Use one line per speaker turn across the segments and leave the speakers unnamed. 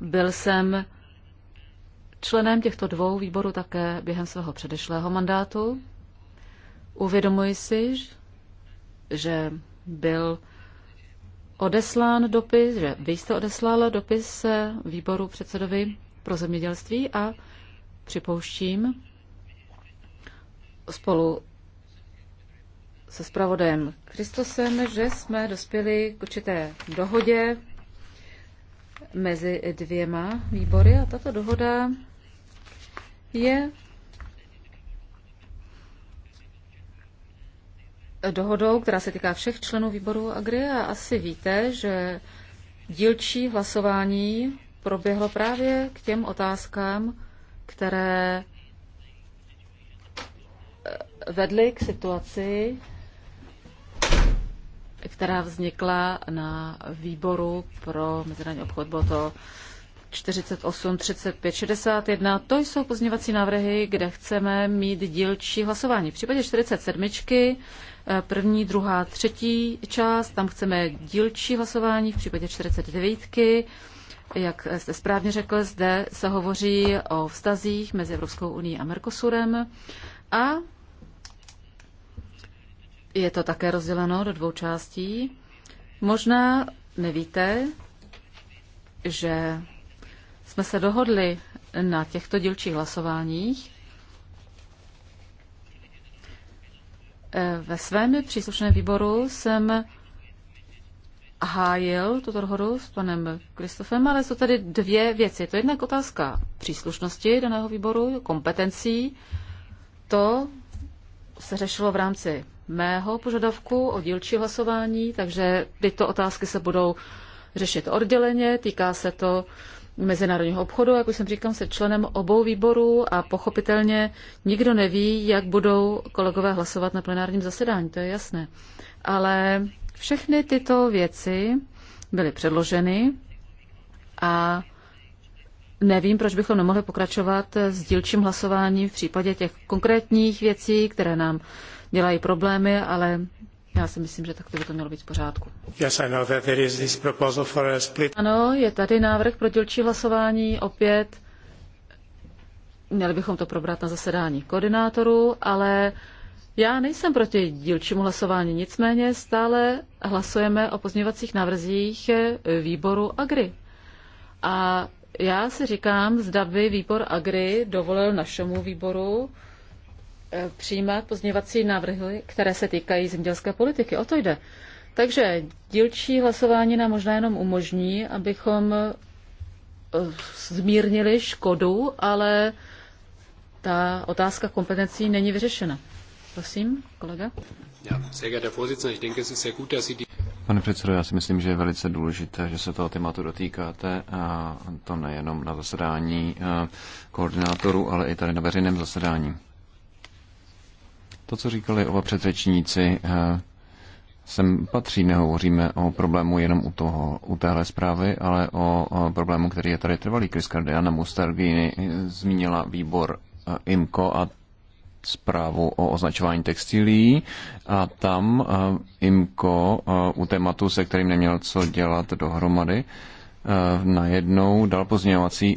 Byl jsem členem těchto dvou výborů také během svého předešlého mandátu. Uvědomuji si, že byl odeslán dopis, že vy jste odeslal dopis výboru předsedovi pro zemědělství a připouštím spolu se zpravodajem Kristosem, že jsme dospěli k určité dohodě mezi dvěma výbory a tato dohoda je dohodou, která se týká všech členů výboru Agri a asi víte, že dílčí hlasování proběhlo právě k těm otázkám, které vedly k situaci, která vznikla na výboru pro mezinárodní obchod. Bylo to 48, 35, 61. To jsou pozměňovací návrhy, kde chceme mít dílčí hlasování. V případě 47, eh, první, druhá, třetí část, tam chceme dílčí hlasování. V případě 49, jak jste správně řekl, zde se hovoří o vztazích mezi Evropskou unii a Mercosurem. A je to také rozděleno do dvou částí. Možná nevíte, že jsme se dohodli na těchto dílčích hlasováních. E, ve svém příslušném výboru jsem hájil tuto dohodu s panem Kristofem, ale jsou tady dvě věci. Je to jednak otázka příslušnosti daného výboru, kompetencí. To se řešilo v rámci mého požadavku o dílčí hlasování, takže tyto otázky se budou řešit odděleně. Týká se to mezinárodního obchodu, jak už jsem říkal, se členem obou výborů a pochopitelně nikdo neví, jak budou kolegové hlasovat na plenárním zasedání, to je jasné. Ale všechny tyto věci byly předloženy a nevím, proč bychom nemohli pokračovat s dílčím hlasováním v případě těch konkrétních věcí, které nám dělají problémy, ale já si myslím, že takto by to mělo být v pořádku.
Yes, I know that there is this proposal for a split.
Ano, je tady návrh pro dělčí hlasování opět. Měli bychom to probrat na zasedání koordinátorů, ale já nejsem proti dílčímu hlasování, nicméně stále hlasujeme o pozměvacích návrzích výboru Agri. A já si říkám, zda by výbor Agri dovolil našemu výboru přijímat pozměňovací návrhy, které se týkají zemědělské politiky. O to jde. Takže dílčí hlasování nám možná jenom umožní, abychom eh, zmírnili škodu, ale ta otázka kompetencí není vyřešena. Prosím, kolega.
Pane předsedo, já si myslím, že je velice důležité, že se toho tématu dotýkáte a to nejenom na zasedání eh, koordinátorů, ale i tady na veřejném zasedání. To, co říkali oba předřečníci, eh, sem patří. Nehovoříme o problému jenom u, toho, u téhle zprávy, ale o, o problému, který je tady trvalý. Chris Cardiana Mustargini eh, zmínila výbor eh, IMCO a zprávu o označování textilí a tam IMCO u tématu, se kterým neměl co dělat dohromady, najednou dal pozměňovací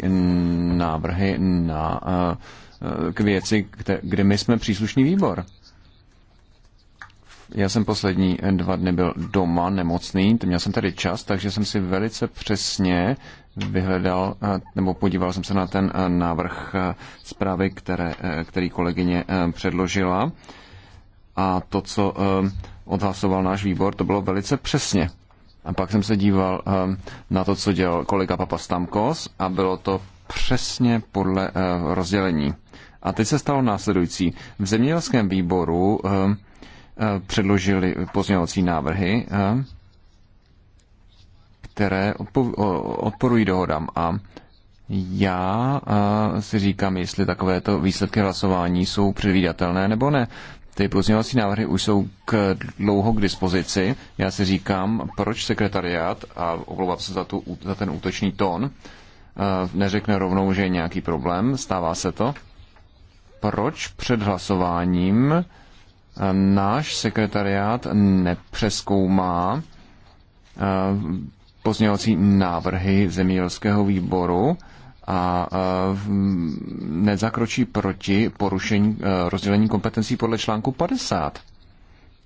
návrhy na, k věci, kde, kde my jsme příslušný výbor já jsem poslední dva dny byl doma nemocný, měl jsem tady čas, takže jsem si velice přesně vyhledal, eh, nebo podíval jsem se na ten eh, návrh eh, zprávy, které, který kolegyně předložila. A to, co odhlasoval náš výbor, to bylo velice přesně. A pak jsem se díval na to, co dělal kolega Papastamkos a bylo to přesně podle rozdělení. A teď se stalo následující. V zemědělském výboru předložili pozměňovací návrhy, eh, které odporují dohodám. A já eh, si říkám, jestli takovéto výsledky hlasování jsou předvídatelné nebo ne. Ty pozměňovací návrhy už jsou k dlouho k dispozici. Já si říkám, proč sekretariát, a omlouvám se za, tu, za ten útočný tón, eh, neřekne rovnou, že je nějaký problém, stává se to. Proč před hlasováním náš sekretariát nepřeskoumá eh, pozměňovací návrhy zemědělského výboru a eh, nezakročí proti porušení eh, rozdělení kompetencí podle článku 50.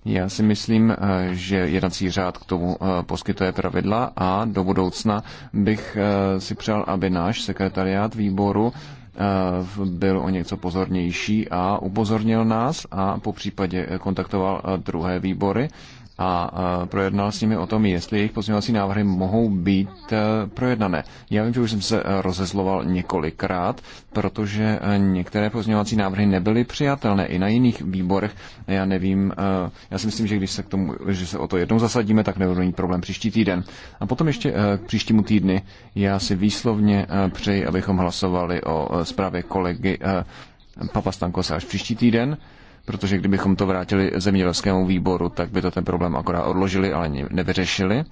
Já si myslím, že jednací řád k tomu poskytuje pravidla a do budoucna bych si přál, aby náš sekretariát výboru Eh, byl o něco pozornější a upozornil nás a po případě eh, kontaktoval eh, druhé výbory a projednal s nimi o tom, jestli jejich pozměňovací návrhy mohou být e, projednané. Já vím, že už jsem se e, rozezloval několikrát, protože e, některé pozměňovací návrhy nebyly přijatelné i na jiných výborech. Já nevím, já si myslím, že když se, k tomu, že se o to jednou zasadíme, tak nebudou mít problém příští týden. A potom ještě k příštímu týdny. Já si výslovně přeji, abychom hlasovali o zprávě kolegy Papa Stankosa až příští týden protože kdybychom to vrátili zemědělskému výboru, tak by to ten problém akorát odložili, ale nevyřešili.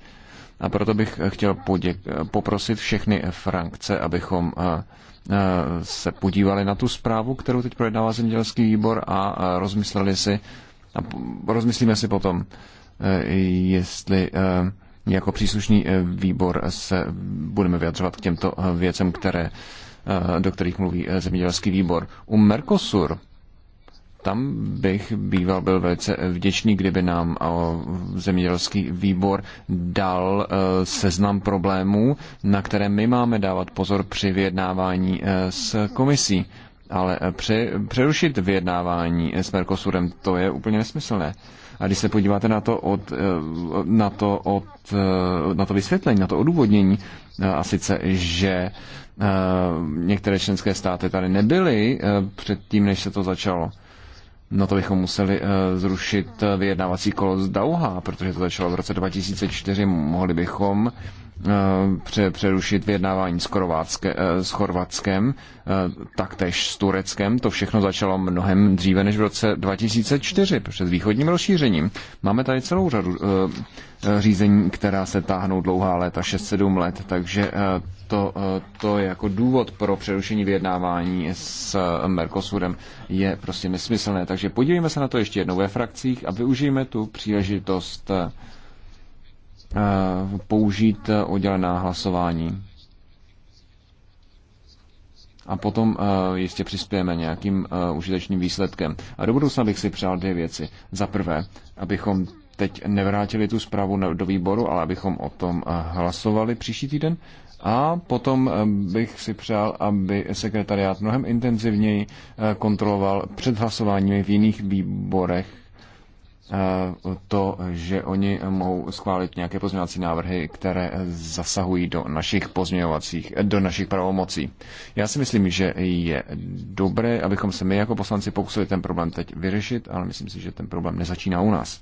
A proto bych chtěl poděk- poprosit všechny frankce, abychom eh, eh, se podívali na tu zprávu, kterou teď projednává zemědělský výbor a rozmysleli si, a rozmyslíme si potom, eh, jestli jako příslušný výbor se budeme vyjadřovat k těmto věcem, které, do kterých mluví zemědělský výbor. U Mercosur tam bych býval byl velice vděčný, kdyby nám eh, zemědělský výbor dal eh, seznam problémů, na které my máme dávat pozor při vyjednávání eh, s komisí. Ale přerušit vyjednávání s Mercosurem, to je úplně nesmyslné. A když se podíváte na to, od, na to, od, na to vysvětlení, na to odůvodnění, a sice, že některé členské státy tady nebyly předtím, než se to začalo, No to bychom museli eh, zrušit eh, vyjednávací kolo z Dauha, protože to začalo v roce 2004. Mohli bychom eh, přerušit vyjednávání s, uh, s Chorvatskem, taktéž s Tureckem. To všechno začalo mnohem dříve než v roce 2004, před východním rozšířením. Máme tady celou řadu Eh, řízení, která se táhnou dlouhá léta, 6-7 let, takže eh, to, eh, to je jako důvod pro přerušení vyjednávání s Mercosurem je prostě nesmyslné. Takže podívejme se na to ještě jednou ve frakcích a využijeme tu příležitost použít oddělená hlasování. A potom jistě přispějeme nějakým užitečným výsledkem. A do budoucna bych si přál dvě věci. Za prvé, abychom teď nevrátili tu zprávu do výboru, ale abychom o tom eh, hlasovali příští týden. A potom eh, bych si přál, aby sekretariát mnohem intenzivněji eh, kontroloval před hlasováním v jiných výborech to, že oni mohou schválit nějaké pozměňovací návrhy, které zasahují do našich pozměňovacích, do našich pravomocí. Já si myslím, že je dobré, abychom se my jako poslanci pokusili ten problém teď vyřešit, ale myslím si, že ten problém nezačíná u nás.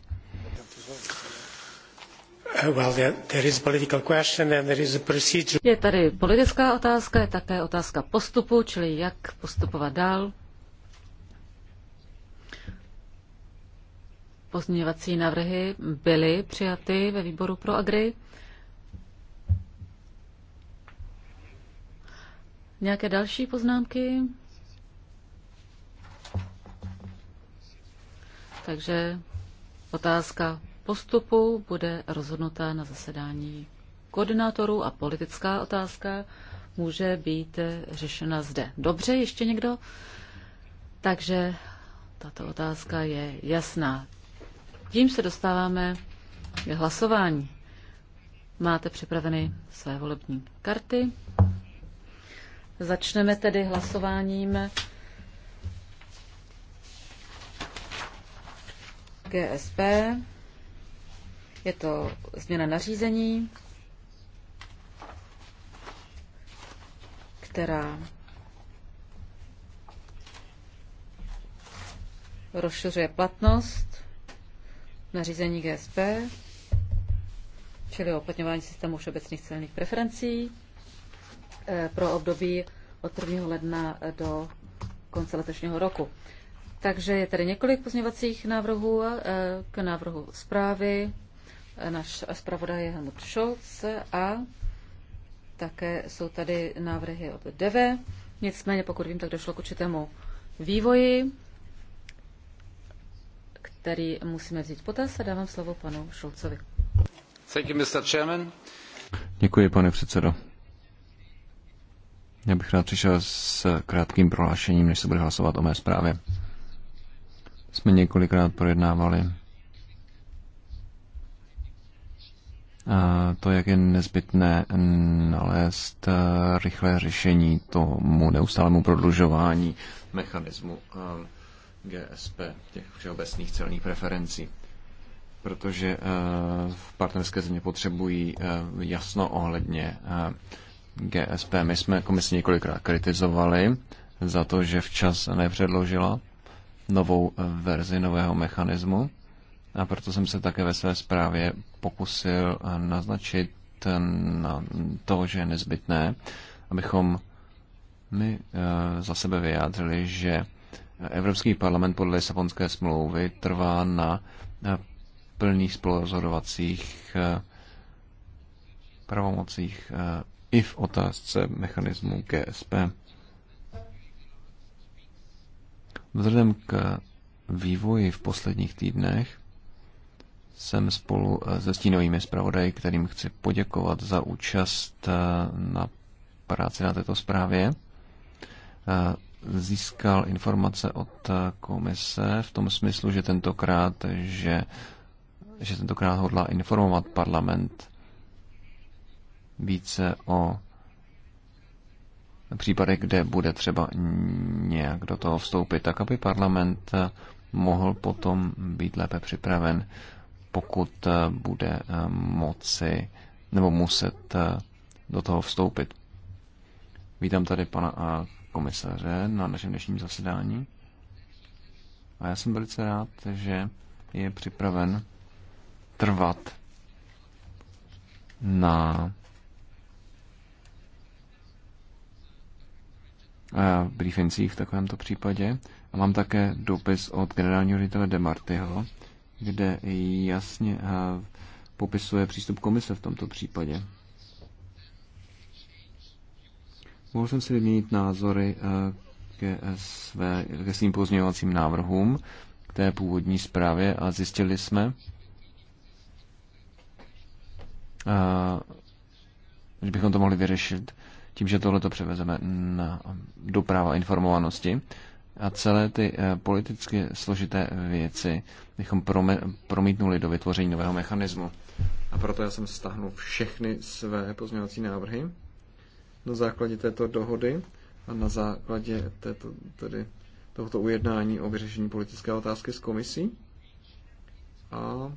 Je tady politická otázka, je také otázka postupu, čili jak postupovat dál. Pozměňovací návrhy byly přijaty ve výboru pro agri. Nějaké další poznámky? Takže otázka postupu bude rozhodnuta na zasedání koordinátorů a politická otázka může být řešena zde. Dobře, ještě někdo? Takže tato otázka je jasná. Tím se dostáváme k hlasování. Máte připraveny své volební karty. Začneme tedy hlasováním GSP. Je to změna nařízení, která rozšiřuje platnost nařízení GSP, čili uplatňování systému všeobecných celních preferencí eh, pro období od 1. ledna do konce letošního roku. Takže je tady několik pozměňovacích návrhů eh, k návrhu zprávy náš zpravodaj je Helmut Scholz a také jsou tady návrhy od DEVE. Nicméně, pokud vím, tak došlo k určitému vývoji, který musíme vzít potaz a dávám slovo panu Šulcovi. Thank you, Mr. Chairman.
Děkuji, pane předsedo. Já bych rád přišel s krátkým prohlášením, než se bude hlasovat o mé zprávě. Jsme několikrát projednávali to, jak je nezbytné nalézt e, rychlé řešení tomu neustálému prodlužování mechanismu e, GSP, těch všeobecných celních preferencí. Protože e, v partnerské země potřebují jasno ohledně GSP. My jsme komisi několikrát kritizovali za to, že včas nepředložila novou verzi nového mechanismu a proto jsem se také ve své zprávě pokusil eh, naznačit eh, na to, že je nezbytné, abychom my eh, za sebe vyjádřili, že Evropský parlament podle Lisabonské smlouvy trvá na plných spolurozhodovacích pravomocích i v otázce mechanismu GSP. Vzhledem k vývoji v posledních týdnech jsem spolu eh, se stínovými zpravodaji, kterým chci poděkovat za účast eh, na práci na této zprávě. Eh, získal informace od komise v tom smyslu, že tentokrát, že, že tentokrát hodlá informovat parlament více o případech, kde bude třeba nějak do toho vstoupit, tak aby parlament mohl potom být lépe připraven pokud eh, bude eh, moci nebo muset eh, do toho vstoupit. Vítám tady pana komisaře na našem dnešním zasedání. A já jsem velice rád, že je připraven trvat na briefincích v takovémto případě. A mám také dopis od generálního ředitele Demartyho, kde jasně eh, popisuje přístup komise v tomto případě. Mohl jsem si vyměnit názory eh, ke, své, ke svým pozměňovacím návrhům k té původní zprávě a zjistili jsme, eh, že bychom to mohli vyřešit tím, že tohle to převezeme na doprava informovanosti a celé ty eh, politicky složité věci bychom promítnuli do vytvoření nového mechanismu. A proto já jsem stáhnul všechny své pozměňovací návrhy na základě této dohody a na základě této, tedy tohoto ujednání o vyřešení politické otázky s komisí. A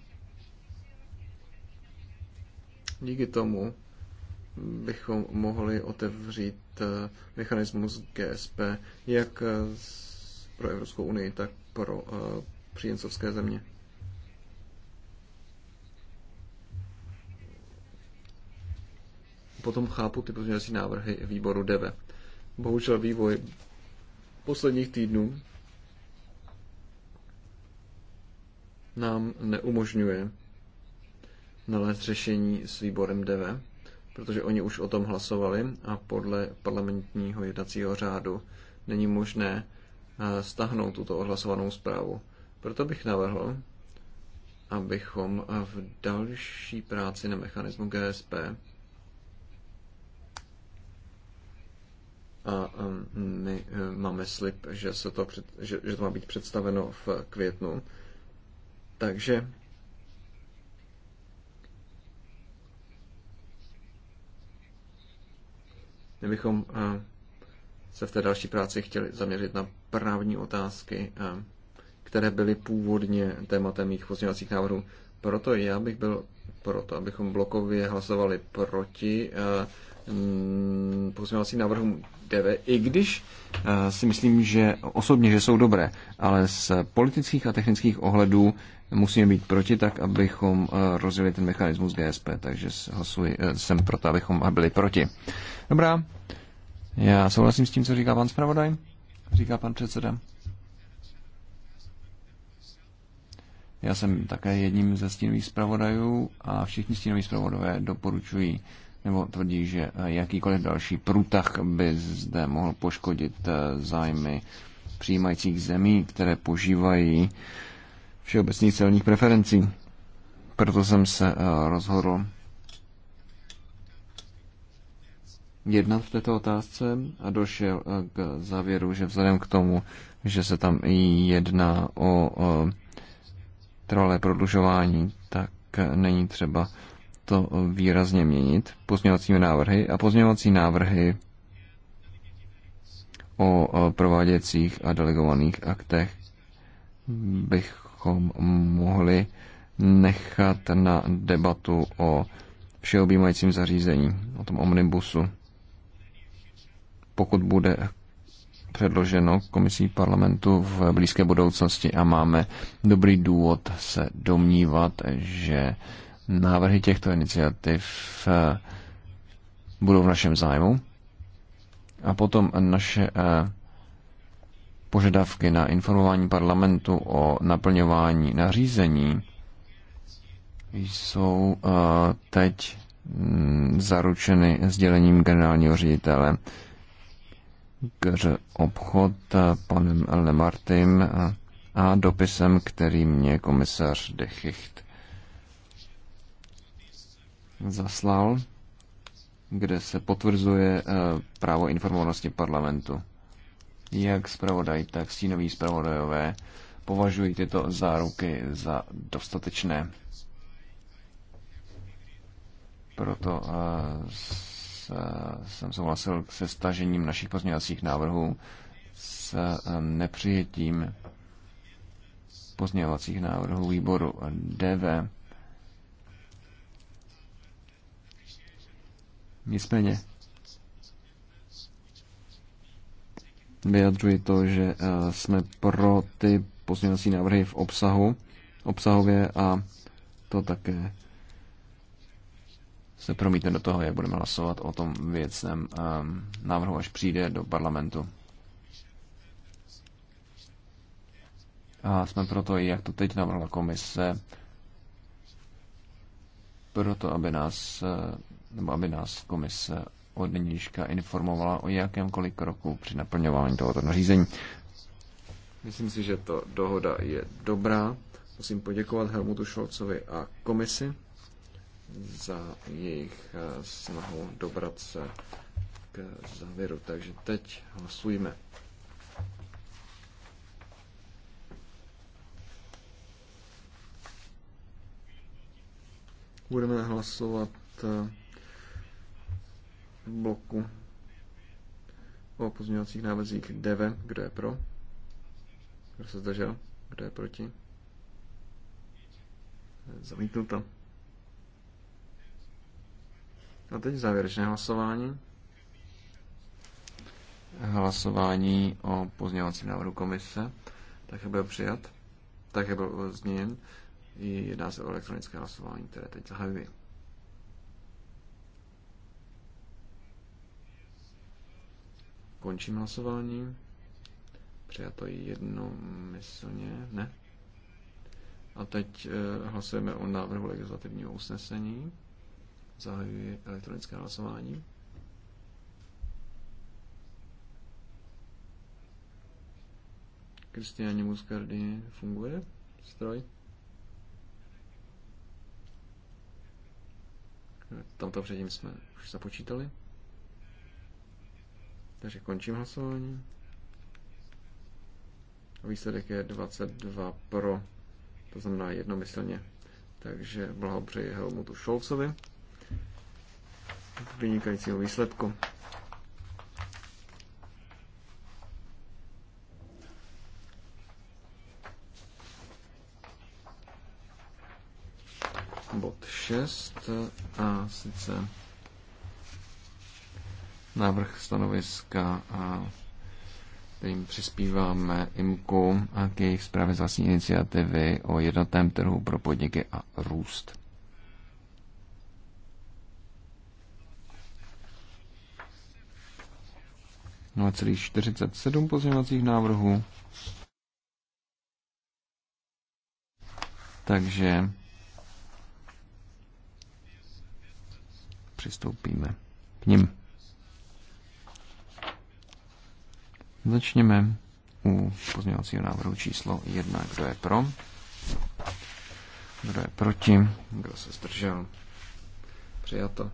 díky tomu bychom mohli otevřít eh, mechanismus GSP jak z pro Evropskou unii, tak pro eh, příjemcovské země. Potom chápu ty pozměňovací návrhy výboru DEVE. Bohužel vývoj posledních týdnů nám neumožňuje nalézt řešení s výborem DEVE, protože oni už o tom hlasovali a podle parlamentního jednacího řádu není možné stahnout tuto odhlasovanou zprávu. Proto bych navrhl, abychom v další práci na mechanismu GSP a um, my um, máme slib, že, se to před, že, že to má být představeno v květnu. Takže my bychom uh, se v té další práci chtěli zaměřit na právní otázky, eh, které byly původně tématem mých pozměňovacích návrhů. Proto já bych byl proto, abychom blokově hlasovali proti eh, pozměňovacím návrhům DV, i když eh, si myslím, že osobně, že jsou dobré, ale z politických a technických ohledů musíme být proti tak, abychom rozjeli ten mechanismus GSP, takže hlasuji, jsem proto, abychom byli proti. Dobrá, já souhlasím s tím, co říká pan zpravodaj, říká pan předseda. Já jsem také jedním ze stínových zpravodajů a všichni stínoví zpravodové doporučují nebo tvrdí, že jakýkoliv další průtah by zde mohl poškodit eh, zájmy přijímajících zemí, které požívají všeobecných celních preferencí. Proto jsem se eh, rozhodl jednat v této otázce a došel eh, k závěru, že vzhledem k tomu, že se tam jedná o, o trvalé prodlužování, tak není třeba to výrazně měnit pozměňovacími návrhy a pozměňovací návrhy o prováděcích a delegovaných aktech bychom mohli nechat na debatu o všeobjímajícím zařízení, o tom omnibusu pokud bude předloženo komisí parlamentu v blízké budoucnosti a máme dobrý důvod se domnívat, že návrhy těchto iniciativ eh, budou v našem zájmu. A potom naše eh, požadavky na informování parlamentu o naplňování nařízení jsou eh, teď mm, zaručeny sdělením generálního ředitele k obchod eh, panem Lemartym eh, a dopisem, který mě komisař de zaslal, kde se potvrzuje eh, právo informovanosti parlamentu. Jak zpravodaj, tak stínoví zpravodajové považují tyto záruky za dostatečné. Proto uh, Eh, jsem souhlasil se stažením našich pozměňovacích návrhů s eh, nepřijetím pozměňovacích návrhů výboru DV. Nicméně vyjadřuji to, že eh, jsme pro ty pozměňovací návrhy v obsahu, obsahově a to také se promítne do toho, jak budeme hlasovat o tom věcném ehm, návrhu, až přijde do parlamentu. A jsme proto, jak to teď navrhla komise, proto, aby nás, eh, nebo aby nás komise od nynížka informovala o jakémkoliv kroku při naplňování tohoto nařízení. Myslím si, že to dohoda je dobrá. Musím poděkovat Helmutu Šolcovi a komisi za jejich eh, snahu dobrat se k závěru. Takže teď hlasujeme. Budeme hlasovat eh, v bloku o pozměňovacích návrzích 9. Kdo je pro? Kdo se zdržel? Kdo je proti? Zamítnuto. A teď závěrečné hlasování. Hlasování o pozměňovacím návrhu komise. Také byl přijat. Také byl změněn. Jedná se o elektronické hlasování, které teď zahajuje. Končím hlasování. Přijato jednomyslně. Ne. A teď eh, hlasujeme o návrhu legislativního usnesení. Zahajuji elektronické hlasování. Kristiáně Muscardy funguje stroj. Tamto předtím jsme už započítali. Takže končím hlasování. A výsledek je 22 pro, to znamená jednomyslně. Takže blahopřeji Helmutu Šolcovi vynikajícího výsledku. Bod 6 a sice návrh stanoviska a kterým přispíváme IMKU a k jejich zprávě z vlastní iniciativy o jednotném trhu pro podniky a růst. 0,47 pozměňovacích návrhů. Takže přistoupíme k ním. Začněme u pozměňovacího návrhu číslo 1. Kdo je pro? Kdo je proti? Kdo se zdržel? Přijato.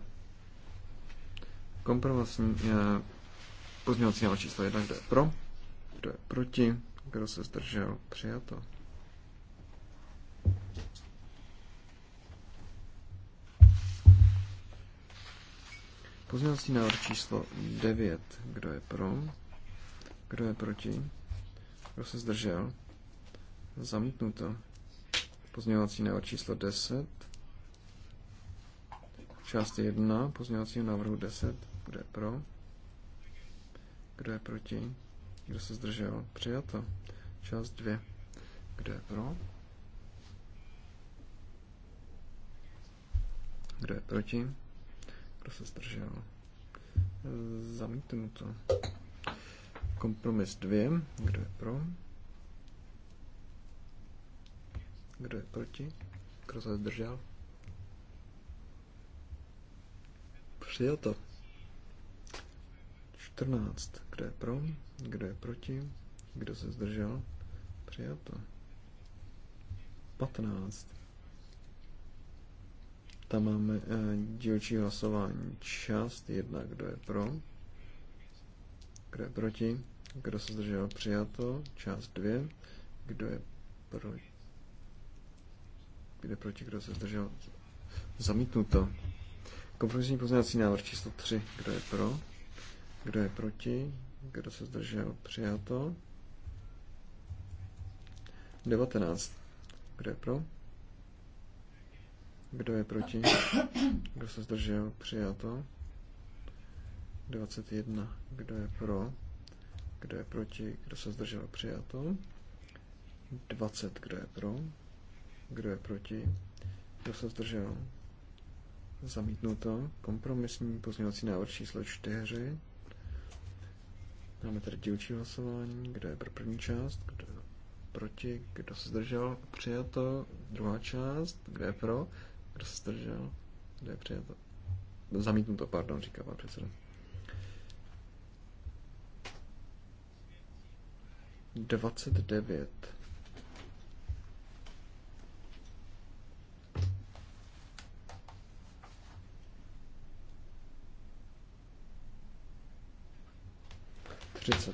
Kompromisní eh, Pozměňovací návrh číslo 1, kdo je pro, kdo je proti, kdo se zdržel, přijato. Pozměňovací návrh číslo 9, kdo je pro, kdo je proti, kdo se zdržel, zamítnuto. Pozměňovací návrh číslo 10, část 1, pozměňovacího návrhu 10, kdo je pro, kdo je proti? Kdo se zdržel? Přijato. Část 2. Kdo je pro? Kdo je proti? Kdo se zdržel? Zamítnuto. Kompromis 2. Kdo je pro? Kdo je proti? Kdo se zdržel? Přijato. 14. Kdo je pro? Kdo je proti? Kdo se zdržel? Přijato. 15. Tam máme e, dílčí hlasování. Část jedna, Kdo je pro? Kdo je proti? Kdo se zdržel? Přijato. Část dvě, Kdo je pro? Kdo je proti? Kdo se zdržel? Zamítnuto. Kompromisní pozměňovací návrh číslo 3. Kdo je pro? Kdo je proti? Kdo se zdržel? Přijato. 19. Kdo je pro? Kdo je proti? Kdo se zdržel? Přijato. 21. Kdo je pro? Kdo je proti? Kdo se zdržel? Přijato. 20. Kdo je pro? Kdo je proti? Kdo se zdržel? Zamítnuto. Kompromisní pozměňovací návrh číslo 4. Máme tady dílčí hlasování, kdo je pro první část, kdo je proti, kdo se zdržel, přijato. Druhá část, kdo je pro, kdo se zdržel, kdo je přijato. Zamítnuto, pardon, říká pan předseda. 29. 30.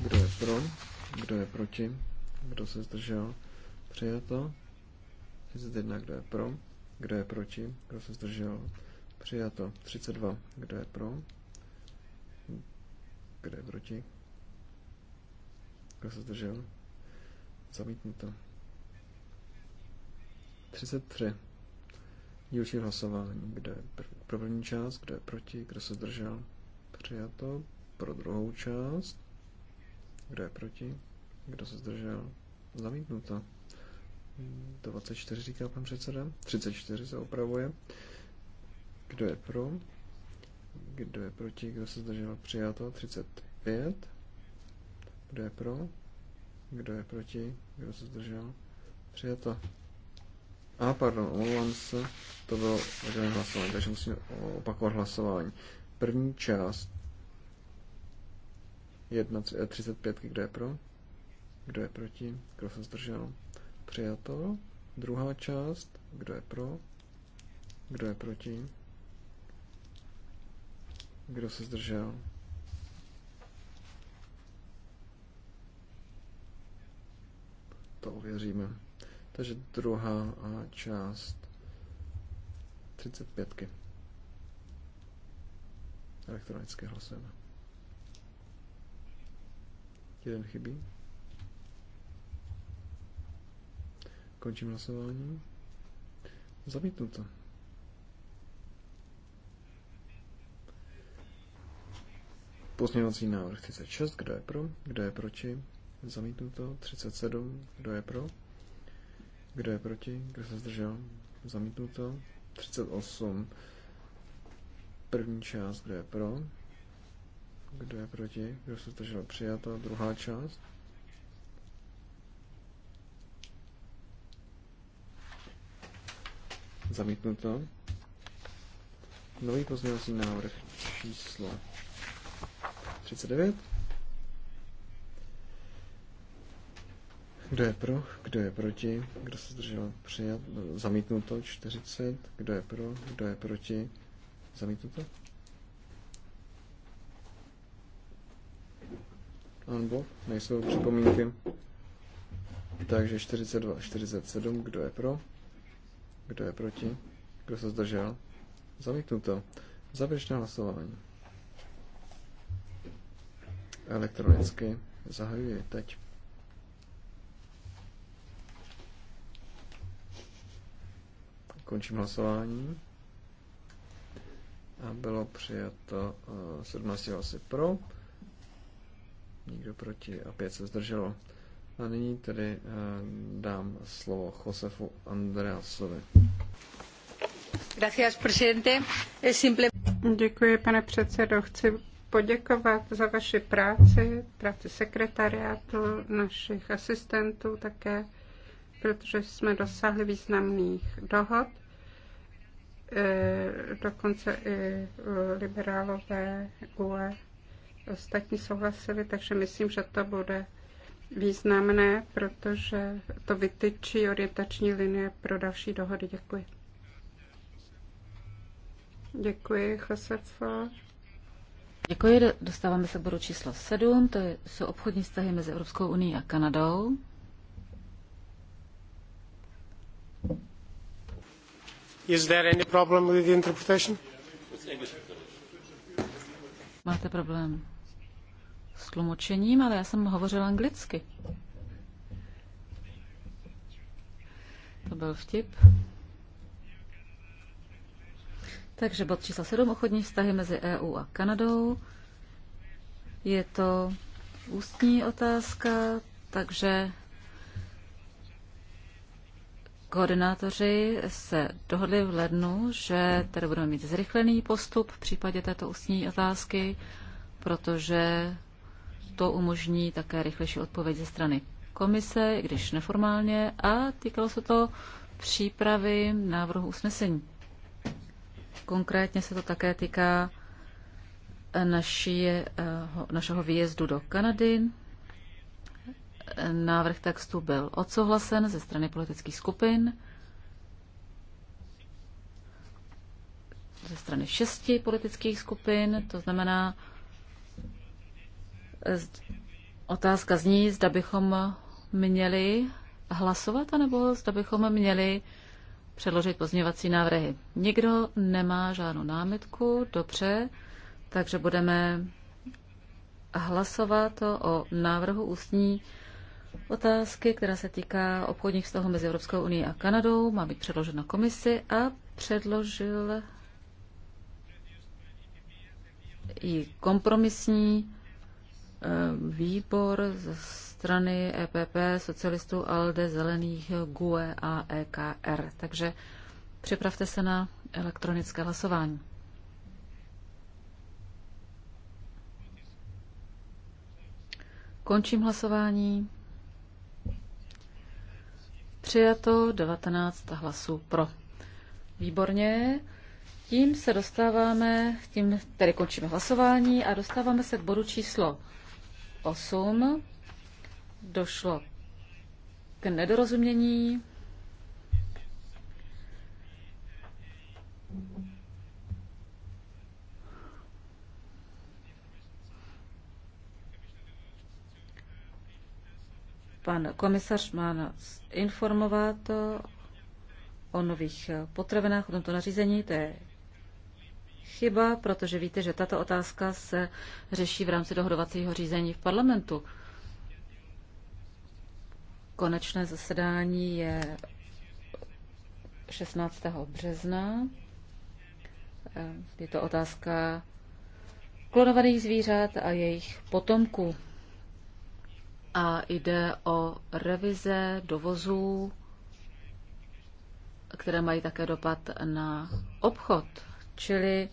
Kdo je pro? Kdo je proti? Kdo se zdržel? Přijato. 31. Kdo je pro? Kdo je proti? Kdo se zdržel? Přijato. 32. Kdo je pro? Kdo je proti? Kdo se zdržel? Zamítnuto. 33. Dílčí hlasování, kde je pro první část, kde je proti, kdo se zdržel, přijato. Pro druhou část, kde je proti, kdo se zdržel, zamítnuto. 24 říká pan předseda, 34 se opravuje. Kdo je pro? Kdo je proti? Kdo se zdržel? Přijato. 35. Kdo je pro? Kdo je proti? Kdo se zdržel? Přijato. A pardon, omlouvám se, to bylo veřejné hlasování, takže musím opakovat hlasování. První část 1.35, eh, kdo je pro? Kdo je proti? Kdo se zdržel? Přijato. Druhá část, kdo je pro? Kdo je proti? Kdo se zdržel? To uvěříme. Takže druhá a část 35. Elektronické Elektronicky hlasujeme. Jeden chybí. Končím hlasování. to. Pozměňovací návrh 36, kdo je pro, kdo je proti, zamítnuto, 37, kdo je pro, kdo je proti? Kdo se zdržel? Zamítnuto. 38. První část, kdo je pro? Kdo je proti? Kdo se zdržel? Přijato. Druhá část. Zamítnuto. Nový pozměňovací návrh číslo 39. Kdo je pro? Kdo je proti? Kdo se zdržel? Přijat, zamítnuto 40. Kdo je pro? Kdo je proti? Zamítnuto? Anbo, nejsou připomínky. Takže 42, 47. Kdo je pro? Kdo je proti? Kdo se zdržel? Zamítnuto. Závěrečné hlasování. Elektronicky zahajuji teď. Končím hlasování. A bylo přijato 17 eh, hlasy pro, nikdo proti a pět se zdrželo. A nyní tedy eh, dám slovo Josefu Andreasovi.
Děkuji, pane předsedo. Chci poděkovat za vaši práci, práci sekretariátu, našich asistentů také, protože jsme dosáhli významných dohod. E, dokonce i e, liberálové UE ostatní souhlasili, takže myslím, že to bude významné, protože to vytyčí orientační linie pro další dohody. Děkuji. Děkuji, Josefo.
Děkuji, dostáváme se k bodu číslo 7, to jsou obchodní vztahy mezi Evropskou unii a Kanadou. Is there any problem with the interpretation? Máte problém s tlumočením, ale já jsem hovořil anglicky. To byl vtip. Takže bod číslo 7, ochodní vztahy mezi EU a Kanadou. Je to ústní otázka, takže Koordinátoři se dohodli v lednu, že tady budeme mít zrychlený postup v případě této ústní otázky, protože to umožní také rychlejší odpověď ze strany komise, i když neformálně, a týkalo se to přípravy návrhu usnesení. Konkrétně se to také týká naší, eh, našeho výjezdu do Kanady Návrh textu byl odsouhlasen ze strany politických skupin, ze strany šesti politických skupin, to znamená, otázka zní, zda bychom měli hlasovat, anebo zda bychom měli předložit pozměňovací návrhy. Nikdo nemá žádnou námitku, dobře, takže budeme hlasovat o návrhu ústní otázky, která se týká obchodních vztahů mezi Evropskou unii a Kanadou, má být předložena komisi a předložil i kompromisní eh, výbor ze strany EPP, socialistů, ALDE, Zelených, GUE a EKR. Takže připravte se na elektronické hlasování. Končím hlasování. Přijato 19 hlasů pro. Výborně. Tím se dostáváme, tím tedy končíme hlasování a dostáváme se k bodu číslo 8. Došlo k nedorozumění. Pan komisař má nás informovat o nových potravinách, o tomto nařízení. To je chyba, protože víte, že tato otázka se řeší v rámci dohodovacího řízení v parlamentu. Konečné zasedání je 16. března. Je to otázka klonovaných zvířat a jejich potomků a jde o revize dovozů, které mají také dopad na obchod, čili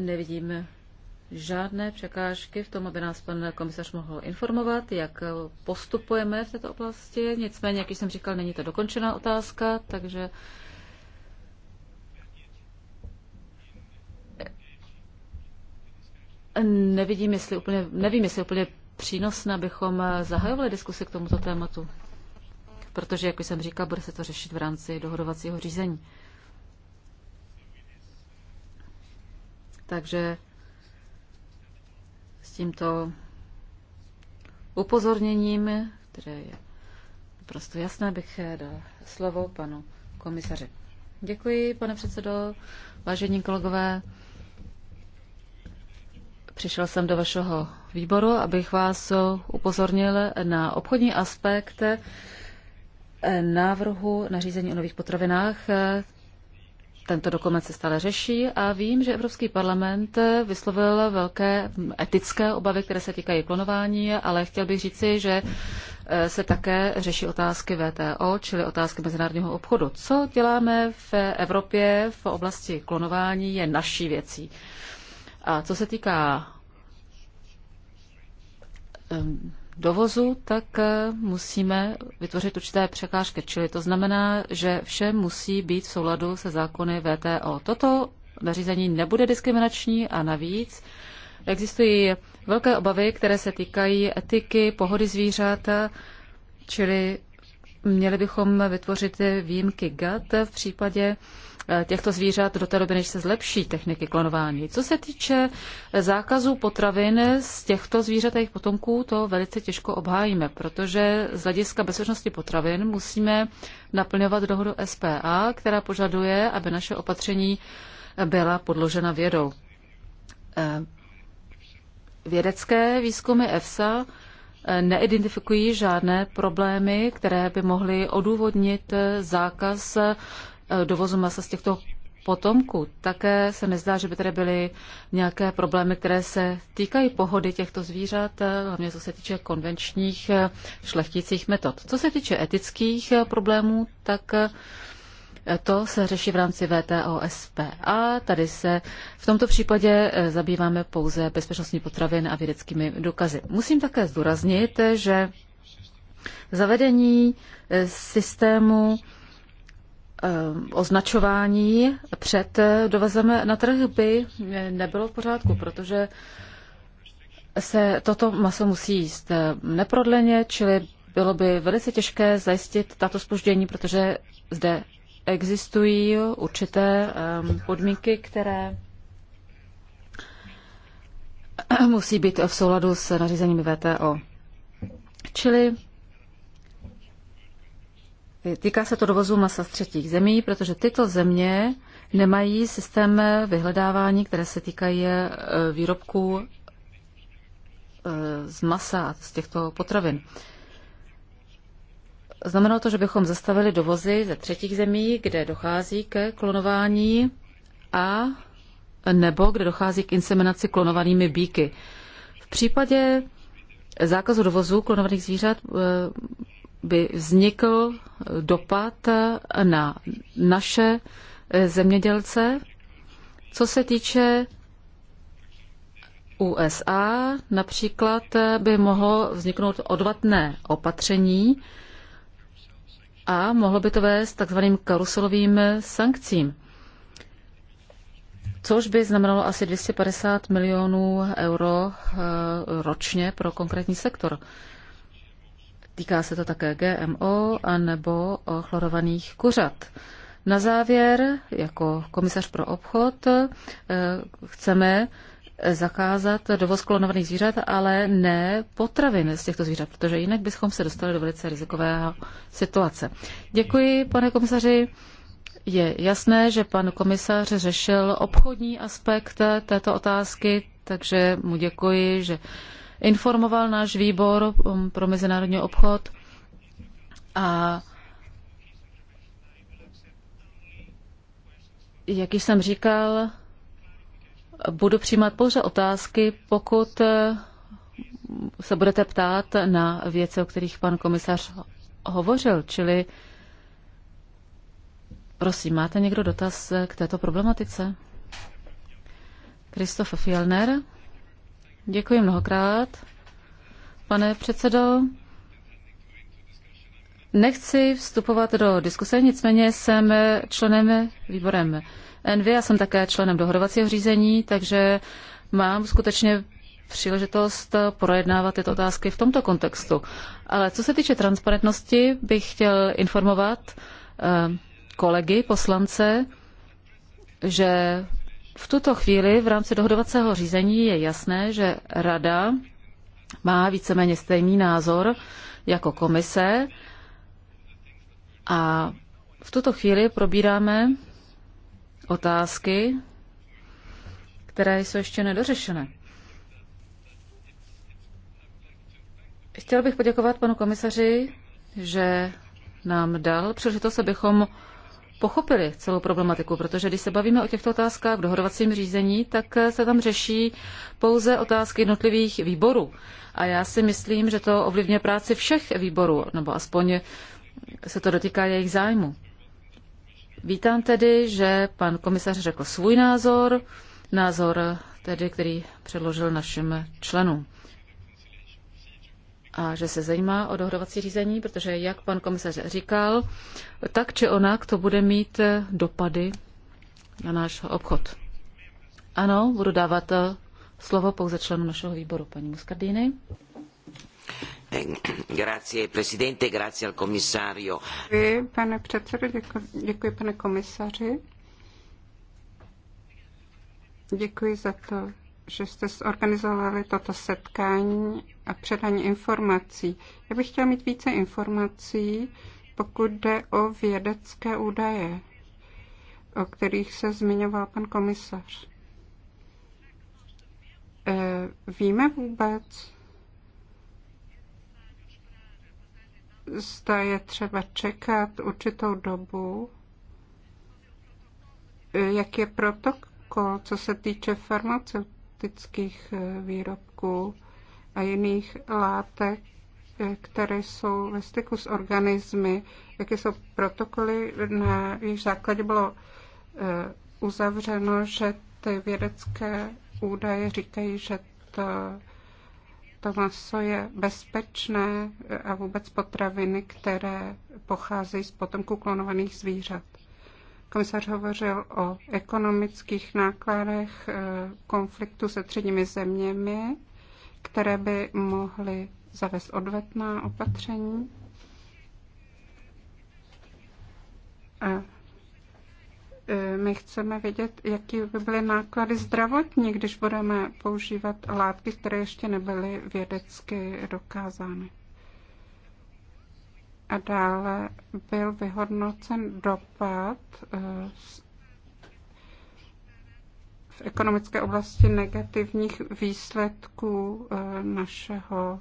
nevidím žádné překážky v tom, aby nás pan komisař mohl informovat, jak postupujeme v této oblasti. Nicméně, jak jsem říkal, není to dokončená otázka, takže Nevidím, jestli úplně, nevím, jestli úplně přínosné, abychom eh, zahajovali diskusi k tomuto tématu. Protože, jak jsem říkal, bude se to řešit v rámci dohodovacího řízení. Takže s tímto upozorněním, které je prostě jasné, bych eh, dal slovo panu komisaři. Děkuji, pane předsedo, vážení kolegové. Přišel jsem do vašeho výboru, abych vás upozornil na obchodní aspekt eh, návrhu nařízení o nových potravinách. Eh, tento dokument se stále řeší a vím, že Evropský parlament eh, vyslovil velké hm, etické obavy, které se týkají klonování, ale chtěl bych říci, že se také řeší otázky VTO, čili otázky mezinárodního obchodu. Co děláme v Evropě v oblasti klonování je naší věcí. A co se týká dovozu, tak eh, musíme vytvořit určité překážky. Čili to znamená, že vše musí být v souladu se zákony VTO. Toto nařízení nebude diskriminační a navíc existují velké obavy, které se týkají etiky, pohody zvířat, čili měli bychom vytvořit výjimky GATT v případě Eh, těchto zvířat do té doby, než se zlepší techniky klonování. Co se týče eh, zákazu potravin z těchto zvířat a jejich potomků, to velice těžko obhájíme, protože z hlediska bezpečnosti potravin musíme naplňovat dohodu SPA, která požaduje, aby naše opatření eh, byla podložena vědou. Vědecké výzkumy EFSA neidentifikují žádné problémy, které by mohly odůvodnit zákaz Eh, dovozu masa z těchto potomků. Také se nezdá, že by tady byly nějaké problémy, které se týkají pohody těchto zvířat, eh, hlavně co se týče konvenčních eh, šlechticích metod. Co se týče etických problémů, tak to se řeší v rámci VTO SPA. Tady se v tomto případě zabýváme pouze bezpečnostní potravin a vědeckými důkazy. Musím také zdůraznit, že zavedení systému Eh, označování před dovezem na trh by nebylo v pořádku, protože se toto maso musí jíst eh, neprodleně, čili bylo by velice těžké zajistit tato spoždění, protože zde existují určité eh, podmínky, které musí být v souladu s nařízením VTO. Čili Týká se to dovozu masa z třetích zemí, protože tyto země nemají systém vyhledávání, které se týkají e, výrobků e, z masa, z těchto potravin. Znamenalo to, že bychom zastavili dovozy ze třetích zemí, kde dochází ke klonování a nebo kde dochází k inseminaci klonovanými býky. V případě zákazu dovozu klonovaných zvířat e, by vznikl dopad na naše zemědělce. Co se týče USA, například by mohlo vzniknout odvatné opatření a mohlo by to vést takzvaným karuselovým sankcím, což by znamenalo asi 250 milionů euro eh, ročně pro konkrétní sektor. Týká se to také GMO a nebo chlorovaných kuřat. Na závěr, jako komisař pro obchod, eh, chceme zakázat dovoz klonovaných zvířat, ale ne potravin z těchto zvířat, protože jinak bychom se dostali do velice rizikové situace. Děkuji, pane komisaři. Je jasné, že pan komisař řešil obchodní aspekt této otázky, takže mu děkuji, že informoval náš výbor um, pro mezinárodní obchod a jak již jsem říkal, budu přijímat pouze otázky, pokud eh, se budete ptát na věci, o kterých pan komisař hovořil, čili prosím, máte někdo dotaz eh, k této problematice? Kristof Fielner. Děkuji mnohokrát. Pane předsedo, nechci vstupovat do diskuse, nicméně jsem členem výborem Envy a jsem také členem dohodovacího řízení, takže mám skutečně příležitost projednávat tyto otázky v tomto kontextu. Ale co se týče transparentnosti, bych chtěl informovat eh, kolegy, poslance, že v tuto chvíli v rámci dohodovacího řízení je jasné, že Rada má víceméně stejný názor jako komise a v tuto chvíli probíráme otázky, které jsou ještě nedořešené. Chtěl bych poděkovat panu komisaři, že nám dal příležitost, abychom pochopili celou problematiku, protože když se bavíme o těchto otázkách v dohodovacím řízení, tak eh, se tam řeší pouze otázky jednotlivých výborů. A já si myslím, že to ovlivňuje práci všech výborů, nebo aspoň se to dotýká jejich zájmu. Vítám tedy, že pan komisař řekl svůj názor, názor tedy, který předložil našim členům a že se zajímá o dohodovací řízení, protože, jak pan komisař říkal, tak či onak to bude mít eh, dopady na náš obchod. Ano, budu dávat eh, slovo pouze členu našeho výboru, paní Muscardini.
Grazie, presidente, grazie al commissario.
Děkuji, pane
předsedo, děkuji, děkuji pane komisaři. Děkuji za to, že jste zorganizovali toto setkání a předání informací. Já bych chtěla mít více informací, pokud jde o vědecké údaje, o kterých se zmiňoval pan komisař. Eh, víme vůbec, zda je třeba čekat určitou dobu, eh, jak je protokol, co se týče farmaceutů? kosmetických eh, výrobků a jiných látek, eh, které jsou ve styku s organismy, jaké jsou protokoly, na jejich základě bylo eh, uzavřeno, že ty vědecké údaje říkají, že to, to maso je bezpečné a vůbec potraviny, které pocházejí z potomku klonovaných zvířat. Komisař hovořil o ekonomických nákladech eh, konfliktu se třetími zeměmi, které by mohly zavést odvetná opatření. A eh, my chceme vědět, jaký by byly náklady zdravotní, když budeme používat látky, které ještě nebyly vědecky dokázány. A dále byl vyhodnocen dopad eh, v ekonomické oblasti negativních výsledků eh, našeho,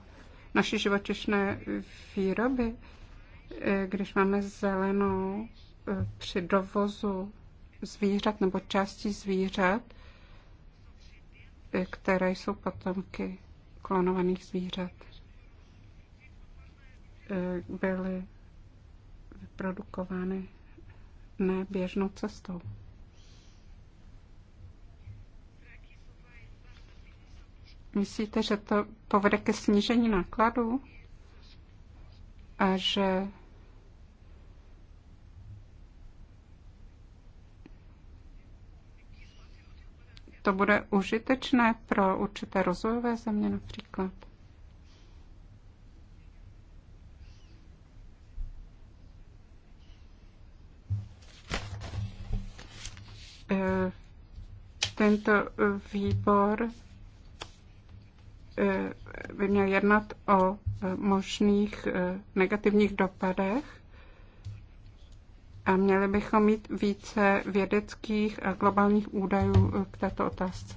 naší živočišné výroby, eh, když máme zelenou při dovozu zvířat nebo části zvířat, které jsou potomky klonovaných zvířat. Eh, byly vyprodukovány neběžnou cestou. Myslíte, že to povede ke snížení nákladů a že to bude užitečné pro určité rozvojové země například? Eh, tento eh, výbor eh, by měl jednat o možných negativních dopadech a měli bychom mít více vědeckých a globálních údajů k této otázce.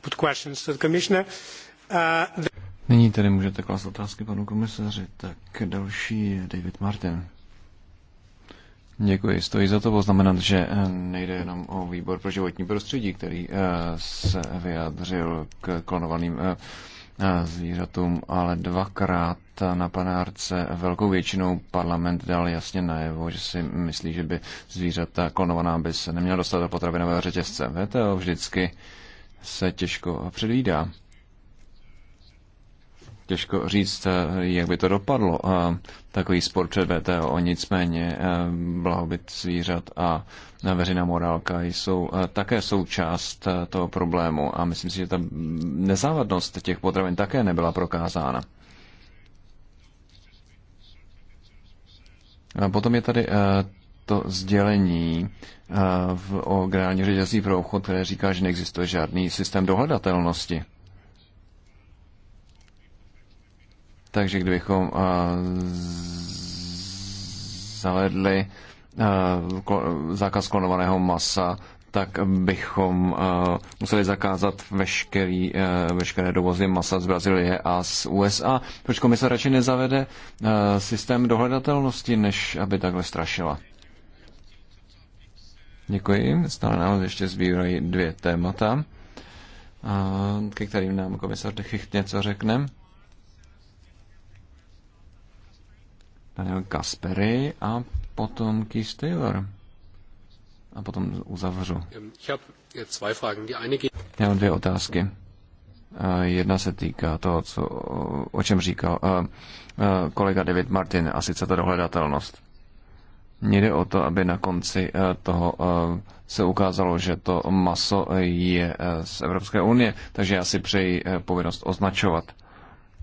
To questions to the commissioner. Uh, the...
Nyní tedy můžete klást otázky panu komisaři. Tak další je David Martin. Děkuji. Stojí za to poznamenat, že eh, nejde jenom o výbor pro životní prostředí, který eh, se vyjádřil k klonovaným eh, zvířatům, ale dvakrát na panárce velkou většinou parlament dal jasně najevo, že si myslí, že by zvířata klonovaná by se neměla dostat do potravinového řetězce. VTO vždycky se těžko předvídá těžko říct, eh, jak by to dopadlo. Eh, takový spor před VTO, nicméně eh, blahobyt zvířat a veřejná morálka jsou také součást toho problému a myslím si, že ta nezávadnost těch potravin také nebyla prokázána. A potom je tady to sdělení o generální ředitelství pro obchod, které říká, že neexistuje žádný systém dohledatelnosti. Takže kdybychom eh, zavedli eh, zákaz klonovaného masa, tak bychom eh, museli zakázat veškerý, veškeré dovozy masa z Brazílie a z USA. Proč komise radši nezavede systém dohledatelnosti, než aby takhle strašila? Děkuji. Stále nám ještě zbývají dvě témata, ke kterým nám komisar Dechicht něco řekne. Daniel Kaspery a potom Keith Taylor. A potom uzavřu. Já mám dvě otázky. Eh, jedna se týká toho, co, o čem říkal eh, eh, kolega David Martin, a sice ta dohledatelnost. Mně jde o to, aby na konci toho se ukázalo, že to maso je z Evropské unie, takže já si přeji povinnost označovat.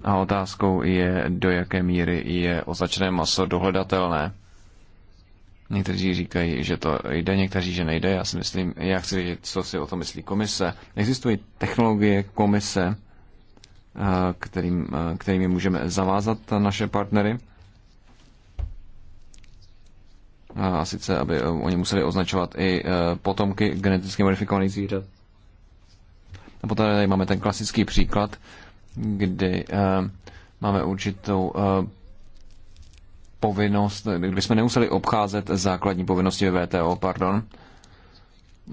A otázkou je, do jaké míry je označené maso dohledatelné. Někteří říkají, že to jde, někteří, že nejde. Já si myslím, já chci vědět, co si o to myslí komise. Existují technologie komise, eh, kterým, eh, kterými můžeme zavázat naše partnery. A sice, aby eh, oni museli označovat i potomky geneticky modifikovaných zvířat. A potom tady máme ten klasický příklad kdy eh, máme určitou eh, povinnost, kdy jsme nemuseli obcházet základní povinnosti ve VTO, pardon,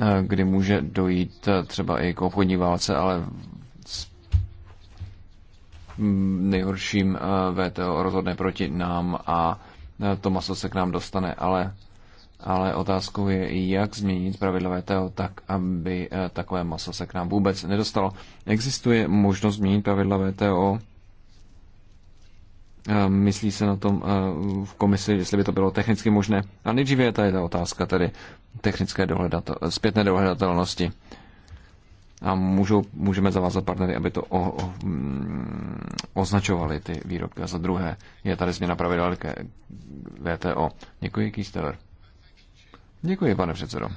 eh, kdy může dojít třeba i k obchodní válce, ale s nejhorším VTO rozhodne proti nám a to maso se k nám dostane, ale ale otázkou je, jak změnit pravidla VTO tak, aby eh, takové maso se k nám vůbec nedostalo. Existuje možnost změnit pravidla VTO? Eh, myslí se na tom eh, v komisi, jestli by to bylo technicky možné? A nejdříve je tady ta otázka tedy technické dohledatel, zpětné dohledatelnosti. A můžou, můžeme zavázat partnery, aby to o, o, mm, označovali ty výrobky. A za druhé je tady změna pravidel VTO. Děkuji, Kýsteler. Děkuji, pane předsedo.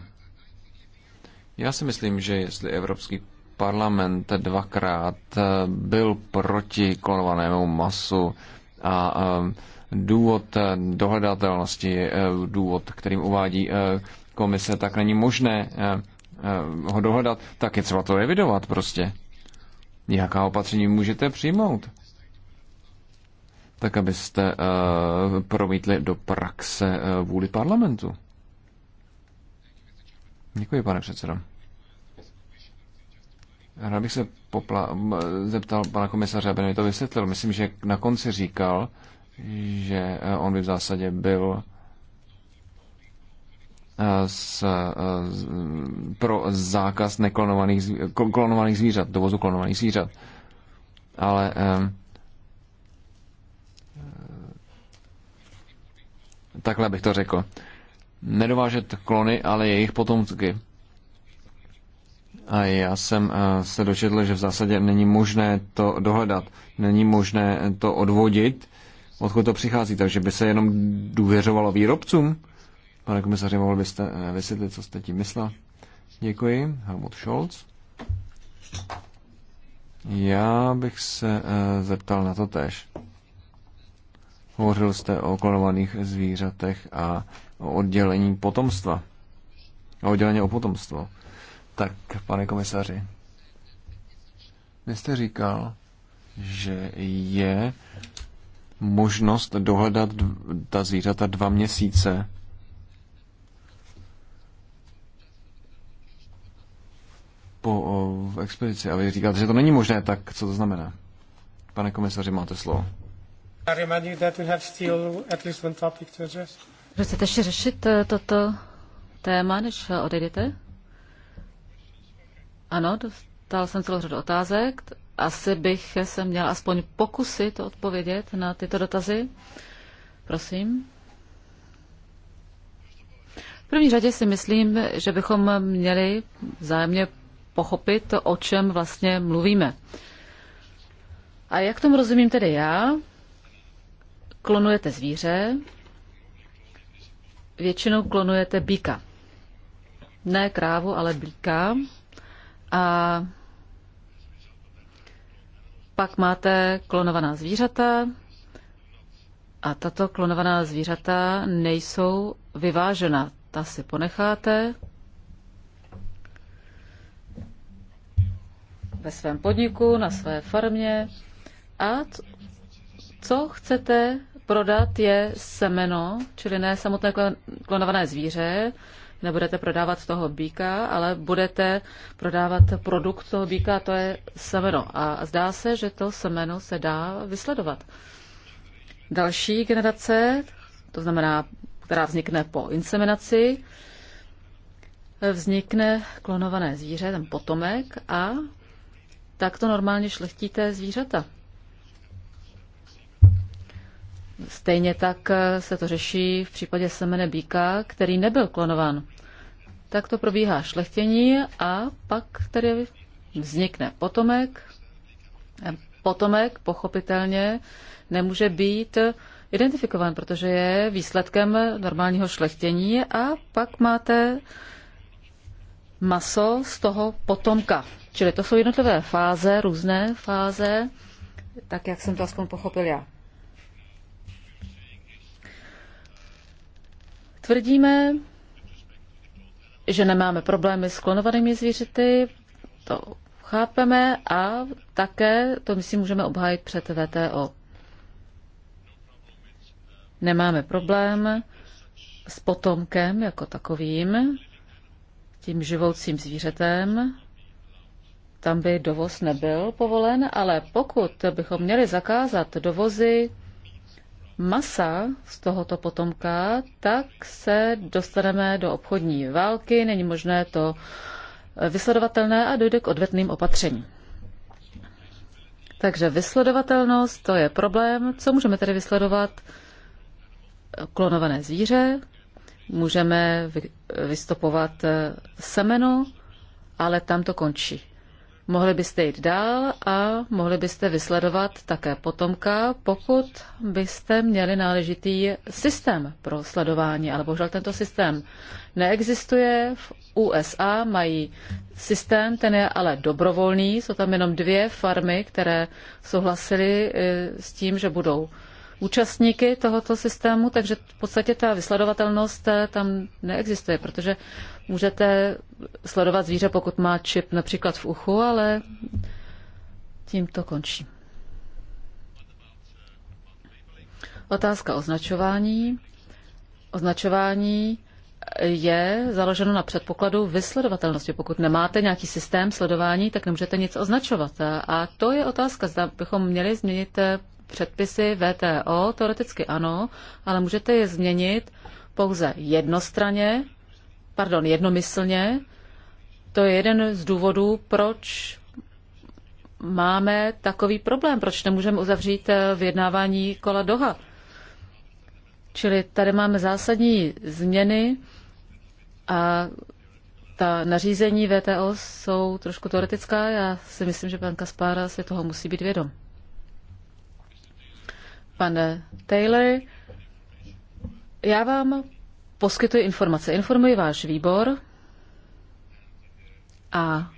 Já si myslím, že jestli Evropský parlament dvakrát eh, byl proti klonovanému masu a eh, důvod eh, dohledatelnosti důvod, kterým uvádí komise, tak není možné ho dohledat, tak je třeba to revidovat prostě. Jaká opatření můžete přijmout? Tak abyste promítli do praxe vůli parlamentu. Děkuji, pane předsedo. Rád bych se popla- zeptal pana komisaře, aby mi to vysvětlil. Myslím, že na konci říkal, že eh, on by v zásadě byl eh, s, s, eh, pro zákaz neklonovaných klonovaných zvířat, dovozu klonovaných zvířat. Ale um, takhle bych to řekl nedovážet klony, ale jejich potomky. A já jsem eh, se dočetl, že v zásadě není možné to dohledat, není možné to odvodit, odkud to přichází, takže by se jenom důvěřovalo výrobcům. Pane komisaři, mohl byste eh, vysvětlit, co jste tím myslel? Děkuji. Helmut Scholz. Já bych se eh, zeptal na to tež. Hovořil jste o klonovaných zvířatech a o oddělení potomstva. O oddělení o potomstvo. Tak, pane komisaři, vy jste říkal, že je možnost dohledat ta zvířata dva měsíce. Po o, v expedici. A vy říkáte, že to není možné, tak co to znamená? Pane komisaři, máte slovo.
Chcete ještě řešit eh, toto téma, než eh, odejdete? Ano, dostal jsem celou řadu otázek. Asi bych se měl aspoň pokusit odpovědět na tyto dotazy. Prosím. V první řadě si myslím, že bychom měli vzájemně pochopit, o čem vlastně mluvíme. A jak tomu rozumím tedy já, klonujete zvíře, většinou klonujete býka. Ne krávu, ale býka. A pak máte klonovaná zvířata a tato klonovaná zvířata nejsou vyvážena. Ta si ponecháte ve svém podniku, na své farmě a co chcete prodat je semeno, čili ne samotné klonované zvíře, nebudete prodávat toho býka, ale budete prodávat produkt toho býka, to je semeno. A zdá se, že to semeno se dá vysledovat. Další generace, to znamená, která vznikne po inseminaci, vznikne klonované zvíře, ten potomek a tak to normálně šlechtíte zvířata. Stejně tak eh, se to řeší v případě semene býka, který nebyl klonován. Tak to probíhá šlechtění a pak tedy vznikne potomek. Eh, potomek pochopitelně nemůže být identifikován, protože je výsledkem normálního šlechtění a pak máte maso z toho potomka. Čili to jsou jednotlivé fáze, různé fáze, tak jak jsem to aspoň pochopil já. Tvrdíme, že nemáme problémy s klonovanými zvířaty, to chápeme a také to myslím můžeme obhájit před VTO. Nemáme problém s potomkem jako takovým, tím živoucím zvířetem. Tam by dovoz nebyl povolen, ale pokud bychom měli zakázat dovozy masa z tohoto potomka, tak se dostaneme do obchodní války, není možné to eh, vysledovatelné a dojde k odvetným opatřením. Takže vysledovatelnost, to je problém. Co můžeme tedy vysledovat? Klonované zvíře, můžeme vystopovat eh, semeno, ale tam to končí. Mohli byste jít dál a mohli byste vysledovat také potomka, pokud byste měli náležitý systém pro sledování, ale bohužel tento systém neexistuje. V USA mají systém, ten je ale dobrovolný, jsou tam jenom dvě farmy, které souhlasily eh, s tím, že budou účastníky tohoto systému, takže v podstatě ta vysledovatelnost eh, tam neexistuje, protože můžete sledovat zvíře, pokud má čip například v uchu, ale tím to končí. Otázka označování. Označování je založeno na předpokladu vysledovatelnosti. Pokud nemáte nějaký systém sledování, tak nemůžete nic označovat. A to je otázka, zda bychom měli změnit předpisy VTO. Teoreticky ano, ale můžete je změnit pouze jednostraně, pardon, jednomyslně. To je jeden z důvodů, proč máme takový problém, proč nemůžeme uzavřít eh, vyjednávání kola Doha. Čili tady máme zásadní změny a ta nařízení VTO jsou trošku teoretická. Já si myslím, že pan Kaspára se toho musí být vědom. Pane Taylor, já vám poskytuji informace. Informuji váš výbor a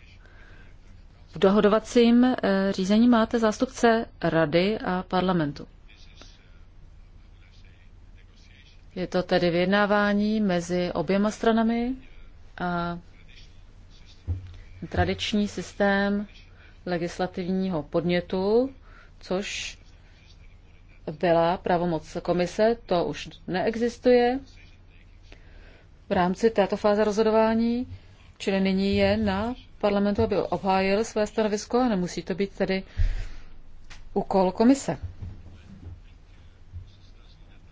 v dohodovacím eh, řízení máte zástupce rady a parlamentu. Je to tedy vyjednávání mezi oběma stranami a tradiční systém legislativního podnětu, což byla pravomoc komise, to už neexistuje v rámci této fáze rozhodování, čili nyní je na parlamentu, aby obhájil své stanovisko a nemusí to být tedy úkol komise.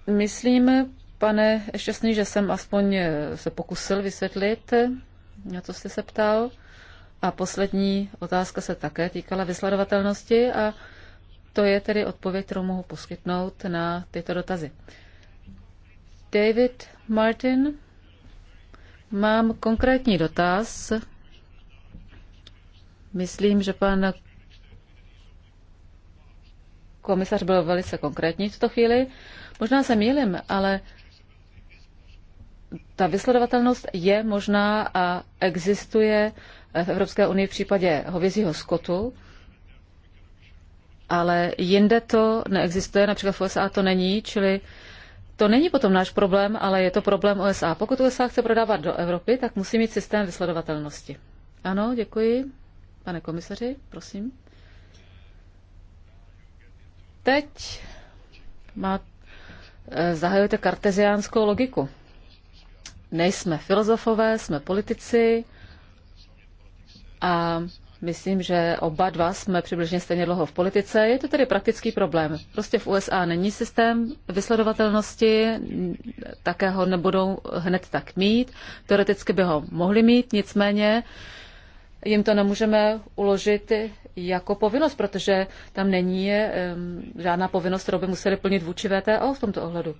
Myslím, pane Šťastný, že jsem aspoň se pokusil vysvětlit, na co jste se ptal. A poslední otázka se také týkala vysledovatelnosti a to je tedy odpověď, kterou mohu poskytnout na tyto dotazy. David Martin Mám konkrétní dotaz. Myslím, že pan komisař byl velice konkrétní v tuto chvíli. Možná se mýlim, ale ta vysledovatelnost je možná a existuje v Evropské unii v případě hovězího skotu, ale jinde to neexistuje, například v USA to není, čili to není potom náš problém, ale je to problém USA. Pokud USA chce prodávat do Evropy, tak musí mít systém vysledovatelnosti. Ano, děkuji. Pane komisaři, prosím. Teď má, eh, zahajujete karteziánskou logiku. Nejsme filozofové, jsme politici a Myslím, že oba dva jsme přibližně stejně dlouho v politice. Je to tedy praktický problém. Prostě v USA není systém vysledovatelnosti, také ho nebudou hned tak mít. Teoreticky by ho mohli mít, nicméně jim to nemůžeme uložit jako povinnost, protože tam není žádná povinnost, kterou by museli plnit vůči VTO v tomto ohledu.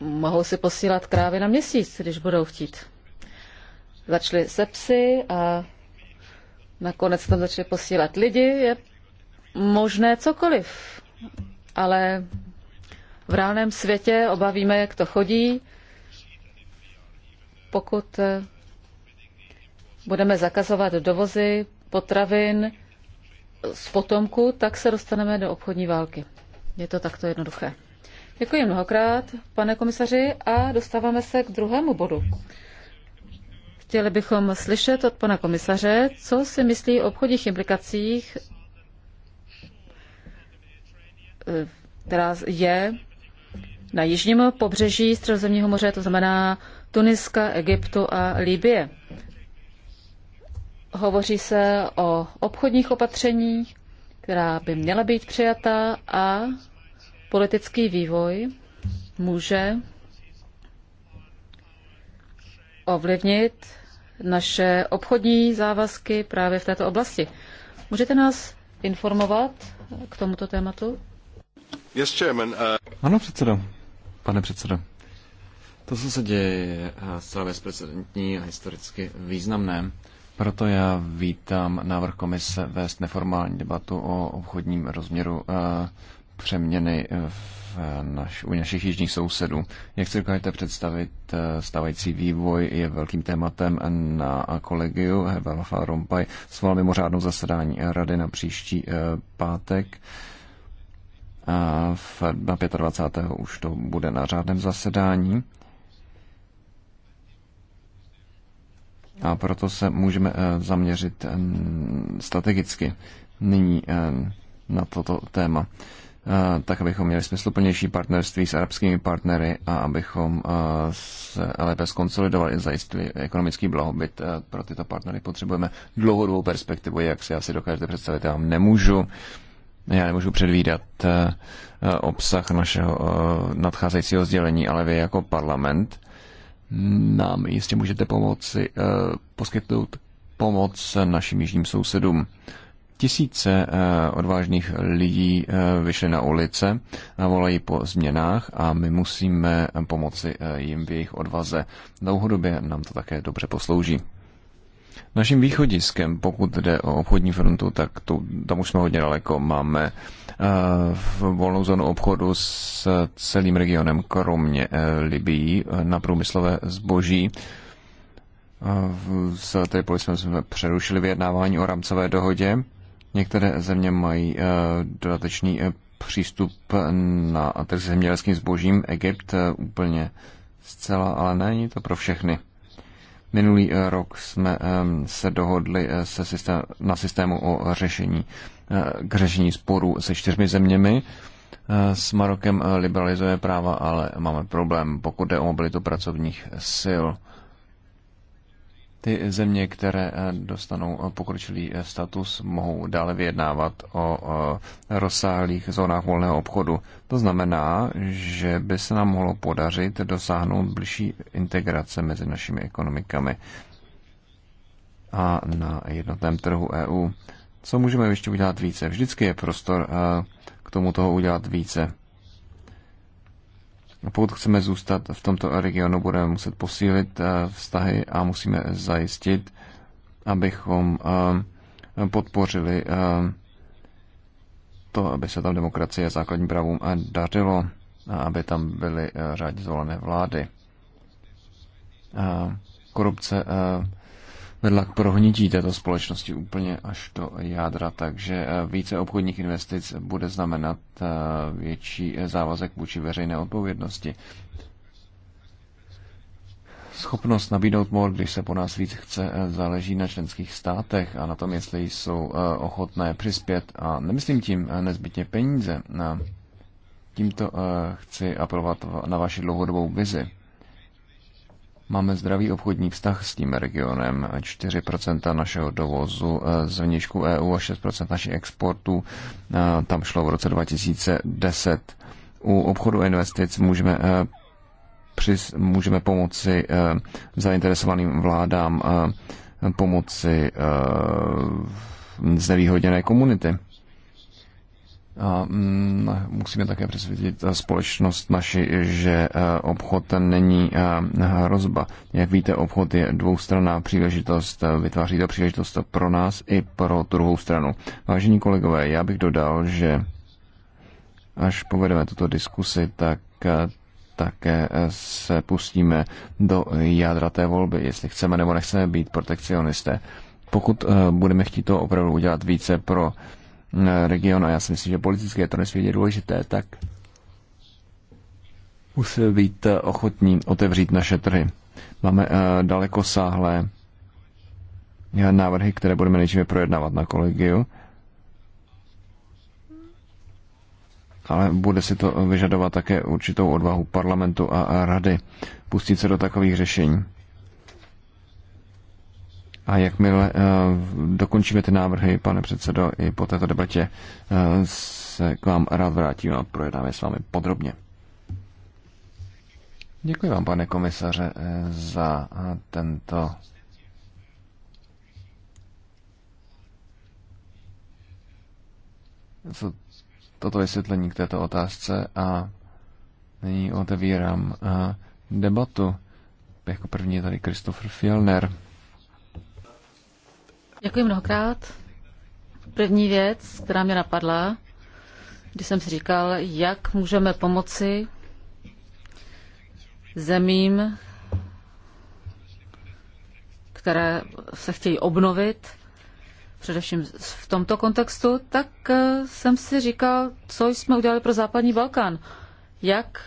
Mohou si posílat krávy na měsíc, když budou chtít začaly se psy a nakonec tam začali posílat lidi, je možné cokoliv. Ale v reálném světě obavíme, jak to chodí. Pokud eh, budeme zakazovat dovozy potravin z potomku, tak se dostaneme do obchodní války. Je to takto jednoduché. Děkuji mnohokrát, pane komisaři, a dostáváme se k druhému bodu. Chtěli bychom slyšet od pana komisaře, co si myslí o obchodních implikacích, eh, která je na jižním pobřeží Středozemního moře, to znamená Tuniska, Egyptu a Libie. Hovoří se o obchodních opatřeních, která by měla být přijata a politický vývoj může ovlivnit naše obchodní závazky právě v této oblasti. Můžete nás informovat k tomuto tématu?
Yes, chairman, uh... Ano, předsedo. Pane předsedo. To, co se děje, je uh, zcela bezprecedentní a historicky významné. Proto já vítám návrh komise vést neformální debatu o obchodním rozměru uh, přeměny v naš, u našich jižních sousedů. Jak si dokážete představit, eh, stávající vývoj je velkým tématem na kolegiu Herberta Rompaj Rompuy sval mimořádnou zasedání rady na příští eh, pátek. A v, na 25. už to bude na řádném zasedání. A proto se můžeme eh, zaměřit strategicky nyní na toto téma tak abychom měli smysluplnější partnerství s arabskými partnery a abychom se lépe skonsolidovali a zajistili ekonomický blahobyt pro tyto partnery. Potřebujeme dlouhodobou perspektivu, jak si asi dokážete představit, já vám nemůžu. Já nemůžu předvídat obsah našeho nadcházejícího sdělení, ale vy jako parlament nám jistě můžete pomoci poskytnout pomoc našim jižním sousedům. Tisíce eh, odvážných lidí eh, vyšly na ulice a volají po změnách a my musíme pomoci eh, jim v jejich odvaze. Dlouhodobě nám to také dobře poslouží. Naším východiskem, pokud jde o obchodní frontu, tak tu, tam už jsme hodně daleko. Máme v volnou zónu obchodu s celým regionem, kromě Libii, na průmyslové zboží. S s Tripolisem jsme přerušili vyjednávání o rámcové dohodě. Některé země mají eh, dodatečný eh, přístup eh, na trh zemědělským zbožím. Egypt úplně zcela, ale není to pro všechny. Minulý rok jsme ehm, se dohodli se systém, na systému o řešení, k řešení sporů se čtyřmi zeměmi. S Marokem liberalizuje práva, ale máme problém, pokud jde o mobilitu pracovních sil. Ty země, které eh, dostanou eh, pokročilý eh, status, mohou dále vyjednávat o rozsáhlých zónách volného obchodu. To znamená, že by se nám mohlo podařit dosáhnout blížší integrace mezi našimi ekonomikami a na jednotném trhu EU. Co můžeme ještě udělat více? Vždycky je prostor k tomu toho udělat více. Pokud chceme zůstat v tomto regionu, budeme muset posílit eh, vztahy a musíme zajistit, abychom eh, podpořili eh, to, aby se tam demokracie a základní pravům dařilo a aby tam byly řádně zvolené vlády. Korupce vedla k prohnití této společnosti úplně až do jádra, takže eh, více obchodních investic bude znamenat eh, větší eh, závazek vůči veřejné odpovědnosti. Schopnost nabídnout mor, když se po nás víc chce, záleží na členských státech a na tom, jestli jsou ochotné přispět. A nemyslím tím nezbytně peníze. Tímto chci apelovat na vaši dlouhodobou vizi Máme zdravý obchodní vztah s tím regionem. 4% našeho dovozu eh, z vnějšku EU a 6% našich exportů eh, tam šlo v roce 2010. U obchodu investic můžeme eh, přiz, můžeme pomoci zainteresovaným vládám, pomoci znevýhodněné komunity. A mm, musíme také přesvědčit eh, společnost naši, že eh, obchod není eh, hrozba. Jak víte, obchod je dvoustranná příležitost, vytváří to příležitost pro nás i pro druhou stranu. Vážení kolegové, já bych dodal, že až povedeme tuto diskusi, tak také se pustíme do jádra té volby, jestli chceme nebo nechceme být protekcionisté. Pokud budeme chtít to opravdu udělat více pro region, a já si myslím, že politické je to nesmírně důležité, tak musíme být eh, ochotní otevřít naše trhy. Máme eh, daleko sáhlé eh, návrhy, které budeme nejdříve projednávat na kolegiu, ale bude si to vyžadovat také určitou odvahu parlamentu a rady pustit se do takových řešení. A jakmile eh, dokončíme ty návrhy, pane předsedo, i po této debatě eh, se k vám rád vrátím a projednáme s vámi podrobně. Děkuji vám, pane komisaře, eh, za tento co, toto vysvětlení k této otázce a nyní otevírám debatu. Jako první je tady Christopher Fielner.
Děkuji mnohokrát. První věc, která mě napadla, když jsem si říkal, jak můžeme pomoci zemím, které se chtějí obnovit, především v tomto kontextu, tak eh, jsem si říkal, co jsme udělali pro západní Balkán. Jak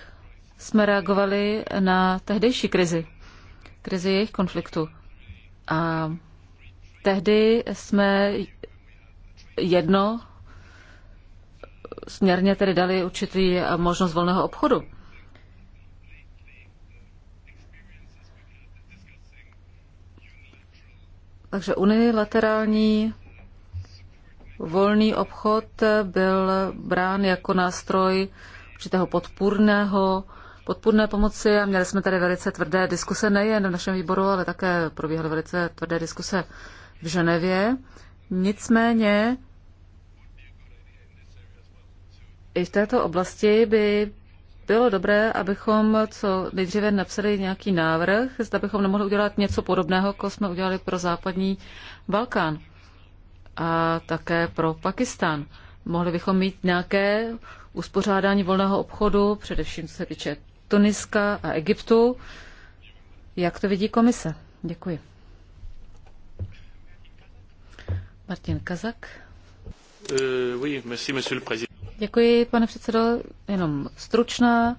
jsme reagovali na tehdejší krizi, krizi jejich konfliktu. A Tehdy jsme jedno směrně tedy dali určitý možnost volného obchodu. Takže unilaterální volný obchod byl brán jako nástroj určitého podpůrného, podpůrné pomoci a měli jsme tady velice tvrdé diskuse nejen v našem výboru, ale také probíhaly velice tvrdé diskuse v Ženevě. Nicméně i v této oblasti by bylo dobré, abychom co nejdříve napsali nějaký návrh, zda bychom nemohli udělat něco podobného, jako jsme udělali pro západní Balkán a také pro Pakistán. Mohli bychom mít nějaké uspořádání volného obchodu, především co se týče Tuniska a Egyptu. Jak to vidí komise? Děkuji. Martin Kazak.
Euh,
Děkuji, pane předsedo. Jenom stručná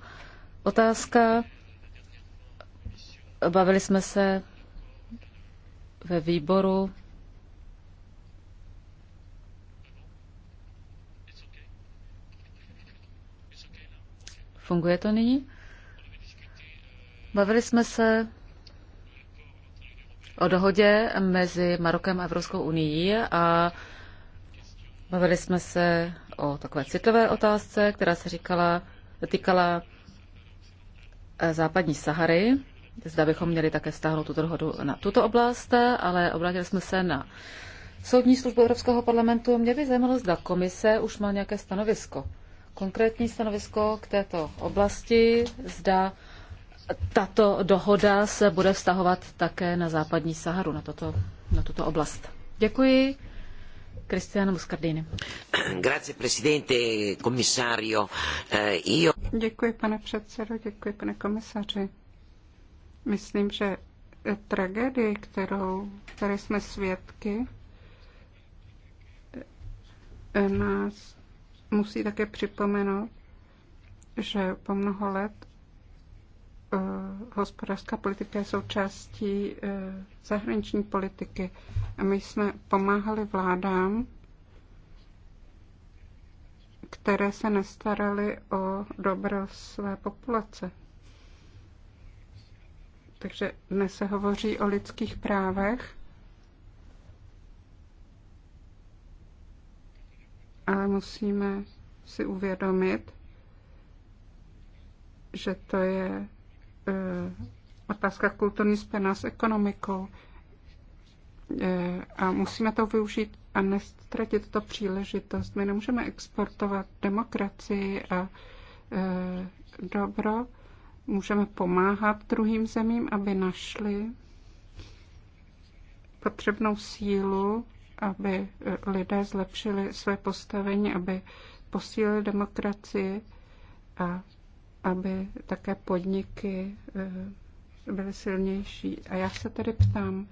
otázka. Bavili jsme se ve výboru Funguje to nyní? Bavili jsme se o dohodě mezi Marokem a Evropskou unii a bavili jsme se o takové citlivé otázce, která se říkala, týkala eh, západní Sahary. Zda bychom měli také stáhnout tuto dohodu na tuto oblast, ale obrátili jsme se na Soudní službu Evropského parlamentu. Mě by zajímalo, zda komise už má nějaké stanovisko. Konkrétní stanovisko k této oblasti, zda tato dohoda se bude vztahovat také na západní Saharu, na, toto, na tuto oblast. Děkuji. Cristiano Muscardini. Grazie, presidente,
Eh, Io... Děkuji, pane předsedo, děkuji, pane komisaři. Myslím, že tragédie, kterou, které jsme svědky, eh, nás musí také připomenout, že po mnoho let hospodářská politika je součástí e, zahraniční politiky a my jsme pomáhali vládám, které se nestaraly o dobro své populace. Takže dnes se hovoří o lidských právech, ale musíme si uvědomit, že to je Eh, otázka kulturní spěna s ekonomikou. Eh, a musíme to využít a nestratit to příležitost. My nemůžeme exportovat demokracii a eh, dobro. Můžeme pomáhat druhým zemím, aby našli potřebnou sílu, aby lidé zlepšili své postavení, aby posílili demokracii a aby také podniky eh, byly silnější. A já se tedy ptám,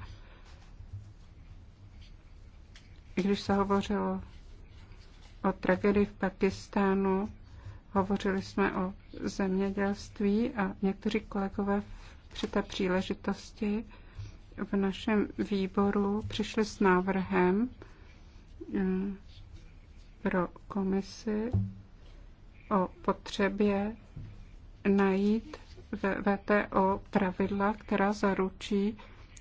i když se hovořilo o tragedii v Pakistánu, hovořili jsme o zemědělství a někteří kolegové při té příležitosti v našem výboru přišli s návrhem eh, pro komisi o potřebě najít ve VTO pravidla, která zaručí,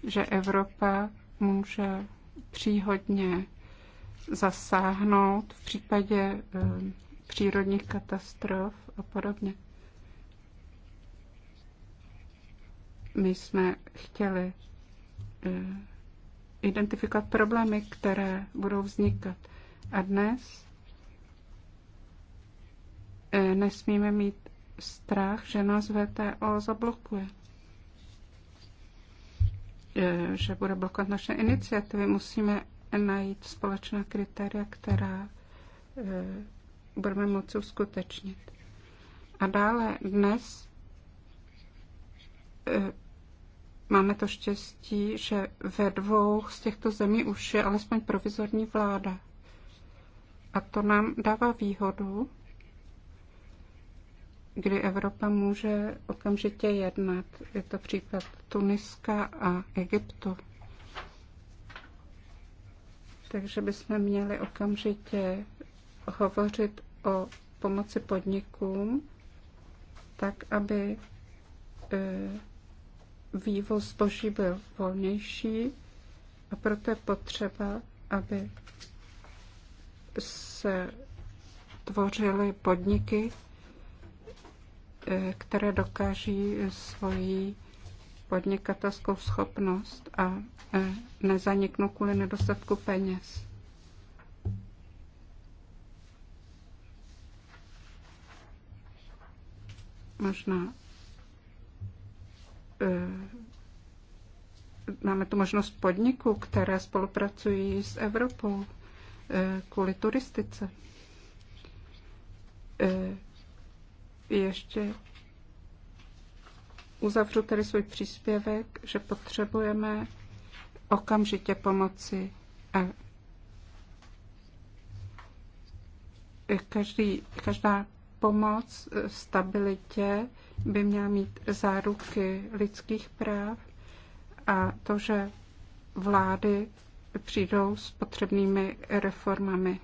že Evropa může příhodně zasáhnout v případě eh, přírodních katastrof a podobně. My jsme chtěli eh, identifikovat problémy, které budou vznikat. A dnes eh, nesmíme mít strach, že nás VTO zablokuje. Že bude blokovat naše iniciativy. Musíme najít společná kritéria, která e, budeme moci uskutečnit. A dále dnes e, máme to štěstí, že ve dvou z těchto zemí už je alespoň provizorní vláda. A to nám dává výhodu, kdy Evropa může okamžitě jednat. Je to případ Tuniska a Egyptu. Takže bychom měli okamžitě hovořit o pomoci podnikům, tak aby e, vývoz zboží byl volnější a proto je potřeba, aby se tvořily podniky, které dokáží svoji podnikatelskou schopnost a e, nezaniknou kvůli nedostatku peněz. Možná e, máme tu možnost podniků, které spolupracují s Evropou e, kvůli turistice ještě uzavřu tedy svůj příspěvek, že potřebujeme okamžitě pomoci a každý, každá pomoc stabilitě by měla mít záruky lidských práv a to, že vlády přijdou s potřebnými reformami.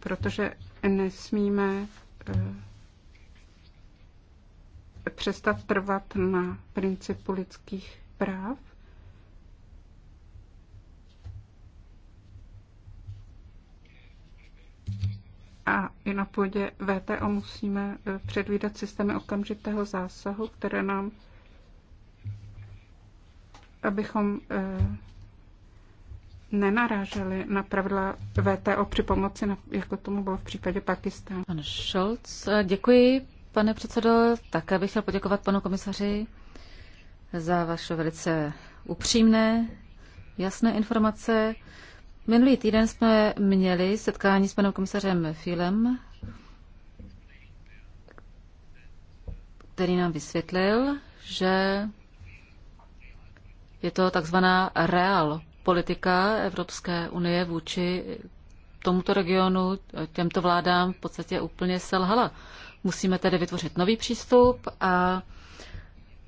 Protože nesmíme eh, přestat trvat na principu lidských práv. A i na půdě VTO musíme eh, předvídat systémy okamžitého zásahu, které nám, abychom eh, nenaráželi na pravidla VTO při pomoci, jako tomu
bylo v případě Pakistánu. Pan Scholz, děkuji, pane předsedo. Také bych chtěl poděkovat panu komisaři za vaše velice upřímné, jasné informace. Minulý týden jsme měli setkání s panem komisařem Filem, který nám vysvětlil, že je to takzvaná real politika Evropské unie vůči tomuto regionu, těmto vládám v podstatě úplně selhala. Musíme tedy vytvořit nový přístup a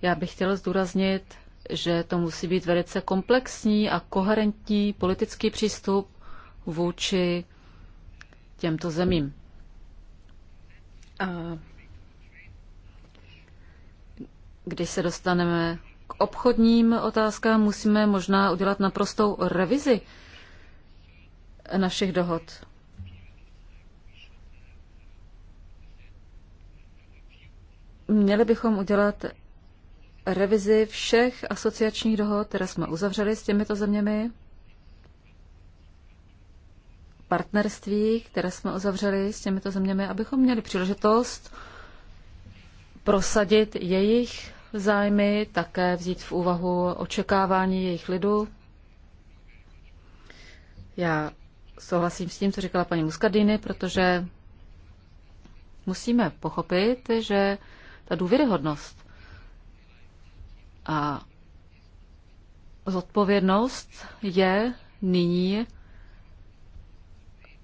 já bych chtěla zdůraznit, že to musí být velice komplexní a koherentní politický přístup vůči těmto zemím. A když se dostaneme k obchodním otázkám musíme možná udělat naprostou revizi našich dohod. Měli bychom udělat revizi všech asociačních dohod, které jsme uzavřeli s těmito zeměmi, partnerství, které jsme uzavřeli s těmito zeměmi, abychom měli příležitost prosadit jejich zájmy, také vzít v úvahu očekávání jejich lidu. Já souhlasím s tím, co říkala paní Muscadini, protože musíme pochopit, že ta důvěryhodnost a zodpovědnost je nyní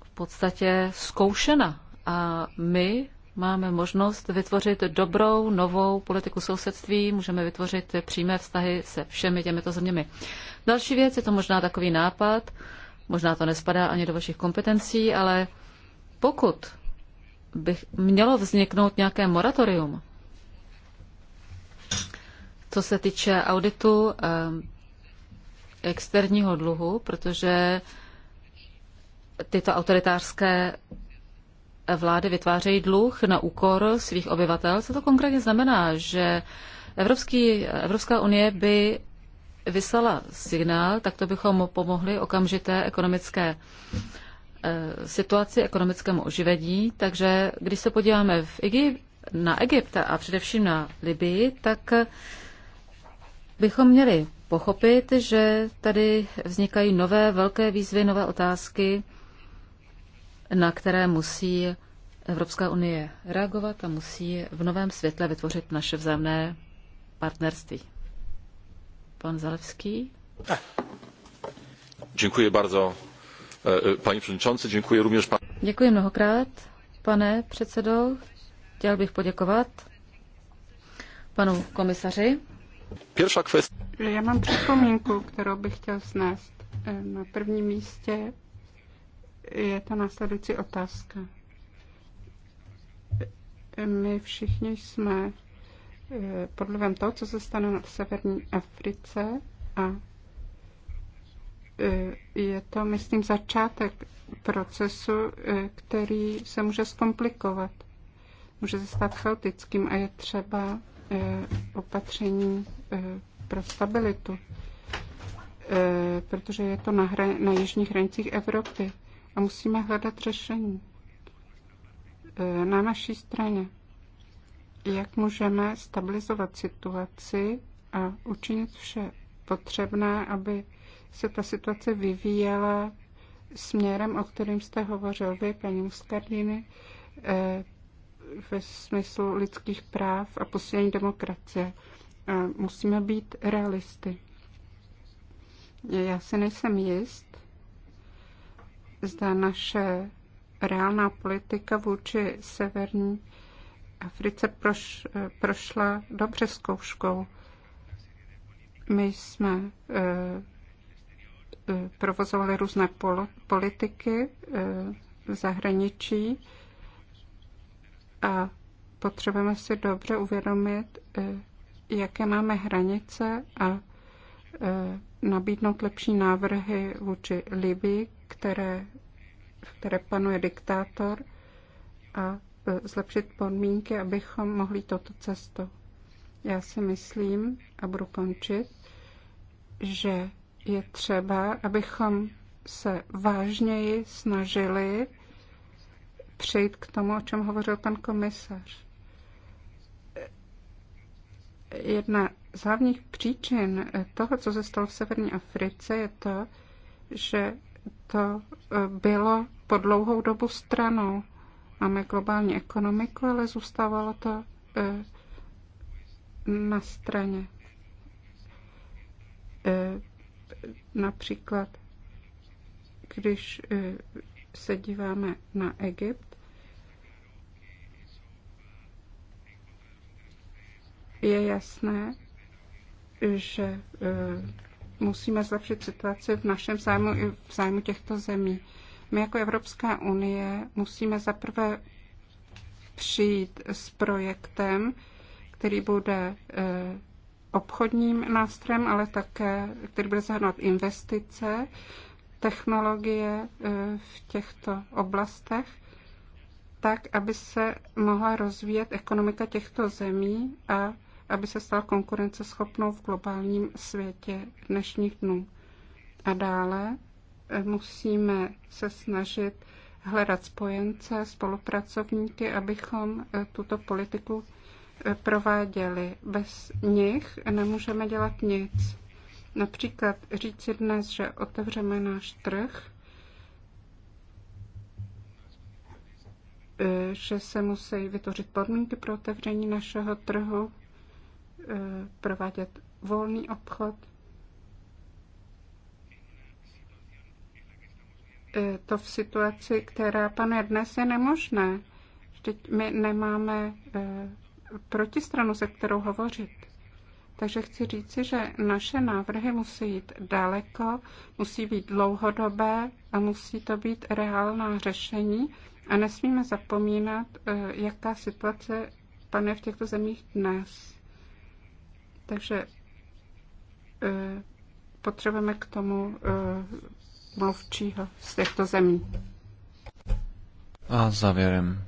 v podstatě zkoušena. A my máme možnost vytvořit dobrou novou politiku sousedství, můžeme vytvořit přímé vztahy se všemi těmito zeměmi. Další věc je to možná takový nápad, možná to nespadá ani do vašich kompetencí, ale pokud by mělo vzniknout nějaké moratorium, co se týče auditu eh, externího dluhu, protože tyto autoritářské vlády vytvářejí dluh na úkor svých obyvatel. Co to konkrétně znamená? Že Evropský, Evropská unie by vyslala signál, tak to bychom pomohli okamžité ekonomické eh, situaci, ekonomickému oživení. Takže když se podíváme v Egyp, na Egypt a především na Libii, tak bychom měli pochopit, že tady vznikají nové velké výzvy, nové otázky, na které musí Evropská unie reagovat a musí v novém světle vytvořit naše vzájemné partnerství. Pan Zalewski. Děkuji bardzo, paní předsedající. Děkuji rovněž pan... Děkuji mnohokrát, pane předsedo. Chtěl bych poděkovat panu komisaři. Já mám připomínku, kterou bych chtěl
snést. E, na prvním místě je to následující otázka. My všichni jsme eh, pod vlivem toho, co se stane v severní Africe a eh, je to, myslím, začátek procesu, eh, který se může zkomplikovat. Může se stát chaotickým a je třeba opatření pro stabilitu, protože je to na, hra, na jižních hranicích Evropy a musíme hledat řešení eh, na naší straně. Jak můžeme stabilizovat situaci a učinit vše potřebné, aby se ta situace vyvíjela směrem, o kterým jste hovořil vy, paní Muscardini, eh, ve smyslu lidských práv a posílení demokracie. A musíme být realisty. Já si nejsem jist, zda naše reálná politika vůči severní Africe proš, prošla dobře zkouškou. My jsme eh, eh, provozovali různé politiky eh, v zahraničí a potřebujeme si dobře uvědomit, jaké máme hranice a nabídnout lepší návrhy vůči Libii, které, v které panuje diktátor a e, zlepšit podmínky, abychom mohli toto cestu. Já si myslím, a budu končit, že je třeba, abychom se vážněji snažili přejít k tomu, o čem hovořil pan komisař. Jedna z hlavních příčin toho, co se stalo v severní Africe, je to, že to eh, bylo po dlouhou dobu stranou. Máme globální ekonomiku, ale zůstávalo to eh, na straně. Eh, například, když se díváme na Egypt, je jasné, že musíme zlepšit situaci v našem zájmu i v zájmu těchto zemí. My jako Evropská unie musíme zaprvé přijít s projektem, který bude eh, obchodním nástrojem, ale také, který bude zahrnovat investice, technologie eh, v těchto oblastech, tak, aby se mohla rozvíjet ekonomika těchto zemí a aby se stal konkurenceschopnou v globálním světě dnešních dnů. A dále eh, musíme se snažit hledat spojence, spolupracovníky, abychom eh, tuto politiku eh, prováděli. Bez nich nemůžeme dělat nic. Například říci dnes, že otevřeme náš trh, že se musí vytvořit podmínky pro otevření našeho trhu, Eh, provádět volný obchod. Eh, to v situaci, která pane dnes, je nemožné. Vždyť my nemáme eh, protistranu, se kterou hovořit. Takže chci říci, že naše návrhy musí jít daleko, musí být dlouhodobé a musí to být reálná řešení a nesmíme zapomínat, jaká situace panuje v těchto zemích dnes. Takže eh, potřebujeme k tomu eh, mluvčího z těchto zemí.
A závěrem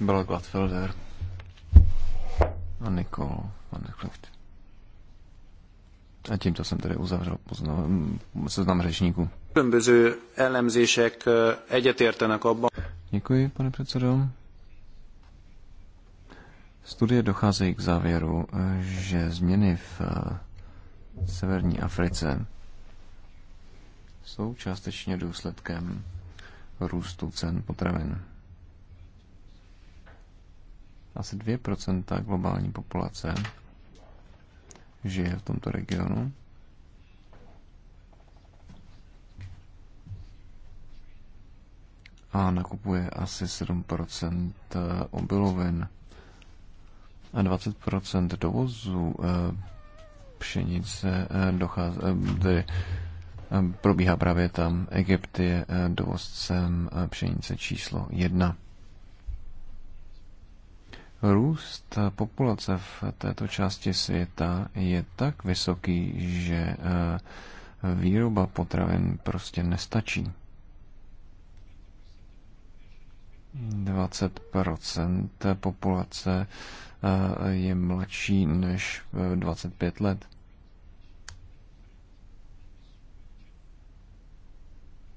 byl Gladfelder a Nikol van der Klucht. A tímto jsem tedy uzavřel poznám, seznam řečníků. Különböző elemzések eh, egyetértenek abban. Děkuji, pane předsedo. Studie docházejí k závěru, že změny v eh, severní Africe jsou částečně důsledkem růstu cen potravin. Asi 2% globální populace žije v tomto regionu. A nakupuje asi 7% obilovin a 20% dovozu eh, pšenice eh, dochází, eh, tedy probíhá právě tam. Egypt je dovozcem pšenice číslo jedna. Růst populace v této části světa je tak vysoký, že výroba potravin prostě nestačí. 20 populace je mladší než 25 e, let.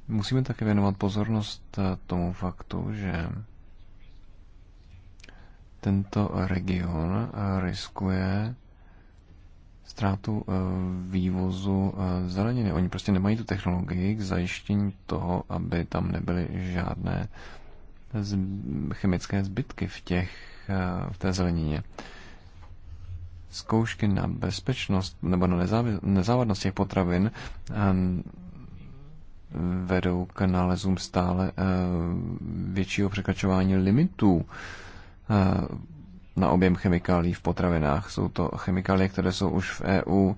Musíme také věnovat pozornost e, tomu faktu, že tento region e, riskuje ztrátu vývozu zeleniny. Oni prostě nemají tu technologii k zajištění toho, aby tam nebyly žádné chemické zbytky v těch těch, eh, v té zelenině. Zkoušky na bezpečnost nebo na nezávadnost těch potravin eh, vedou k nálezům stále eh, většího překračování limitů na objem chemikálí v potravinách. Jsou to chemikálie, které jsou už v EU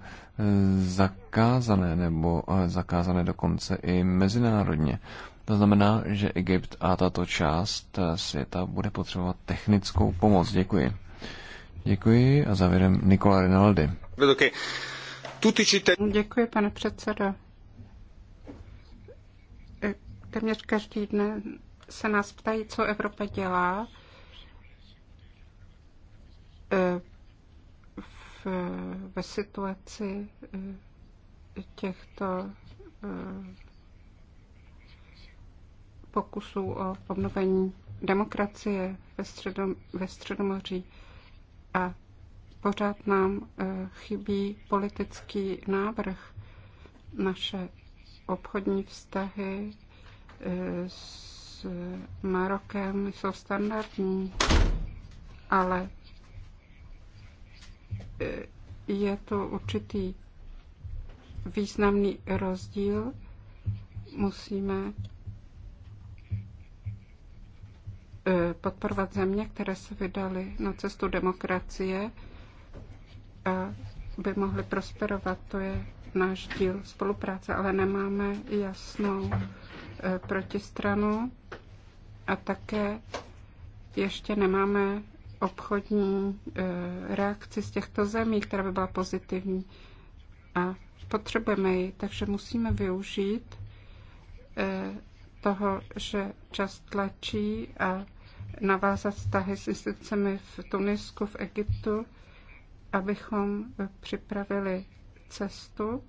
zakázané nebo zakázané dokonce i mezinárodně. To znamená, že Egypt a tato část eh, světa bude potřebovat technickou pomoc. Děkuji. Děkuji a závěrem Nikola Rinaldi.
Děkuji, pane předsedo. Eh, téměř každý den se nás ptají, co Evropa dělá eh, v, ve situaci těchto pokusů o obnovení demokracie ve, středom, ve Středomoří a pořád nám eh, chybí politický návrh. Naše obchodní vztahy eh, s Marokem jsou standardní, ale eh, je to určitý významný rozdíl. Musíme Eh, podporovat země, které se vydaly na cestu demokracie a by mohly prosperovat. To je náš díl spolupráce, ale nemáme jasnou eh, protistranu a také ještě nemáme obchodní eh, reakci z těchto zemí, která by byla pozitivní. A potřebujeme ji, takže musíme využít toho, že čas tlačí a navázat vztahy s institucemi v Tunisku, v Egyptu, abychom připravili cestu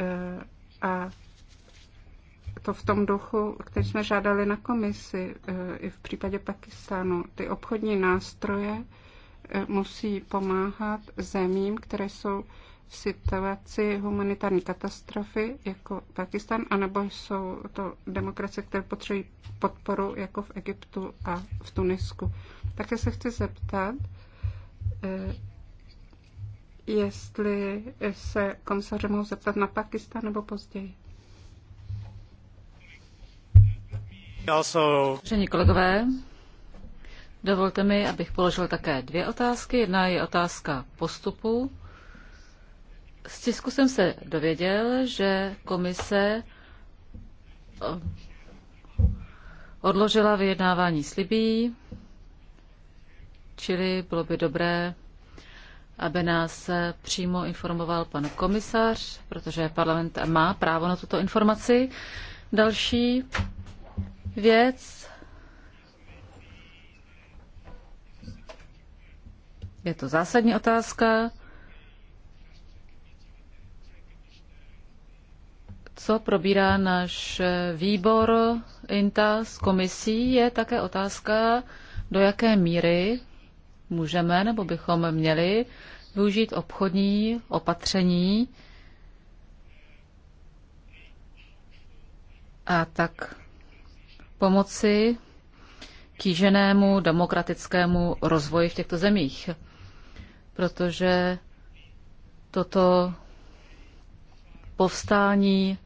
eh, a to v tom duchu, který jsme žádali na komisi eh, i v případě Pakistánu. Ty obchodní nástroje eh, musí pomáhat zemím, které jsou v situaci humanitární katastrofy jako Pakistan, anebo jsou to demokracie, které potřebují podporu jako v Egyptu a v Tunisku. Také se chci zeptat, eh, jestli se komisaře mohou zeptat na Pakistan nebo později. Also... Vážení kolegové,
dovolte mi, abych položil také dvě otázky. Jedna je otázka postupu z tisku jsem se dověděl, že komise eh, odložila vyjednávání slibí, čili bylo by dobré, aby nás přímo informoval pan komisař, protože parlament má právo na tuto informaci. Další věc. Je to zásadní otázka. co probírá náš výbor INTA s komisí, je také otázka, do jaké míry můžeme nebo bychom měli využít obchodní opatření a tak pomoci kýženému demokratickému rozvoji v těchto zemích. Protože toto povstání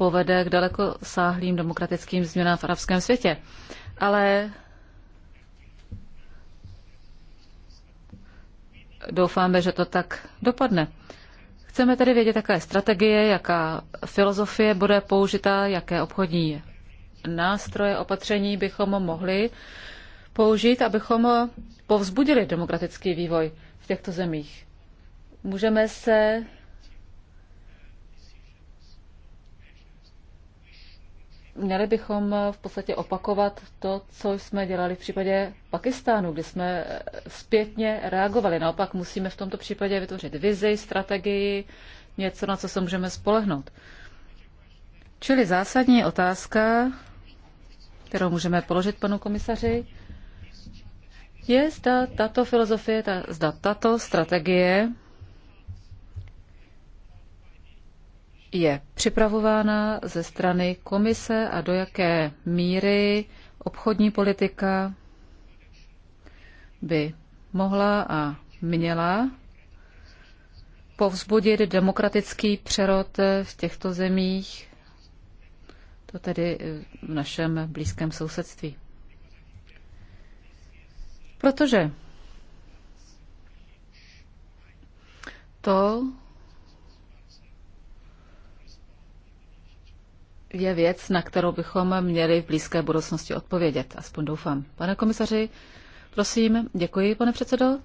povede k daleko sáhlým demokratickým změnám v arabském světě. Ale doufáme, že to tak dopadne. Chceme tedy vědět, jaká je strategie, jaká filozofie bude použita, jaké obchodní nástroje, opatření bychom mohli použít, abychom povzbudili demokratický vývoj v těchto zemích. Můžeme se měli bychom v podstatě opakovat to, co jsme dělali v případě Pakistánu, kdy jsme zpětně reagovali. Naopak musíme v tomto případě vytvořit vizi, strategii, něco, na co se můžeme spolehnout. Čili zásadní otázka, kterou můžeme položit panu komisaři, je, zda tato filozofie, ta, zda tato strategie je připravována ze strany komise a do jaké míry obchodní politika by mohla a měla povzbudit demokratický přerod v těchto zemích, to tedy v našem blízkém sousedství. Protože to je věc, na kterou bychom měli v blízké budoucnosti odpovědět, aspoň doufám. Pane komisaři, prosím, děkuji, pane předsedo.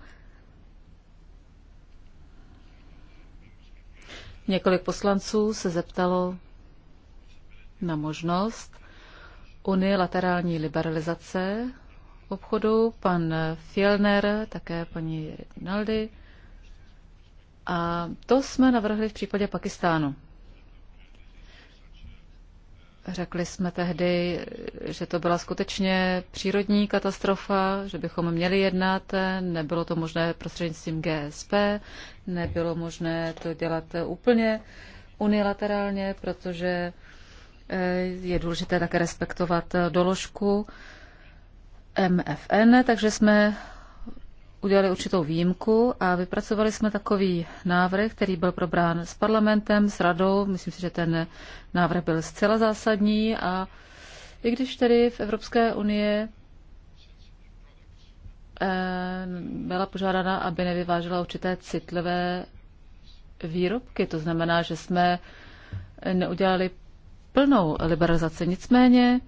Několik poslanců se zeptalo na možnost unilaterální liberalizace obchodu. Pan Fielner, také paní Rinaldi. A to jsme navrhli v případě Pakistánu. Řekli jsme tehdy, že to byla skutečně přírodní katastrofa, že bychom měli jednat, nebylo to možné prostřednictvím GSP, nebylo možné to dělat úplně unilaterálně, protože eh, je důležité také respektovat doložku MFN, takže jsme udělali určitou výjimku a vypracovali jsme takový návrh, který byl probrán s parlamentem, s radou. Myslím si, že ten návrh byl zcela zásadní a i když tedy v Evropské unii eh, byla požádána, aby nevyvážela určité citlivé výrobky, to znamená, že jsme neudělali plnou liberalizaci. Nicméně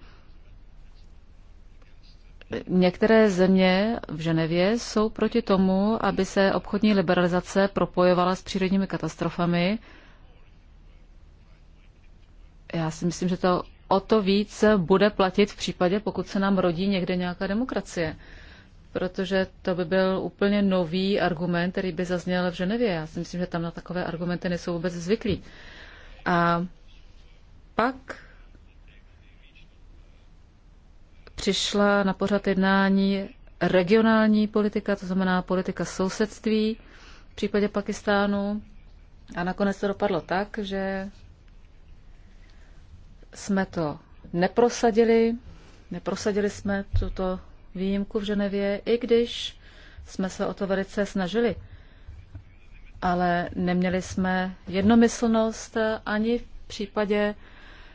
Některé země v Ženevě jsou proti tomu, aby se obchodní liberalizace propojovala s přírodními katastrofami. Já si myslím, že to o to víc bude platit v případě, pokud se nám rodí někde nějaká demokracie. Protože to by byl úplně nový argument, který by zazněl v Ženevě. Já si myslím, že tam na takové argumenty nejsou vůbec zvyklí. A pak přišla na pořad jednání regionální politika, to znamená politika sousedství v případě Pakistánu. A nakonec to dopadlo tak, že jsme to neprosadili, neprosadili jsme tuto výjimku v Ženevě, i když jsme se o to velice snažili. Ale neměli jsme jednomyslnost ani v případě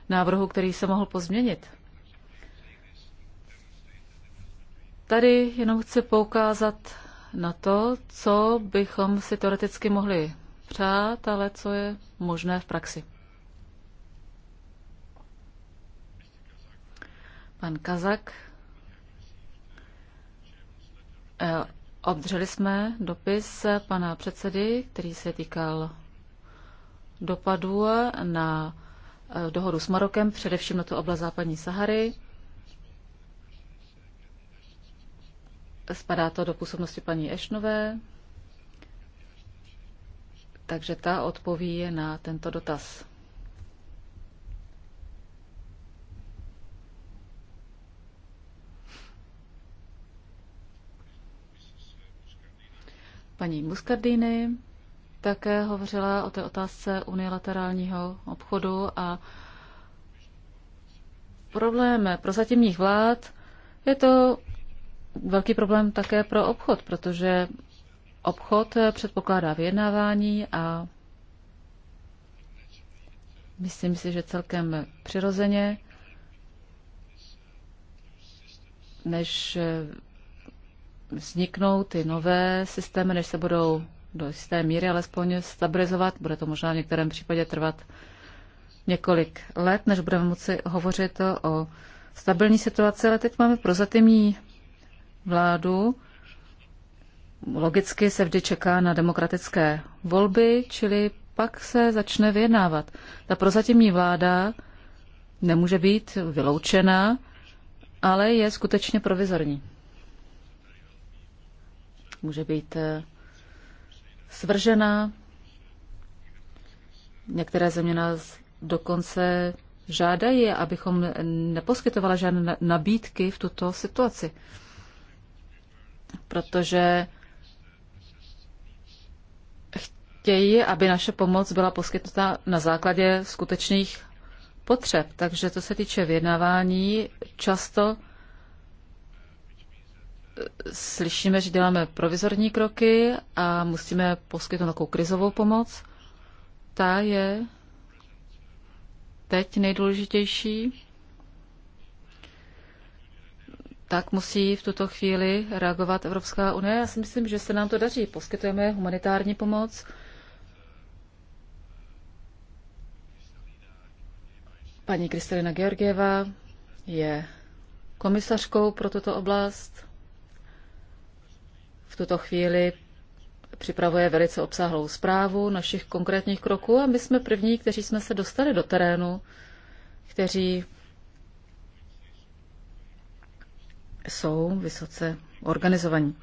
návrhu, který se mohl pozměnit. Tady jenom chci poukázat na to, co bychom si teoreticky mohli přát, ale co je možné v praxi. Pan Kazak. E, obdrželi jsme dopis pana předsedy, který se týkal dopadů na e, dohodu s Marokem, především na tu oblast západní Sahary. Spadá to do působnosti paní Ešnové, takže ta odpoví na tento dotaz. Paní Muscardini také hovořila o té otázce unilaterálního obchodu a problém prozatímních vlád je to velký problém také pro obchod, protože obchod eh, předpokládá vyjednávání a myslím si, že celkem přirozeně, než eh, vzniknou ty nové systémy, než se budou do jisté míry alespoň stabilizovat. Bude to možná v některém případě trvat několik let, než budeme moci hovořit o stabilní situaci, ale teď máme prozatímní vládu. Logicky se vždy čeká na demokratické volby, čili pak se začne vyjednávat. Ta prozatímní vláda nemůže být vyloučena, ale je skutečně provizorní. Může být eh, svržena. Některé země nás dokonce žádají, abychom neposkytovala žádné nabídky v tuto situaci protože chtějí, aby naše pomoc byla poskytnuta na základě skutečných potřeb. Takže co se týče vyjednávání, často eh, slyšíme, že děláme provizorní kroky a musíme poskytnout takovou krizovou pomoc. Ta je teď nejdůležitější tak musí v tuto chvíli reagovat Evropská unie. Já si myslím, že se nám to daří. Poskytujeme humanitární pomoc. Paní Kristalina Georgieva je komisařkou pro tuto oblast. V tuto chvíli připravuje velice obsáhlou zprávu našich konkrétních kroků a my jsme první, kteří jsme se dostali do terénu, kteří jsou vysoce organizovaní.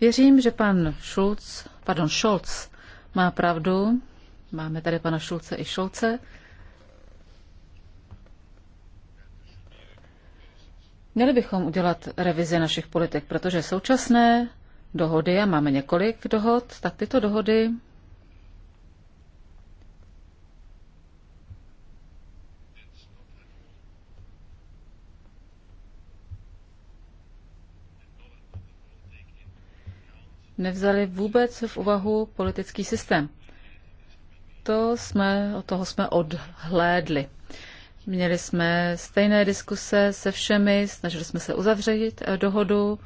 Věřím, že pan Schulz, pardon, Scholz má pravdu. Máme tady pana Šulce i Šolce. Měli bychom udělat revizi našich politik, protože současné dohody, a máme několik dohod, tak tyto dohody nevzali vůbec v úvahu politický systém. To jsme, od toho jsme odhlédli. Měli jsme stejné diskuse se všemi, snažili jsme se uzavřít eh, dohodu.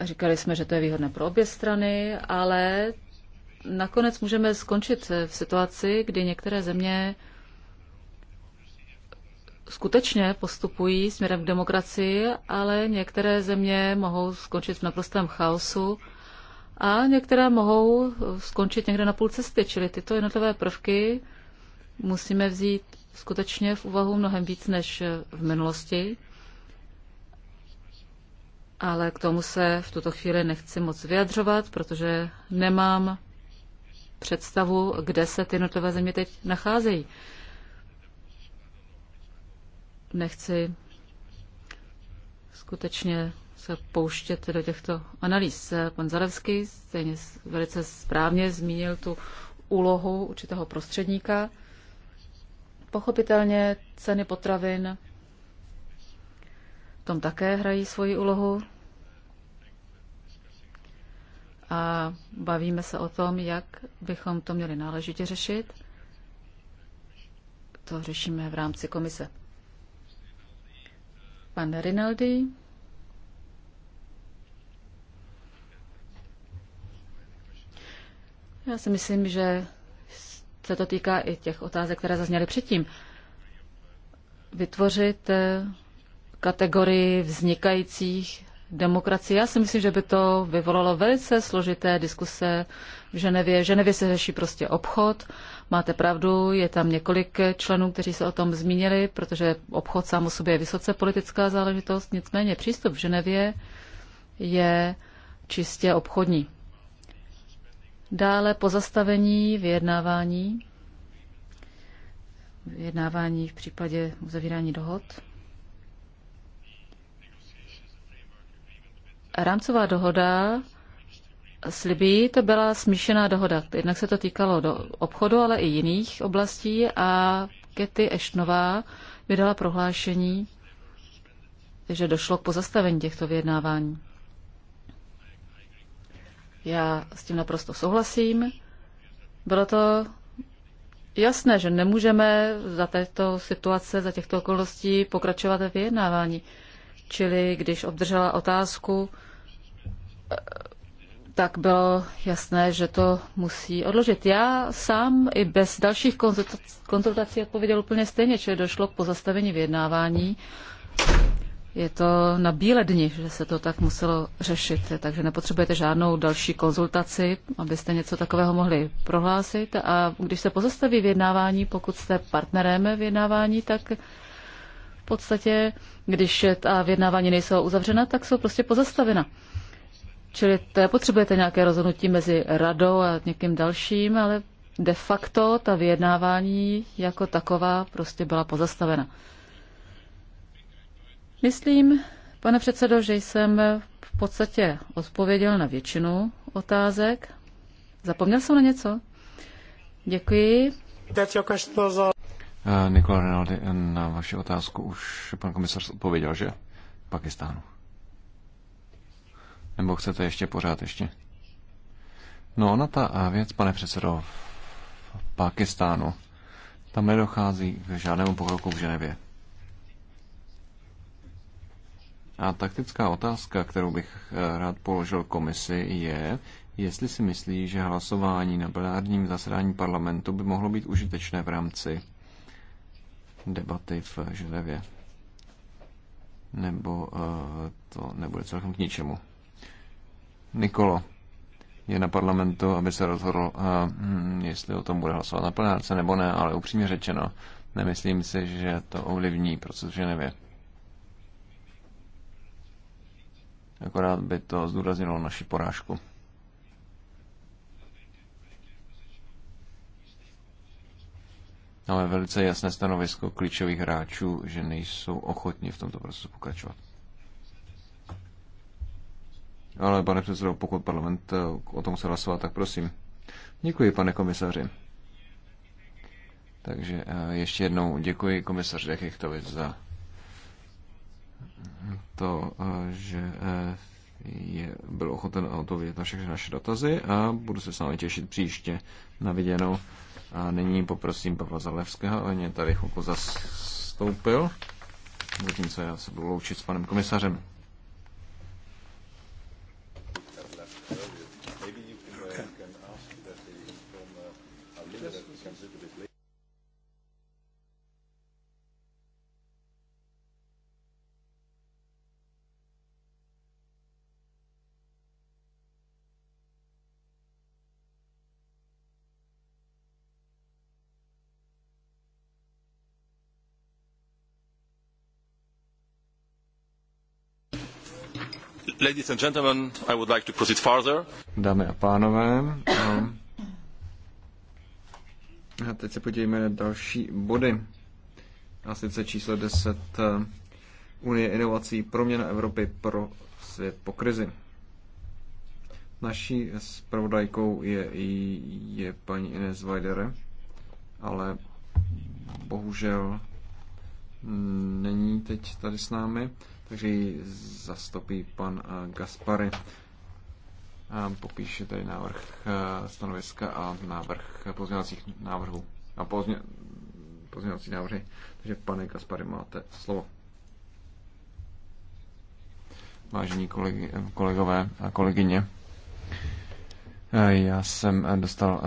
Říkali jsme, že to je výhodné pro obě strany, ale nakonec můžeme skončit eh, v situaci, kdy některé země skutečně postupují směrem k demokracii, ale některé země mohou skončit v naprostém chaosu a některé mohou skončit někde na půl cesty, čili tyto jednotlivé prvky musíme vzít skutečně v úvahu mnohem víc než v minulosti. Ale k tomu se v tuto chvíli nechci moc vyjadřovat, protože nemám představu, kde se ty jednotlivé země teď nacházejí nechci skutečně se pouštět do těchto analýz. Pan Zalevský stejně velice správně zmínil tu úlohu určitého prostředníka. Pochopitelně ceny potravin v tom také hrají svoji úlohu. A bavíme se o tom, jak bychom to měli náležitě řešit. To řešíme v rámci komise. Pan Rinaldi. Já si myslím, že se to týká i těch otázek, které zazněly předtím. Vytvořit eh, kategorii vznikajících demokracii. Já si myslím, že by to vyvolalo velice složité diskuse v Ženevě. V Ženevě se řeší prostě obchod. Máte pravdu, je tam několik členů, kteří se o tom zmínili, protože obchod sám o sobě je vysoce politická záležitost. Nicméně přístup v Ženevě je čistě obchodní. Dále pozastavení vyjednávání. Vyjednávání v případě uzavírání dohod. Rámcová dohoda slibí, to byla smíšená dohoda. Jednak se to týkalo do obchodu, ale i jiných oblastí a Kety Eštnová vydala prohlášení, že došlo k pozastavení těchto vyjednávání. Já s tím naprosto souhlasím. Bylo to jasné, že nemůžeme za této situace, za těchto okolností pokračovat ve vyjednávání. Čili když obdržela otázku, tak bylo jasné, že to musí odložit. Já sám i bez dalších konzultací odpověděl úplně stejně, že došlo k pozastavení vyjednávání. Je to na bílé dni, že se to tak muselo řešit, takže nepotřebujete žádnou další konzultaci, abyste něco takového mohli prohlásit. A když se pozastaví vyjednávání, pokud jste partnerem vyjednávání, tak v podstatě, když ta vyjednávání nejsou uzavřena, tak jsou prostě pozastavena. Čili potřebujete nějaké rozhodnutí mezi radou a někým dalším, ale de facto ta vyjednávání jako taková prostě byla pozastavena. Myslím, pane předsedo, že jsem v podstatě odpověděl na většinu otázek. Zapomněl jsem na něco? Děkuji.
Nikola Rinaldi, na vaši otázku už pan komisař odpověděl, že? Pakistánu. Nebo chcete ještě pořád ještě? No, ona ta eh, věc, pane předsedo, v Pakistánu, tam nedochází k žádnému pokroku v Ženevě. A taktická otázka, kterou bych eh, rád položil komisi, je, jestli si myslí, že hlasování na plenárním zasedání parlamentu by mohlo být užitečné v rámci debaty v Ženevě. Nebo eh, to nebude celkem k ničemu. Nikolo, je na parlamentu, aby se rozhodl, eh, hm, jestli o tom bude hlasovat na plenárce nebo ne, ale upřímně řečeno, nemyslím si, že to ovlivní proces v Ženevě. Akorát by to zdůraznilo naši porážku. Máme velice jasné stanovisko klíčových hráčů, že nejsou ochotni v tomto procesu pokračovat. Ale pane předsedo, pokud parlament eh, o tom chce hlasovat, tak prosím. Děkuji, pane komisaři. Takže eh, ještě jednou děkuji komisaři Dechichtovi za to, eh, že je, byl ochoten odpovědět na všechny naše dotazy a budu se s vámi těšit příště na viděnou. A nyní poprosím Pavla Zalevského, on je tady chvilku zastoupil, zatímco já se budu loučit s panem komisařem. Ladies and gentlemen, I would like to proceed further. Dámy a pánové, no. a teď se podívejme na další body. A sice číslo 10. Eh, Unie inovací, proměna Evropy pro svět po krizi. Naší zpravodajkou je, je paní Ines Weidere, ale bohužel není teď tady s námi kteří zastopí pan eh, Gaspary. Popíše tady návrh eh, stanoviska a návrh pozměňovacích návrhů. A pozmě, pozměňovací návrhy. Takže pane Gaspary, máte slovo. Vážení kolegy, eh, kolegové a kolegyně, já jsem eh, dostal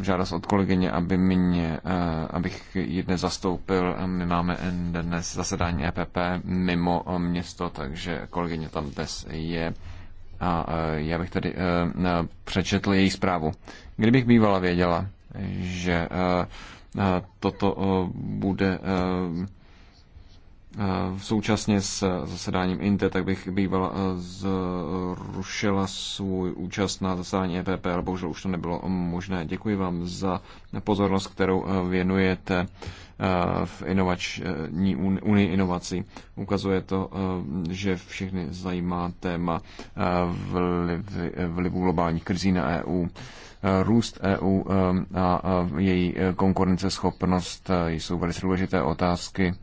eh, žádost od kolegyně, aby mě, eh, abych ji dnes zastoupil. My máme dnes zasedání EPP mimo město, takže kolegyně tam dnes je. A já bych tady přečetl její zprávu. Kdybych bývala věděla, že toto bude Eh, současně s zasedáním INTE, tak bych bývala eh, zrušila svůj účast na zasedání EPP, ale bohužel už to nebylo možné. Děkuji vám za pozornost, kterou eh, věnujete v inovační unii inovací. Ukazuje to, že všechny zajímá téma vlivu globálních krizí na EU růst EU a její konkurenceschopnost jsou velice důležité otázky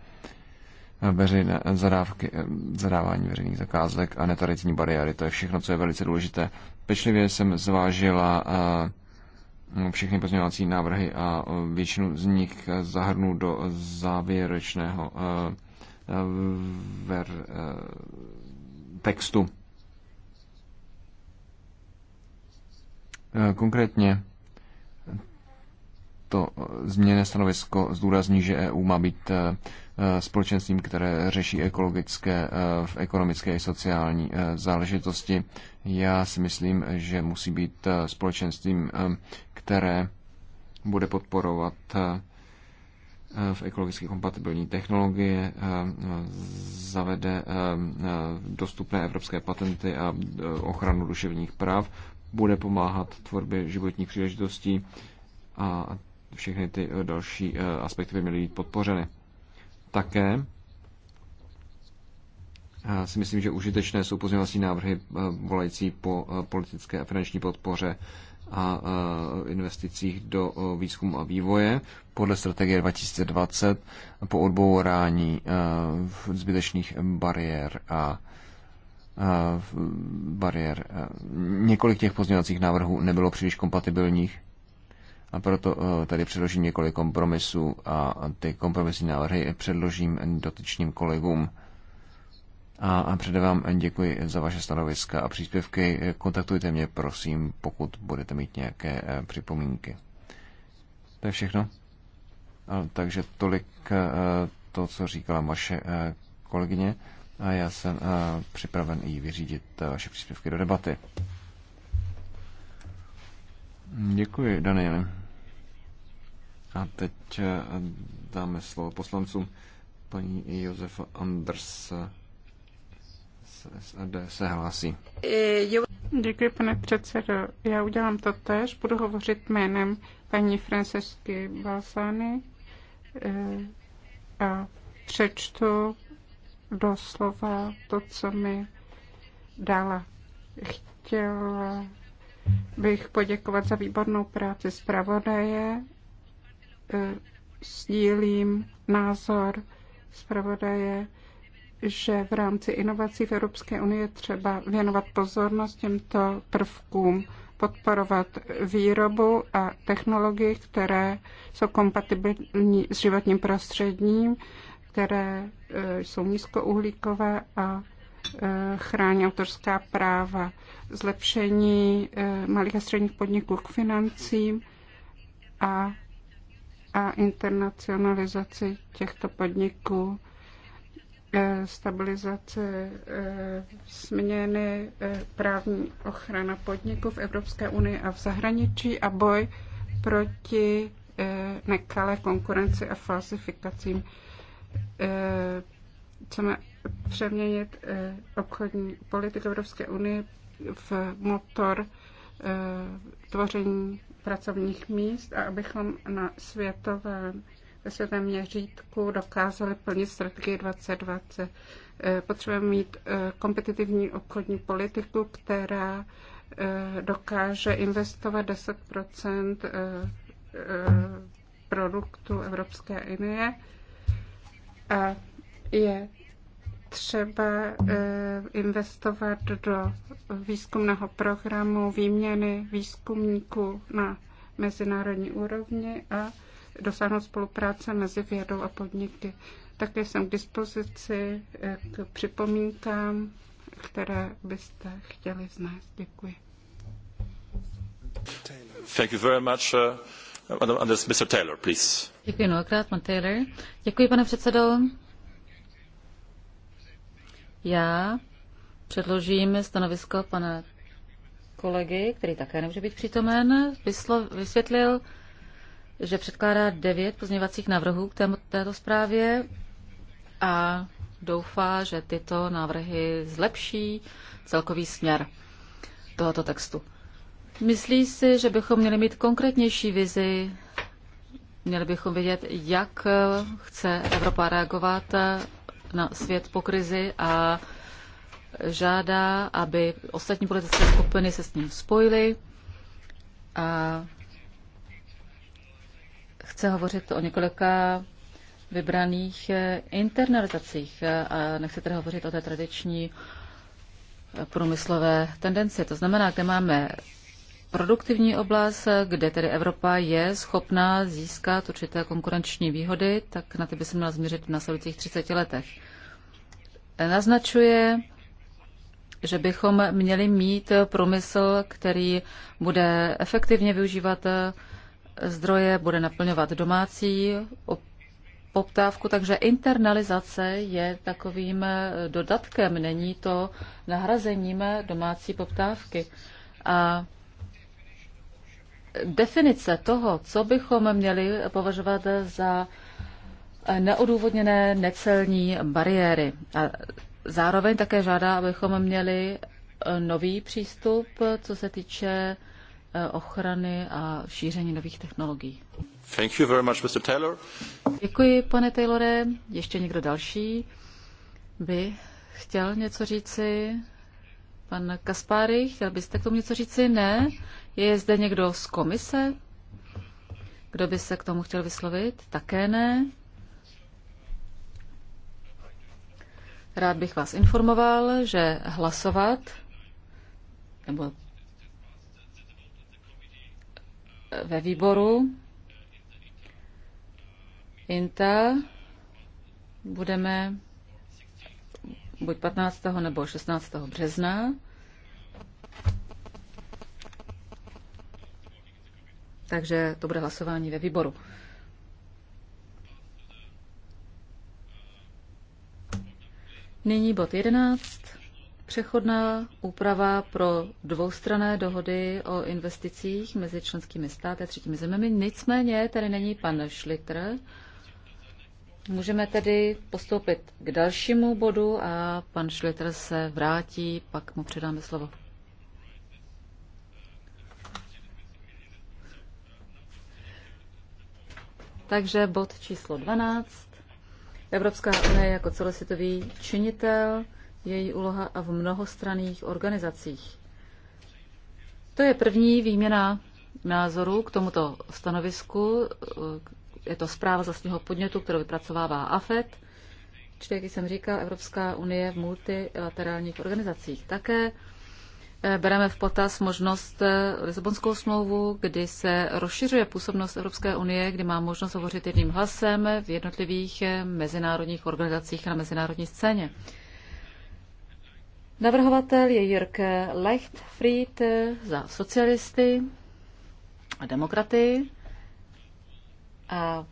veřejné zadávky, zadávání veřejných zakázek a netaritní bariéry. To je všechno, co je velice důležité. Pečlivě jsem zvážila eh, všechny pozměňovací návrhy a eh, většinu z nich zahrnu do závěrečného eh, ver, textu. Konkrétně to změněné stanovisko zdůrazní, že EU má být Eh, společenstvím, které řeší ekologické, eh, ekonomické i sociální eh, záležitosti. Já si myslím, že musí být společenstvím, které bude podporovat v ekologicky kompatibilní technologie, zavede dostupné evropské patenty a ochranu duševních práv, bude pomáhat tvorbě životních příležitostí a všechny ty další aspekty by měly být podpořeny. Také si myslím, že užitečné jsou pozměňovací návrhy eh, volající po eh, politické a finanční podpoře a eh, investicích do výzkumu a vývoje podle strategie 2020 po odbourání zbytečných bariér a bariér. Několik těch pozměňovacích návrhů nebylo příliš kompatibilních a proto eh, tady předložím několik kompromisů a ty kompromisní návrhy předložím dotyčným kolegům. A předem vám děkuji za vaše stanoviska a příspěvky. Kontaktujte mě, prosím, pokud budete mít nějaké eh, připomínky. To je všechno. Takže tolik eh, to, co říkala vaše kolegyně a já jsem připraven i vyřídit vaše příspěvky do debaty. Děkuji, Danieli. A teď eh, dáme slovo poslancům paní Josefa Anders z SAD se hlásí.
Děkuji, pane předsedo. Já udělám to tež. Budu hovořit jménem paní Francesky Balsány eh, a přečtu doslova to, co mi dala. Chtěla bych poděkovat za výbornou práci zpravodaje E, sdílím názor zpravodaje, že v rámci inovací v Evropské unii třeba věnovat pozornost těmto prvkům, podporovat výrobu a technologii, které jsou kompatibilní s životním prostředím, které e, jsou nízkouhlíkové a e, chrání autorská práva, zlepšení malých a středních podniků k financím a a internacionalizaci těchto podniků, eh, stabilizace směny, eh, eh, právní ochrana podniků v Evropské unii a v zahraničí a boj proti nekalé konkurenci a falsifikacím. Chceme přeměnit obchodní politiku Evropské unie v motor tvoření pracovních míst a abychom na světovém, ve světovém měřítku dokázali plnit strategii 2020. Eh, potřebujeme mít eh, kompetitivní obchodní politiku, která eh, dokáže investovat 10 produktu Evropské unie a je třeba eh, investovat do výzkumného programu, výměny výzkumníků na mezinárodní úrovni a dosáhnout spolupráce mezi vědou a podniky. Také jsem k dispozici eh, k připomínkám, které byste chtěli
znát. Děkuji. Thank you very much. Uh, eh, Mr. Taylor, please. Děkuji mnohokrát, pan Taylor. Děkuji, pane předsedo. Já předložím stanovisko pana kolegy, který také nemůže být přítomen, vysvětlil, že předkládá devět pozměňovacích návrhů k této zprávě a doufá, že tyto návrhy zlepší celkový směr tohoto textu. Myslí si, že bychom měli mít konkrétnější vizi, měli bychom vědět, jak chce Evropa reagovat na svět po krizi a žádá, aby ostatní politické skupiny se s ním spojily a chce hovořit o několika vybraných internalizacích a nechci tedy hovořit o té tradiční průmyslové tendenci. To znamená, kde máme produktivní oblast, kde tedy Evropa je schopná získat určité konkurenční výhody, tak na ty by se měla změřit v následujících 30 letech. Naznačuje, že bychom měli mít průmysl, který bude efektivně využívat zdroje, bude naplňovat domácí poptávku, takže internalizace je takovým dodatkem, není to nahrazením domácí poptávky. A definice toho, co bychom měli považovat za neodůvodněné necelní bariéry. A zároveň také žádá, abychom měli e, nový přístup, co se týče e, ochrany a šíření nových technologií.
Thank you very much, Mr. Taylor.
Děkuji, pane Taylore. Ještě někdo další by chtěl něco říci? Pan Kaspáry, chtěl byste k tomu něco říci? Ne? Je zde někdo z komise? Kdo by se k tomu chtěl vyslovit? Také ne. Rád bych vás informoval, že hlasovat nebo ve výboru INTA budeme buď 15. nebo 16. března. takže to bude hlasování ve výboru. Nyní bod 11. Přechodná úprava pro dvoustrané dohody o investicích mezi členskými státy a třetími zeměmi. Nicméně tady není pan Schlitter. Můžeme tedy postoupit k dalšímu bodu a pan Schlitter se vrátí, pak mu předáme slovo. Takže bod číslo 12. Evropská unie jako celosvětový činitel, její úloha a v mnohostranných organizacích. To je první výměna názoru k tomuto stanovisku. Je to zpráva z vlastního podnětu, kterou vypracovává AFET. Čili, jak jsem říkal, Evropská unie v multilaterálních organizacích. Také bereme v potaz možnost eh, Lisabonskou smlouvu, kdy se rozšiřuje působnost Evropské unie, kdy má možnost hovořit jedním hlasem v jednotlivých eh, mezinárodních organizacích na mezinárodní scéně. Navrhovatel je Jirk Leichtfried eh, za socialisty a demokraty. A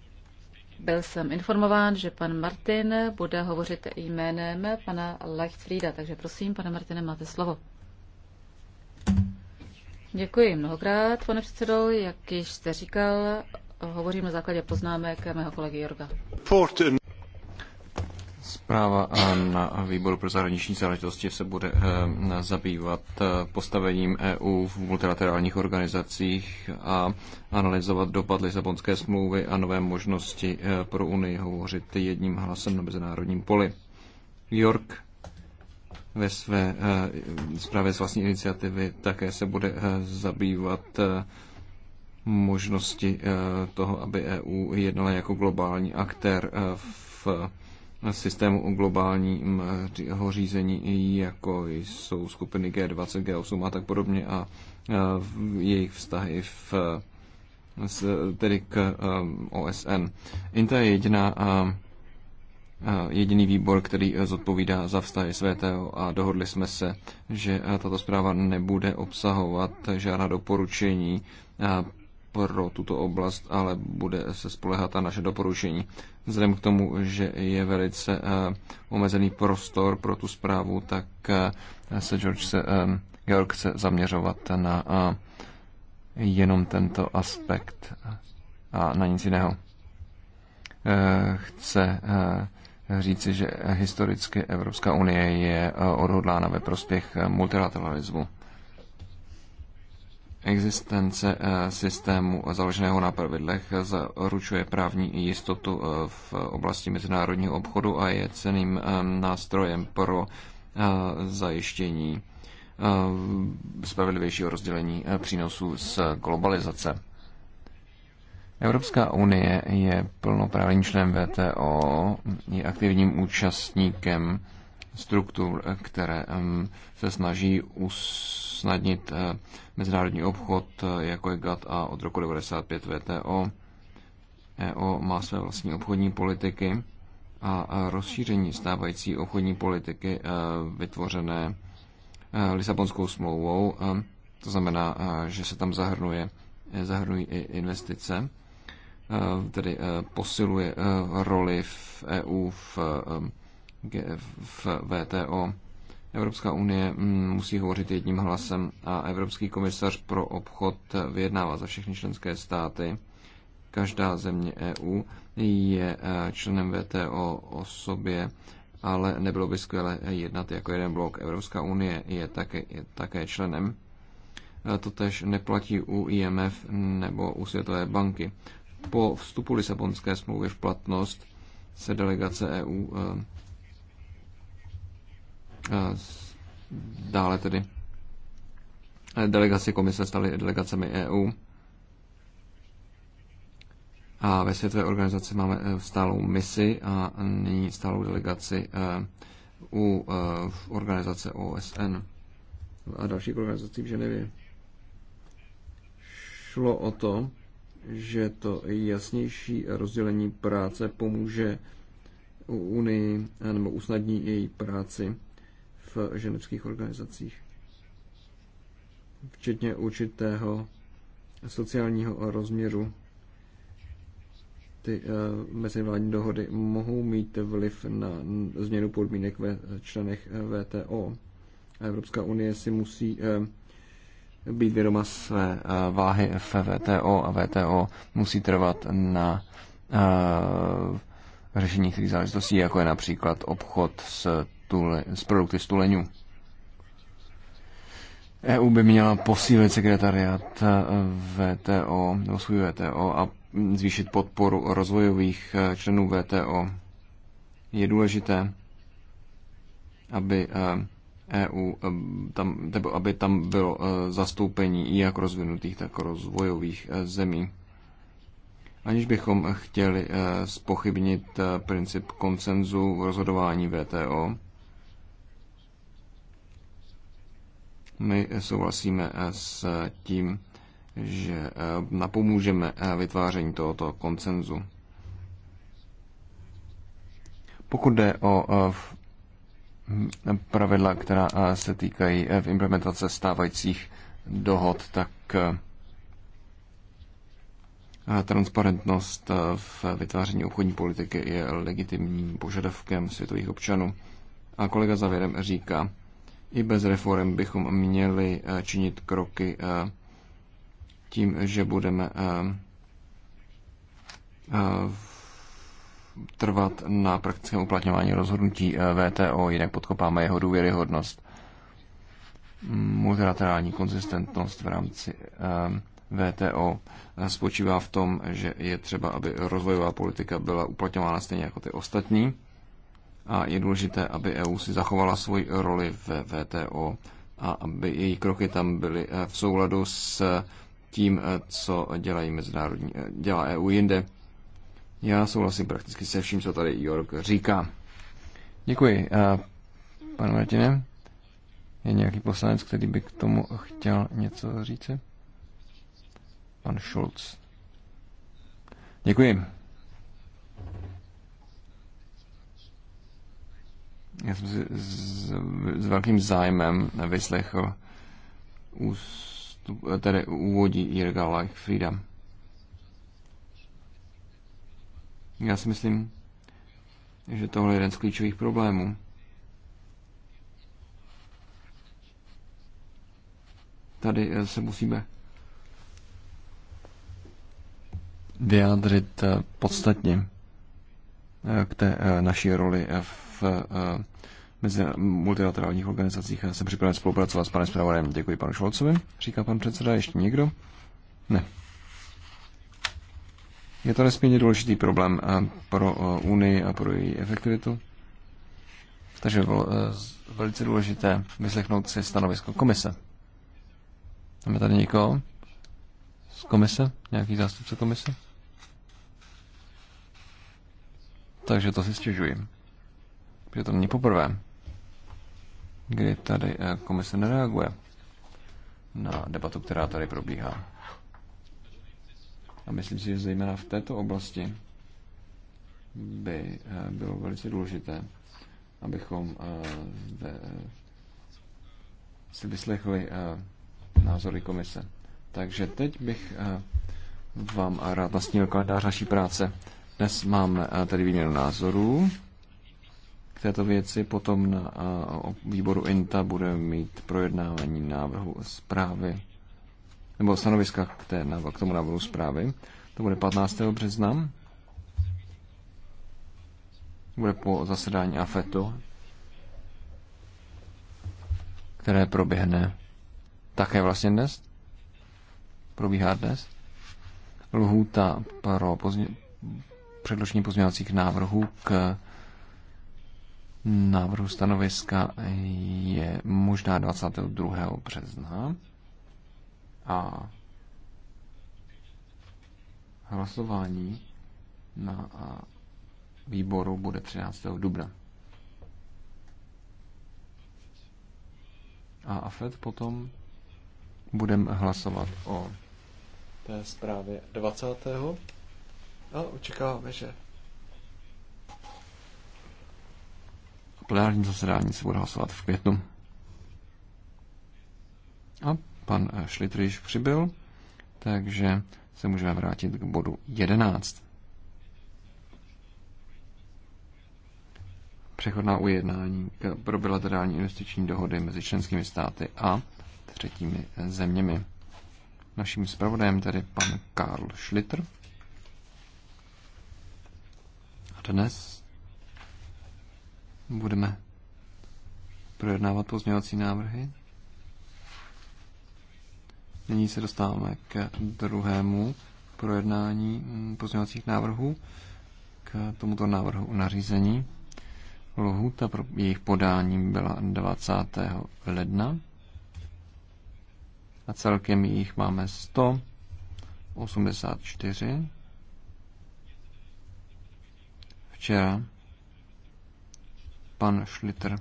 byl jsem informován, že pan Martin bude hovořit jménem pana Leichtfrieda, takže prosím, pane Martine, máte slovo. Děkuji mnohokrát, pane předsedo. Jak již jste říkal, hovořím na základě poznámek mého kolegy Jorga.
Zpráva na výboru pro zahraniční záležitosti se bude eh, zabývat eh, postavením EU v multilaterálních organizacích a analyzovat dopad Lisabonské smlouvy a nové možnosti eh, pro Unii hovořit jedním hlasem na mezinárodním poli. York ve své eh, zprávě z vlastní iniciativy také se bude eh, zabývat eh, možnosti toho, aby EU jednala jako globální aktér v systému globálního řízení, jako jsou skupiny G20, G8 a tak podobně a jejich vztahy v, tedy k OSN. INTA je jediná jediný výbor, který eh, zodpovídá za vztahy svého a dohodli jsme se, že eh, tato zpráva nebude obsahovat žádná doporučení eh, pro tuto oblast, ale bude se spolehat na naše doporučení. Vzhledem k tomu, že je velice omezený prostor pro tu zprávu, tak se George se, Georg chce zaměřovat na jenom tento aspekt a na nic jiného. Chce říci, že historicky Evropská unie je eh, odhodlána ve prospěch eh, multilateralismu. Existence eh, systému založeného na pravidlech zaručuje právní jistotu v oblasti mezinárodního obchodu a je ceným nástrojem pro zajištění spravedlivějšího rozdělení přínosů z globalizace. Evropská unie je plnoprávným členem VTO, je aktivním účastníkem struktur, které se snaží usnadnit eh, mezinárodní obchod, eh, jako je GATT a od roku 1995 VTO. EO má své vlastní obchodní politiky a rozšíření stávající obchodní politiky eh, vytvořené Lisabonskou smlouvou, to znamená, že se tam zahrnuje, zahrnují i investice Eh, tedy eh, posiluje eh, roli v EU v, v VTO. Evropská unie mm, musí hovořit jedním hlasem a Evropský komisař pro obchod vyjednává za všechny členské státy. Každá země EU je členem VTO o sobě, ale nebylo by skvělé jednat jako jeden blok. Evropská unie je také, je také členem. Totež neplatí u IMF nebo u Světové banky. Po vstupu Lisabonské smlouvy v platnost se delegace EU eh, eh, dále tedy eh, delegaci komise staly delegacemi EU. A ve světové organizaci máme stálou misi a nyní stálou delegaci u organizace OSN a dalších organizací v Ženevě. Šlo o to, že to jasnější rozdělení práce pomůže Unii nebo usnadní její práci v ženevských organizacích, včetně určitého sociálního rozměru. Ty eh, mezivládní dohody mohou mít vliv na změnu podmínek ve členech eh, VTO. Evropská unie si musí eh, být vědoma své eh, váhy v VTO a VTO musí trvat na eh, řešení těch záležitostí, jako je například obchod s, tule, s produkty z tuleňů. EU by měla posílit sekretariat eh, VTO, nebo svůj VTO a zvýšit podporu rozvojových členů VTO. Je důležité, aby EU, tam, nebo aby tam bylo e, zastoupení jak rozvinutých, tak rozvojových e, zemí. Aniž bychom chtěli e, spochybnit princip koncenzu v rozhodování VTO, my souhlasíme s tím, že napomůžeme vytváření tohoto koncenzu. Pokud jde o pravidla, která eh, se týkají eh, v implementace stávajících dohod, tak eh, transparentnost v vytváření obchodní politiky je legitimním požadavkem světových občanů. A kolega závěrem říká, i bez reform bychom měli činit kroky tím, že budeme v trvat na praktickém uplatňování rozhodnutí eh, VTO, jinak podkopáme jeho důvěryhodnost. Multilaterální konzistentnost v rámci eh, VTO eh, spočívá v tom, že je třeba, aby rozvojová politika byla uplatňována stejně jako ty ostatní a je důležité, aby EU si zachovala svoji roli v VTO a aby její kroky tam byly v souladu s tím, co dělají mezinárodní, dělá EU jinde. Já souhlasím prakticky se vším, co tady Jorg říká. Děkuji. Eh, pan Martine, je nějaký poslanec, který by k tomu chtěl něco říci? Pan Schulz. Děkuji. Já jsem si s, s velkým zájmem vyslechl ústup, tedy úvodí Jirga Like Freedom. Já si myslím, že tohle je jeden z klíčových problémů. Tady eh, se musíme vyjádřit eh, podstatně eh, k té naší roli v mezi multilaterálních organizacích. Já jsem připraven spolupracovat s panem zpravodajem. Děkuji panu Šolcovi. Říká pan předseda, ještě někdo? Ne. Je to nesmírně důležitý problém eh, pro eh, Unii a pro její efektivitu. Takže bylo eh, velice důležité vyslechnout si stanovisko komise. Máme tady někoho z komise? Nějaký zástupce komise? Takže to si stěžuji. Protože to není poprvé, kdy tady komise nereaguje na debatu, která tady probíhá. A myslím si, že zejména v této oblasti by eh, bylo velice důležité, abychom zde eh, eh, si vyslechli názory komise. Takže teď bych vám rád nastínil kalendář naší práce. Dnes máme tady výměnu názorů k této věci, potom na výboru INTA budeme mít projednávání návrhu zprávy nebo stanoviska k, té, k tomu návrhu zprávy. To bude 15. března. Bude po zasedání AFETu, které proběhne také vlastně dnes. Probíhá dnes. Lhůta pro pozdě... předložení pozměňovacích návrhů k návrhu stanoviska je možná 22. března a hlasování na výboru bude 13. dubna. A AFED potom budeme hlasovat o té zprávě 20. A očekáváme, že plenární zasedání se bude hlasovat v květnu. A pan eh, Šlitr již přibyl, takže se můžeme vrátit k bodu 11. Přechodná ujednání k probilaterální investiční dohody mezi členskými státy a třetími eh, zeměmi. Naším zpravodajem tedy pan Karl Schlitter. A dnes budeme projednávat pozměňovací návrhy. Nyní se dostáváme k druhému projednání mm, pozměňovacích návrhů k tomuto návrhu nařízení. Lohuta pro jejich podání byla 20. ledna a celkem jich máme 184. Včera pan Schlitter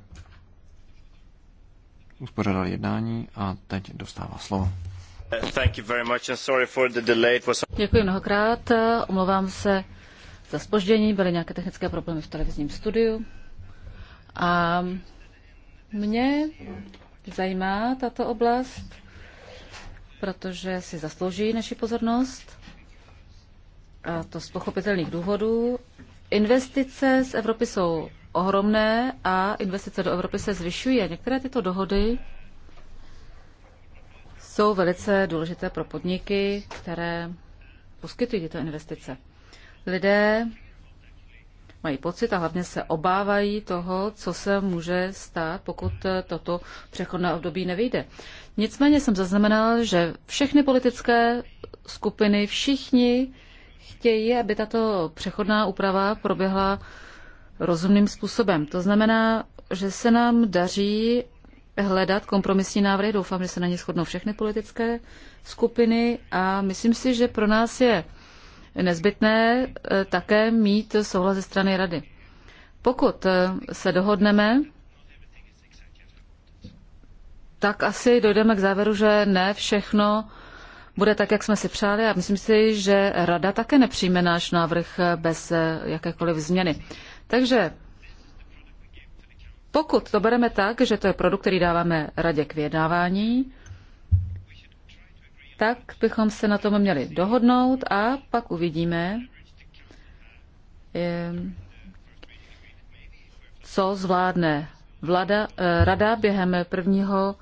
uspořádal jednání a teď dostává slovo. Děkuji
mnohokrát. Omlouvám se za spoždění. Byly nějaké technické problémy v televizním studiu. A mě zajímá tato oblast, protože si zaslouží naši pozornost. A to z pochopitelných důvodů. Investice z Evropy jsou ohromné a investice do Evropy se zvyšují. A Některé tyto dohody jsou velice důležité pro podniky, které poskytují tyto investice. Lidé mají pocit a hlavně se obávají toho, co se může stát, pokud toto přechodné období nevyjde. Nicméně jsem zaznamenal, že všechny politické skupiny, všichni chtějí, aby tato přechodná úprava proběhla rozumným způsobem. To znamená, že se nám daří hledat kompromisní návrhy. Doufám, že se na ně shodnou všechny politické skupiny a myslím si, že pro nás je nezbytné eh, také mít souhlas ze strany rady. Pokud eh, se dohodneme, tak asi dojdeme k závěru, že ne všechno bude tak, jak jsme si přáli a myslím si, že rada také nepřijme náš návrh eh, bez jakékoliv změny. Takže pokud to bereme tak, že to je produkt, který dáváme radě k vyjednávání, tak bychom se na tom měli dohodnout a pak uvidíme, ehm, co zvládne vlada, eh, rada během prvního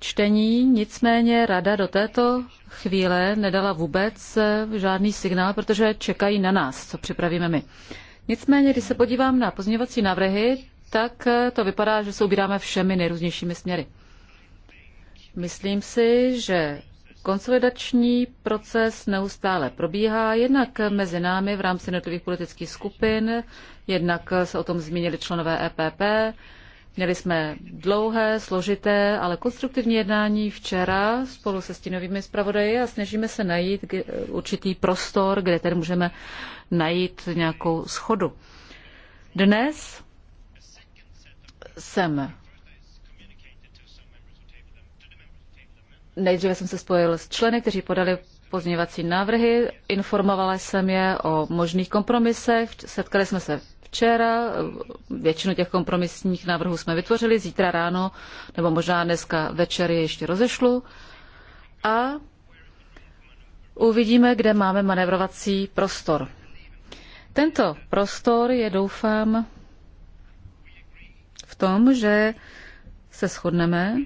čtení. Nicméně rada do této chvíle nedala vůbec eh, žádný signál, protože čekají na nás, co připravíme my. Nicméně, když se podívám na pozměňovací návrhy, tak to vypadá, že se ubíráme všemi nejrůznějšími směry. Myslím si, že konsolidační proces neustále probíhá, jednak mezi námi v rámci jednotlivých politických skupin, jednak se o tom zmínili členové EPP, Měli jsme dlouhé, složité, ale konstruktivní jednání včera spolu se stínovými zpravodaji a snažíme se najít určitý prostor, kde tedy můžeme najít nějakou schodu. Dnes jsem Nejdříve jsem se spojil s členy, kteří podali pozměňovací návrhy, informovala jsem je o možných kompromisech, setkali jsme se včera, většinu těch kompromisních návrhů jsme vytvořili, zítra ráno nebo možná dneska večer je ještě rozešlu a uvidíme, kde máme manevrovací prostor. Tento prostor je, doufám, v tom, že se shodneme,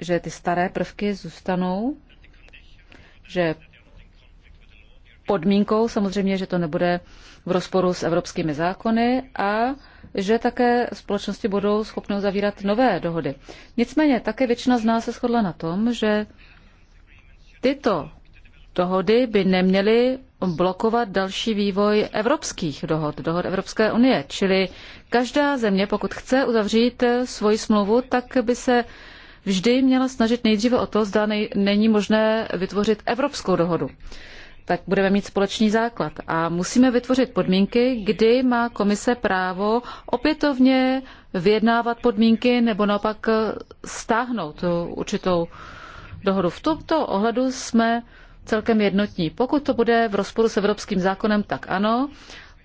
že ty staré prvky zůstanou, že podmínkou samozřejmě, že to nebude v rozporu s evropskými zákony a že také společnosti budou schopny zavírat nové dohody. Nicméně také většina z nás se shodla na tom, že tyto dohody by neměly blokovat další vývoj evropských dohod, dohod Evropské unie. Čili každá země, pokud chce uzavřít eh, svoji smlouvu, tak by se vždy měla snažit nejdříve o to, zda nej, není možné vytvořit evropskou dohodu. Tak budeme mít společný základ. A musíme vytvořit podmínky, kdy má komise právo opětovně vyjednávat podmínky nebo naopak eh, stáhnout eh, určitou dohodu. V tomto ohledu jsme celkem jednotní. Pokud to bude v rozporu s evropským zákonem, tak ano.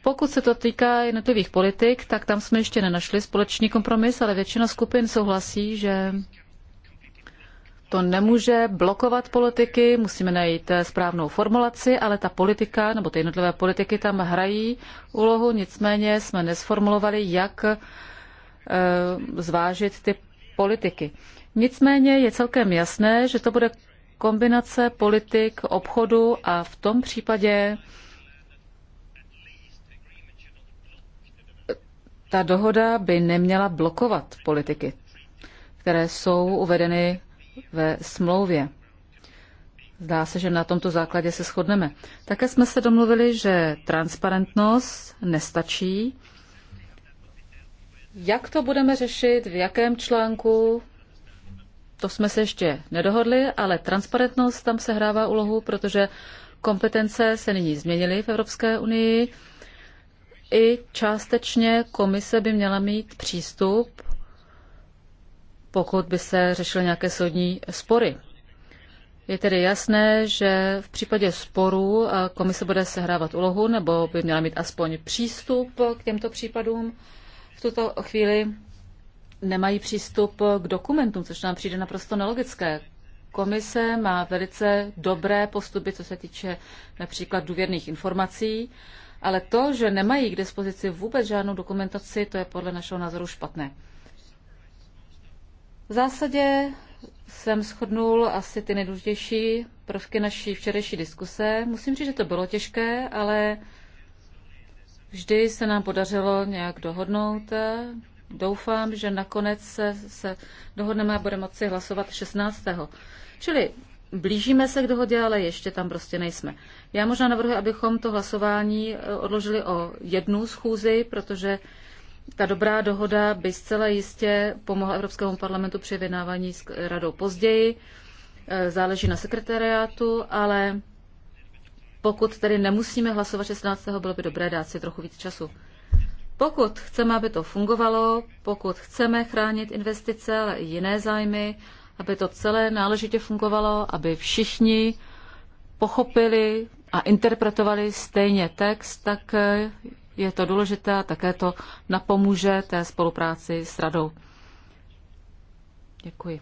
Pokud se to týká jednotlivých politik, tak tam jsme ještě nenašli společný kompromis, ale většina skupin souhlasí, že to nemůže blokovat politiky, musíme najít správnou formulaci, ale ta politika nebo ty jednotlivé politiky tam hrají úlohu, nicméně jsme nesformulovali, jak eh, zvážit ty politiky. Nicméně je celkem jasné, že to bude kombinace politik, obchodu a v tom případě ta dohoda by neměla blokovat politiky, které jsou uvedeny ve smlouvě. Zdá se, že na tomto základě se shodneme. Také jsme se domluvili, že transparentnost nestačí. Jak to budeme řešit, v jakém článku, to jsme se ještě nedohodli, ale transparentnost tam se hrává úlohu, protože kompetence se nyní změnily v Evropské unii. I částečně komise by měla mít přístup, pokud by se řešily nějaké soudní spory. Je tedy jasné, že v případě sporů komise bude sehrávat úlohu, nebo by měla mít aspoň přístup k těmto případům. V tuto chvíli nemají přístup k dokumentům, což nám přijde naprosto nelogické. Komise má velice dobré postupy, co se týče například důvěrných informací, ale to, že nemají k dispozici vůbec žádnou dokumentaci, to je podle našeho názoru špatné. V zásadě jsem shodnul asi ty nejdůležitější prvky naší včerejší diskuse. Musím říct, že to bylo těžké, ale vždy se nám podařilo nějak dohodnout doufám, že nakonec se, se dohodneme a budeme moci hlasovat 16. Čili blížíme se k dohodě, ale ještě tam prostě nejsme. Já možná navrhuji, abychom to hlasování eh, odložili o jednu schůzi, protože ta dobrá dohoda by zcela jistě pomohla Evropskému parlamentu při vynávání s radou později. Eh, záleží na sekretariátu, ale pokud tedy nemusíme hlasovat 16. bylo by dobré dát si trochu víc času. Pokud chceme, aby to fungovalo, pokud chceme chránit investice, ale i jiné zájmy, aby to celé náležitě fungovalo, aby všichni pochopili a interpretovali stejně text, tak eh, je to důležité a také to napomůže té spolupráci s radou. Děkuji.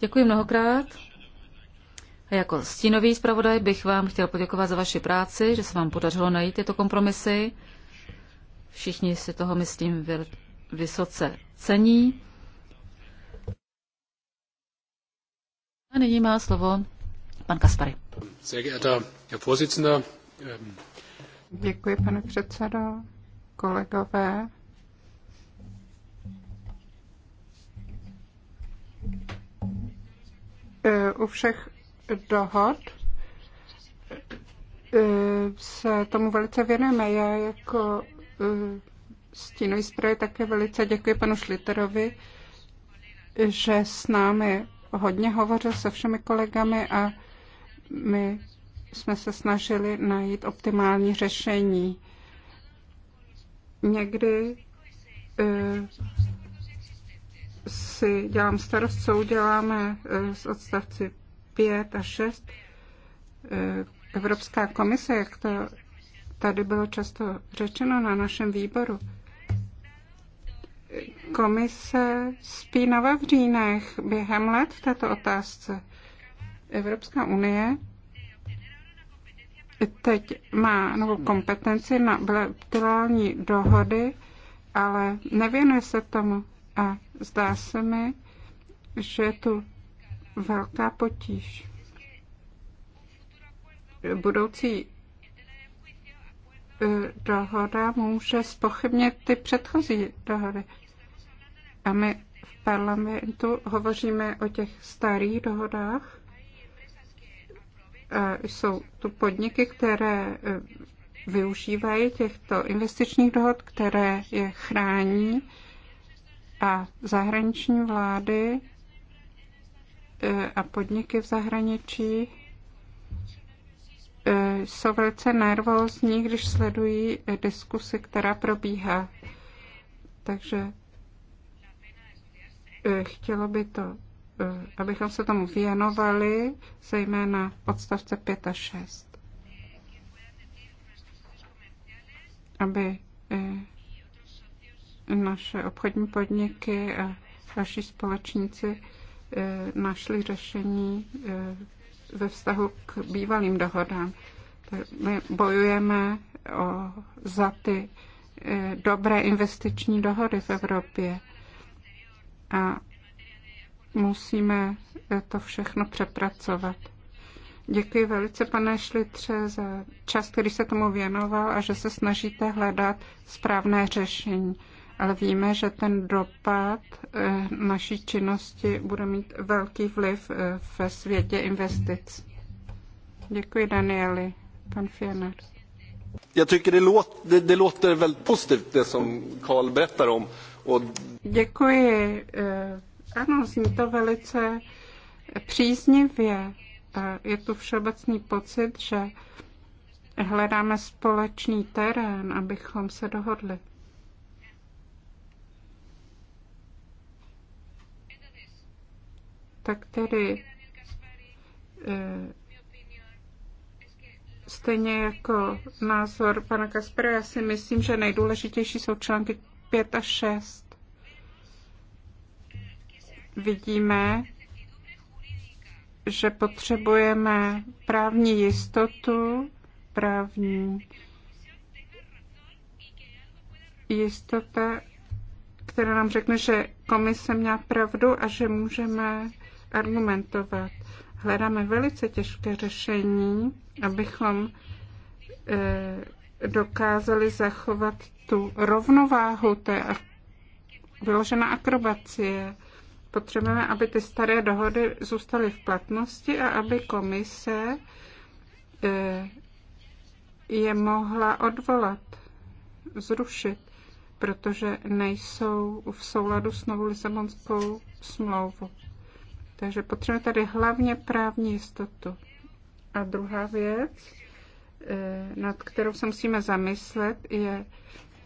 Děkuji mnohokrát. A jako stínový zpravodaj bych vám chtěl poděkovat za vaši práci, že se vám podařilo najít tyto kompromisy. Všichni si toho, myslím, vysoce cení. A nyní má slovo pan Kaspary.
Ähm, Děkuji, pane předsedo, kolegové. Äh, u všech dohod äh, se tomu velice věnujeme. Já jako Eh, stínový zpravodaj také velice děkuji panu Šliterovi, že s námi hodně hovořil se všemi kolegami a my jsme se snažili najít optimální řešení. Někdy uh, si dělám starost, co uděláme uh, z odstavci 5 a 6. Uh, Evropská komise, jak to tady bylo často řečeno na našem výboru, komise spí na vavřínech během let v této otázce. Evropská unie teď má novou kompetenci na bilaterální dohody, ale nevěnuje se tomu a zdá se mi, že je tu velká potíž. Budoucí E, dohoda může spochybnit ty předchozí dohody. A my v parlamentu hovoříme o těch starých dohodách. A e, jsou tu podniky, které e, využívají těchto investičních dohod, které je chrání a zahraniční vlády a podniky v zahraničí jsou velice nervózní, když sledují diskusy, která probíhá. Takže eh, chtělo by to, eh, abychom se tomu věnovali, zejména odstavce 5 a 6. Aby eh, naše obchodní podniky a naši společníci našli řešení ve vztahu k bývalým dohodám. My bojujeme o, za ty e, dobré investiční dohody v Evropě a musíme e, to všechno přepracovat. Děkuji velice, pane Šlitře, za čas, který se tomu věnoval a že se snažíte hledat správné řešení ale víme, že ten dopad eh, naší činnosti bude mít velký vliv eh, ve světě investic. Děkuji, Danieli. Pan Fianer.
Já tycker det, låter, det, det låter väldigt positivt det som Karl berättar om. Och...
Děkuji. Eh, ano, zní to velice příznivě. Je tu všeobecný pocit, že hledáme společný terén, abychom se dohodli. tak tedy eh, stejně jako názor pana Kaspera, já si myslím, že nejdůležitější jsou články 5 a 6. Vidíme, že potřebujeme právní jistotu, právní jistota, která nám řekne, že komise měla pravdu a že můžeme argumentovat. Hledáme velice těžké řešení, abychom eh, dokázali zachovat tu rovnováhu té vyložená akrobacie. Potřebujeme, aby ty staré dohody zůstaly v platnosti a aby komise eh, je mohla odvolat, zrušit, protože nejsou v souladu s novou Lisabonskou smlouvou. Takže potřebujeme tady hlavně právní jistotu. A druhá věc, eh, nad kterou se musíme zamyslet, je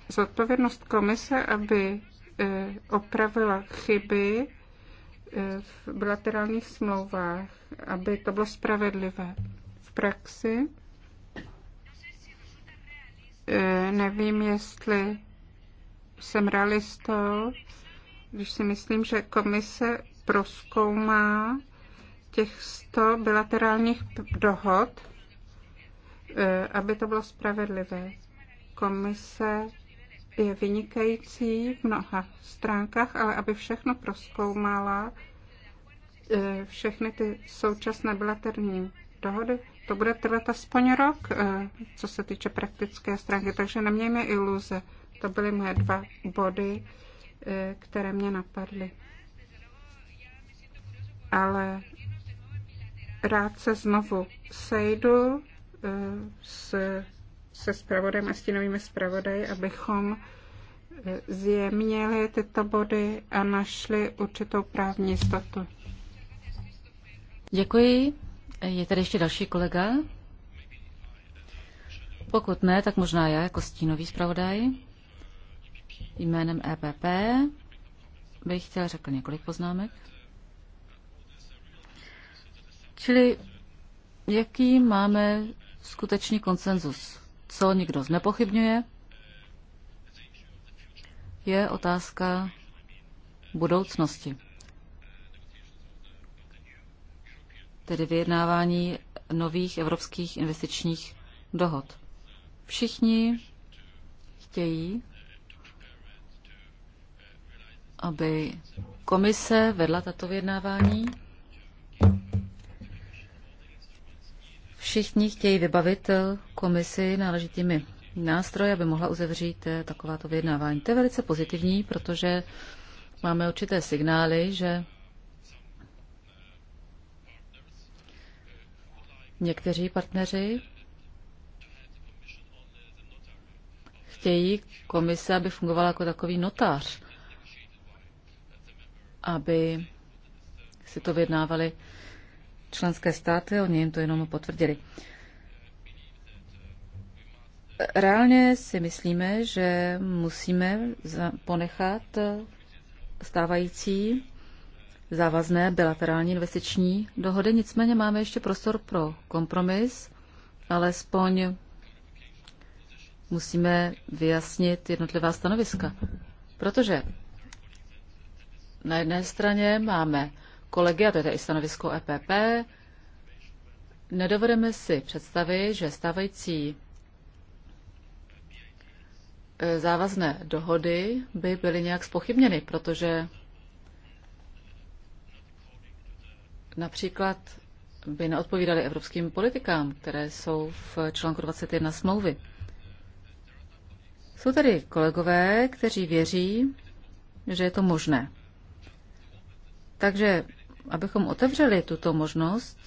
zodpovědnost komise, aby eh, opravila chyby eh, v bilaterálních smlouvách, aby to bylo spravedlivé. V praxi nevím, jestli jsem realistou, když si myslím, že komise proskoumá těch 100 bilaterálních dohod, eh, aby to bylo spravedlivé. Komise je vynikající v mnoha stránkách, ale aby všechno proskoumala, eh, všechny ty současné bilaterální dohody, to bude trvat aspoň rok, eh, co se týče praktické stránky, takže nemějme iluze. To byly moje dva body, které mě napadly ale rád se znovu sejdu eh, s, se spravodem a stínovými zpravodaji, abychom eh, zjemnili tyto body a našli určitou právní jistotu.
Děkuji. Je tady ještě další kolega? Pokud ne, tak možná já jako stínový zpravodaj jménem EPP bych chtěl řekl několik poznámek. Čili jaký máme skutečný konsenzus? Co nikdo znepochybňuje? Je otázka budoucnosti. Tedy vyjednávání nových evropských investičních dohod. Všichni chtějí, aby komise vedla tato vyjednávání Všichni chtějí vybavit eh, komisi náležitými nástroje, aby mohla uzavřít eh, takováto vyjednávání. To je velice pozitivní, protože máme určité signály, že někteří partneři chtějí komise, aby fungovala jako takový notář, aby si to vyjednávali členské státy, oni jim to jenom potvrdili. Reálně si myslíme, že musíme ponechat stávající závazné bilaterální investiční dohody, nicméně máme ještě prostor pro kompromis, alespoň musíme vyjasnit jednotlivá stanoviska. Protože na jedné straně máme kolegy, a to je tady stanovisko EPP, nedovedeme si představit, že stávající e, závazné dohody by byly nějak spochybněny, protože například by neodpovídaly evropským politikám, které jsou v článku 21 smlouvy. Jsou tady kolegové, kteří věří, že je to možné. Takže abychom otevřeli tuto možnost,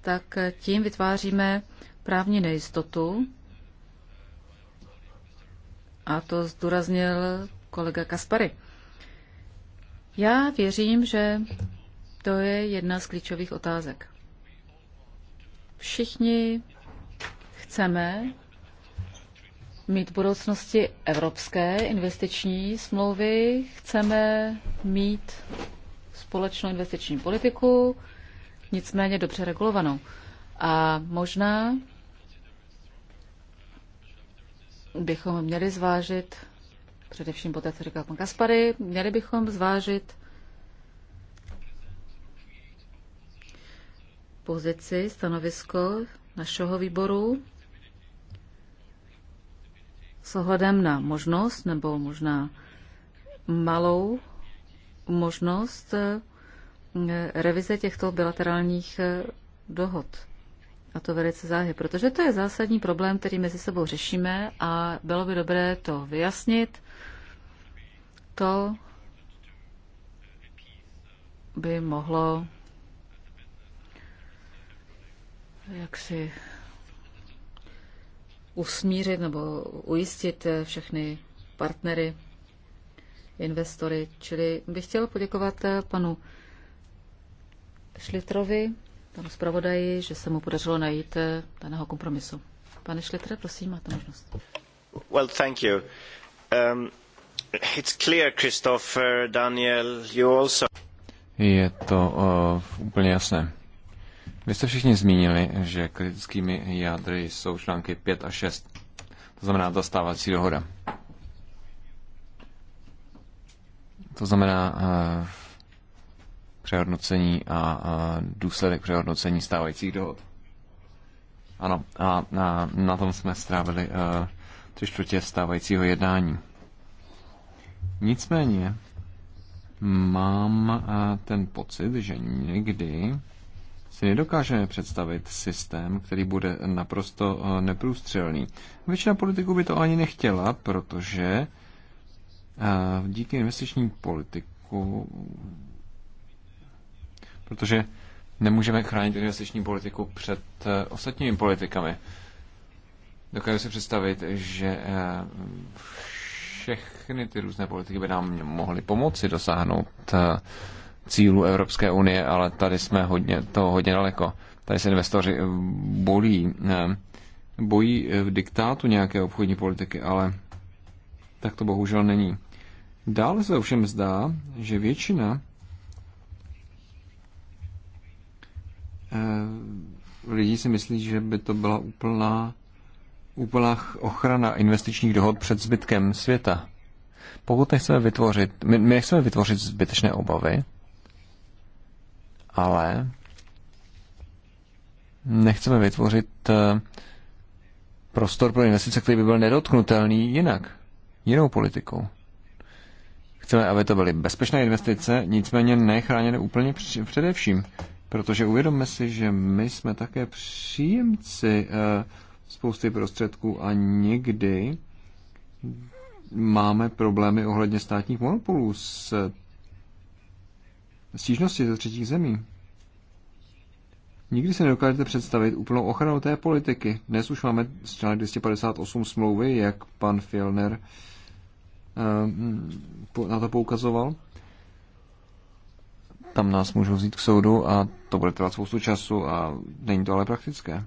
tak tím vytváříme právní nejistotu. A to zdůraznil kolega Kaspary. Já věřím, že to je jedna z klíčových otázek. Všichni chceme mít v budoucnosti evropské investiční smlouvy, chceme mít společnou investiční politiku, nicméně dobře regulovanou. A možná bychom měli zvážit, především poté, co říkal pan Kaspary, měli bychom zvážit pozici, stanovisko našeho výboru s ohledem na možnost nebo možná malou možnost eh, revize těchto bilaterálních eh, dohod. A to velice záhy, protože to je zásadní problém, který mezi sebou řešíme a bylo by dobré to vyjasnit. To by mohlo jaksi usmířit nebo ujistit eh, všechny partnery investory. Čili bych chtěl poděkovat eh, panu Šlitrovi, panu zpravodaji, že se mu podařilo najít eh, daného kompromisu. Pane Šlitre, prosím, máte možnost.
Well, thank you. Um, it's clear, Christopher, Daniel, you also... Je to uh, úplně jasné. Vy jste všichni zmínili, že kritickými jádry jsou články 5 a 6. To znamená zastávací dohoda. To znamená eh, přehodnocení a důsledek přehodnocení stávajících dohod. Ano, a na, na tom jsme strávili eh, tři čtvrtě stávajícího jednání. Nicméně mám eh, ten pocit, že někdy si nedokážeme představit systém, který bude naprosto neprůstřelný. Většina politiků by to ani nechtěla, protože díky investiční politiku, protože nemůžeme chránit investiční politiku před eh, ostatními politikami. Dokážu si představit, že eh, všechny ty různé politiky by nám mohly pomoci dosáhnout eh, cílu Evropské unie, ale tady jsme hodně, to hodně daleko. Tady se investoři bolí, bojí v diktátu nějaké obchodní politiky, ale tak to bohužel není. Dále se ovšem zdá, že většina eh, lidí si myslí, že by to byla úplná, úplná ochrana investičních dohod před zbytkem světa. Pokud nechceme vytvořit, my, my nechceme vytvořit zbytečné obavy, ale nechceme vytvořit eh, prostor pro investice, který by byl nedotknutelný jinak, jinou politikou. Chceme, aby to byly bezpečné investice, nicméně nechráněné úplně především, protože uvědomme si, že my jsme také příjemci eh, spousty prostředků a někdy máme problémy ohledně státních monopolů s stížností ze třetích zemí. Nikdy se nedokážete představit úplnou ochranu té politiky. Dnes už máme článek 258 smlouvy, jak pan Filner uh, Eh, na to poukazoval. Tam nás můžou vzít k soudu a to bude trvat spoustu času a není to ale praktické.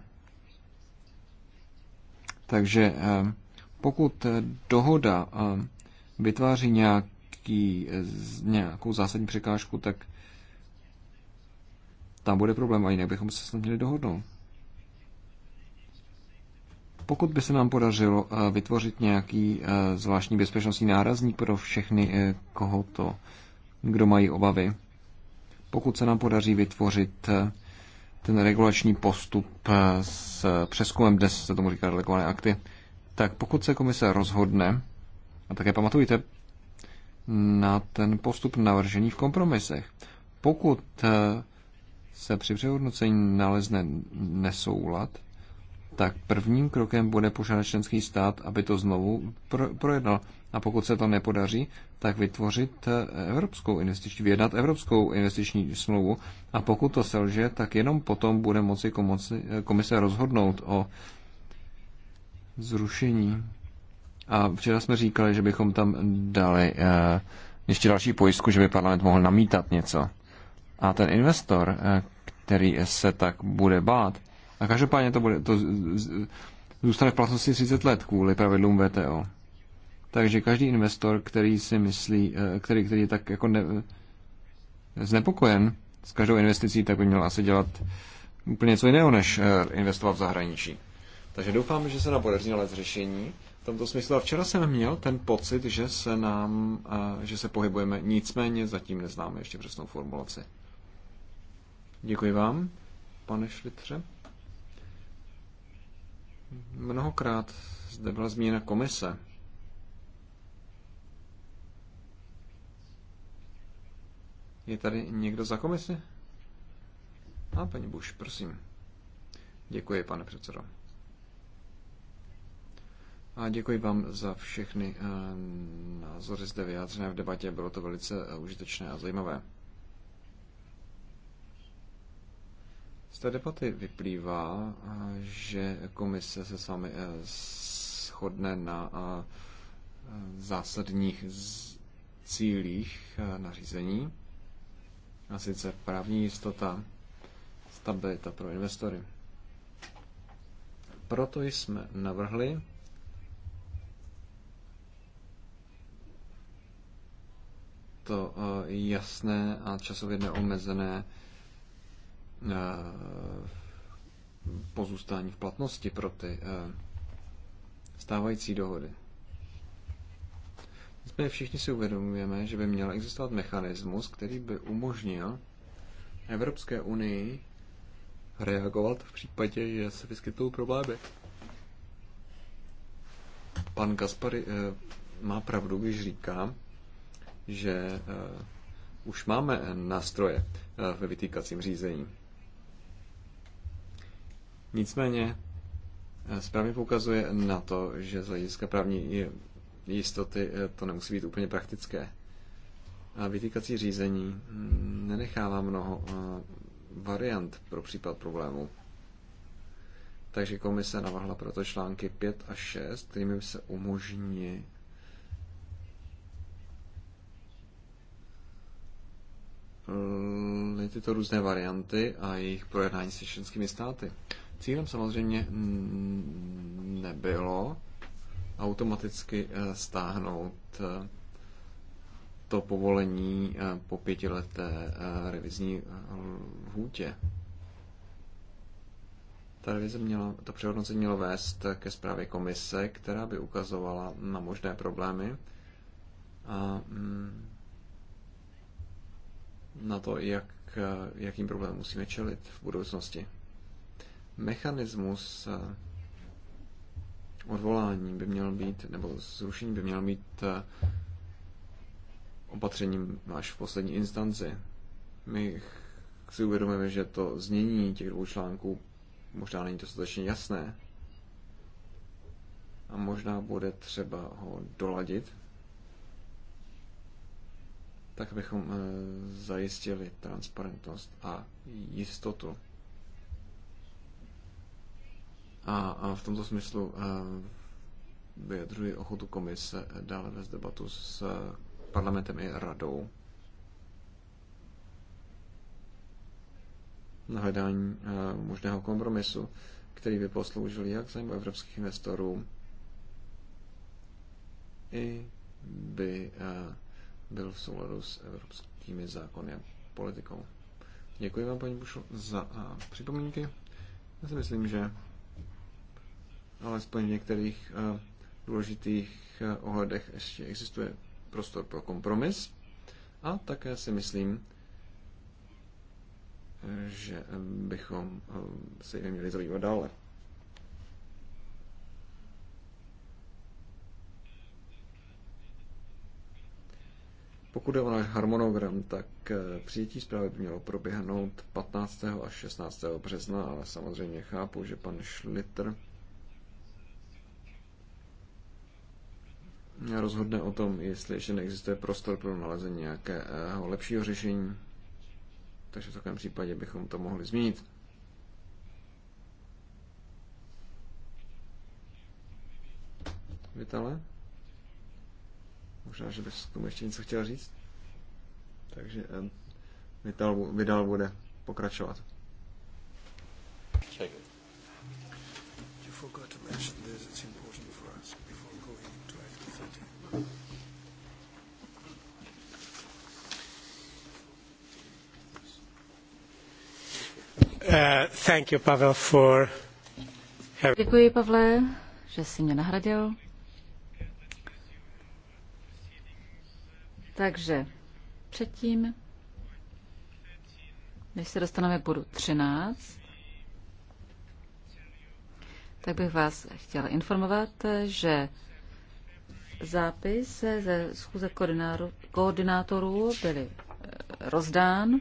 Takže eh, pokud dohoda eh, vytváří nějaký, nějakou zásadní překážku, tak tam bude problém a jinak bychom se s měli dohodnout. Pokud by se nám podařilo eh, vytvořit nějaký eh, zvláštní bezpečnostní nárazník pro všechny, eh, koho to, kdo mají obavy, pokud se nám podaří vytvořit ten regulační postup s přeskumem, dnes se tomu říká delegované akty, tak pokud se komise rozhodne, a také pamatujte na ten postup navržený v kompromisech, pokud se při přehodnocení nalezne nesoulad, tak prvním krokem bude požádat členský stát, aby to znovu projednal. A pokud se to nepodaří, tak vytvořit eh, evropskou investiční, vyjednat evropskou investiční smlouvu. A pokud to selže, tak jenom potom bude moci eh, komise rozhodnout o zrušení. A včera jsme říkali, že bychom tam dali eh, ještě další pojistku, že by parlament mohl namítat něco. A ten investor, který se tak bude bát, a každopádně to, bude, to zůstane v platnosti 30 let kvůli pravidlům VTO. Takže každý investor, který si myslí, eh, který, který je tak jako ne, znepokojen s každou investicí, tak by měl asi dělat úplně něco jiného, než eh, investovat v zahraničí. Takže doufám, že se nám podaří nalézt řešení v tomto smyslu. A včera jsem měl ten pocit, že se nám, eh, že se pohybujeme, nicméně zatím neznáme ještě přesnou formulaci. Děkuji vám, pane Šlitře. Mnohokrát zde byla zmíněna komise. Je tady někdo za komisi? A paní Buš, prosím. Děkuji, pane předsedo. A děkuji vám za všechny eh, názory zde vyjádřené v debatě, bylo to velice eh, užitečné a zajímavé. Z té debaty vyplývá, eh, že komise se sami eh, shodne na eh, zásadních cílích nařízení, a sice právní jistota, stabilita pro investory. Proto jsme navrhli to jasné a časově neomezené Eh, pozůstání v platnosti pro ty eh, stávající dohody. Nicméně všichni si uvědomujeme, že by měl existovat mechanismus, který by umožnil Evropské unii reagovat v případě, že se vyskytují problémy. Pan Gaspary eh, má pravdu, když říká, že už máme nástroje ve vytýkacím řízení. Nicméně eh, správně poukazuje na to, že z hlediska právní jistoty eh, to nemusí být úplně praktické. A vytýkací řízení hm, nenechává mnoho eh, variant pro případ problému. Takže komise navrhla proto články 5 a 6, kterými by se umožní tyto různé varianty a jejich projednání s členskými státy. Cílem samozřejmě nebylo automaticky eh, stáhnout eh, to povolení eh, po pětileté revizní lhůtě. Ta revize měla, to přehodnocení mělo vést ke zprávě komise, která by ukazovala na možné problémy a mm, na to, jak, jakým problémům musíme čelit v budoucnosti mechanismus eh, odvolání by měl být, nebo zrušení by měl být eh, opatřením až v poslední instanci. My si uvědomujeme, že to znění těch dvou článků možná není dostatečně jasné a možná bude třeba ho doladit, tak abychom eh, zajistili transparentnost a jistotu. A, a v tomto smyslu eh, vyjadřuji ochotu komise dále vést debatu s eh, parlamentem i radou na hledání eh, možného kompromisu, který by posloužil jak zájmu evropských investorů, i by byl v souladu s evropskými zákony a politikou. Děkuji vám, paní Bušo, za připomínky. Já si myslím, že alespoň v některých eh, důležitých eh, ohledech ještě existuje prostor pro kompromis. A také si myslím, že bychom eh, se jim měli zabývat dále. Pokud je o náš harmonogram, tak přijetí zprávy by mělo proběhnout 15. až 16. března, ale samozřejmě chápu, že pan Schlitter rozhodne o tom, jestli ještě neexistuje prostor pro nalezení nějakého lepšího řešení. Takže v takovém případě bychom to mohli změnit. Vitale? Možná, že bys k tomu ještě něco chtěl říct? Takže eh, Vital, Vidal bude pokračovat. Check. You forgot to mention this, it's important.
Uh, Děkuji, Pavle, že jsi mě nahradil. Takže předtím, než se dostaneme k bodu 13, tak bych vás chtěla informovat, že zápis ze schůze koordinátorů byly eh, rozdán.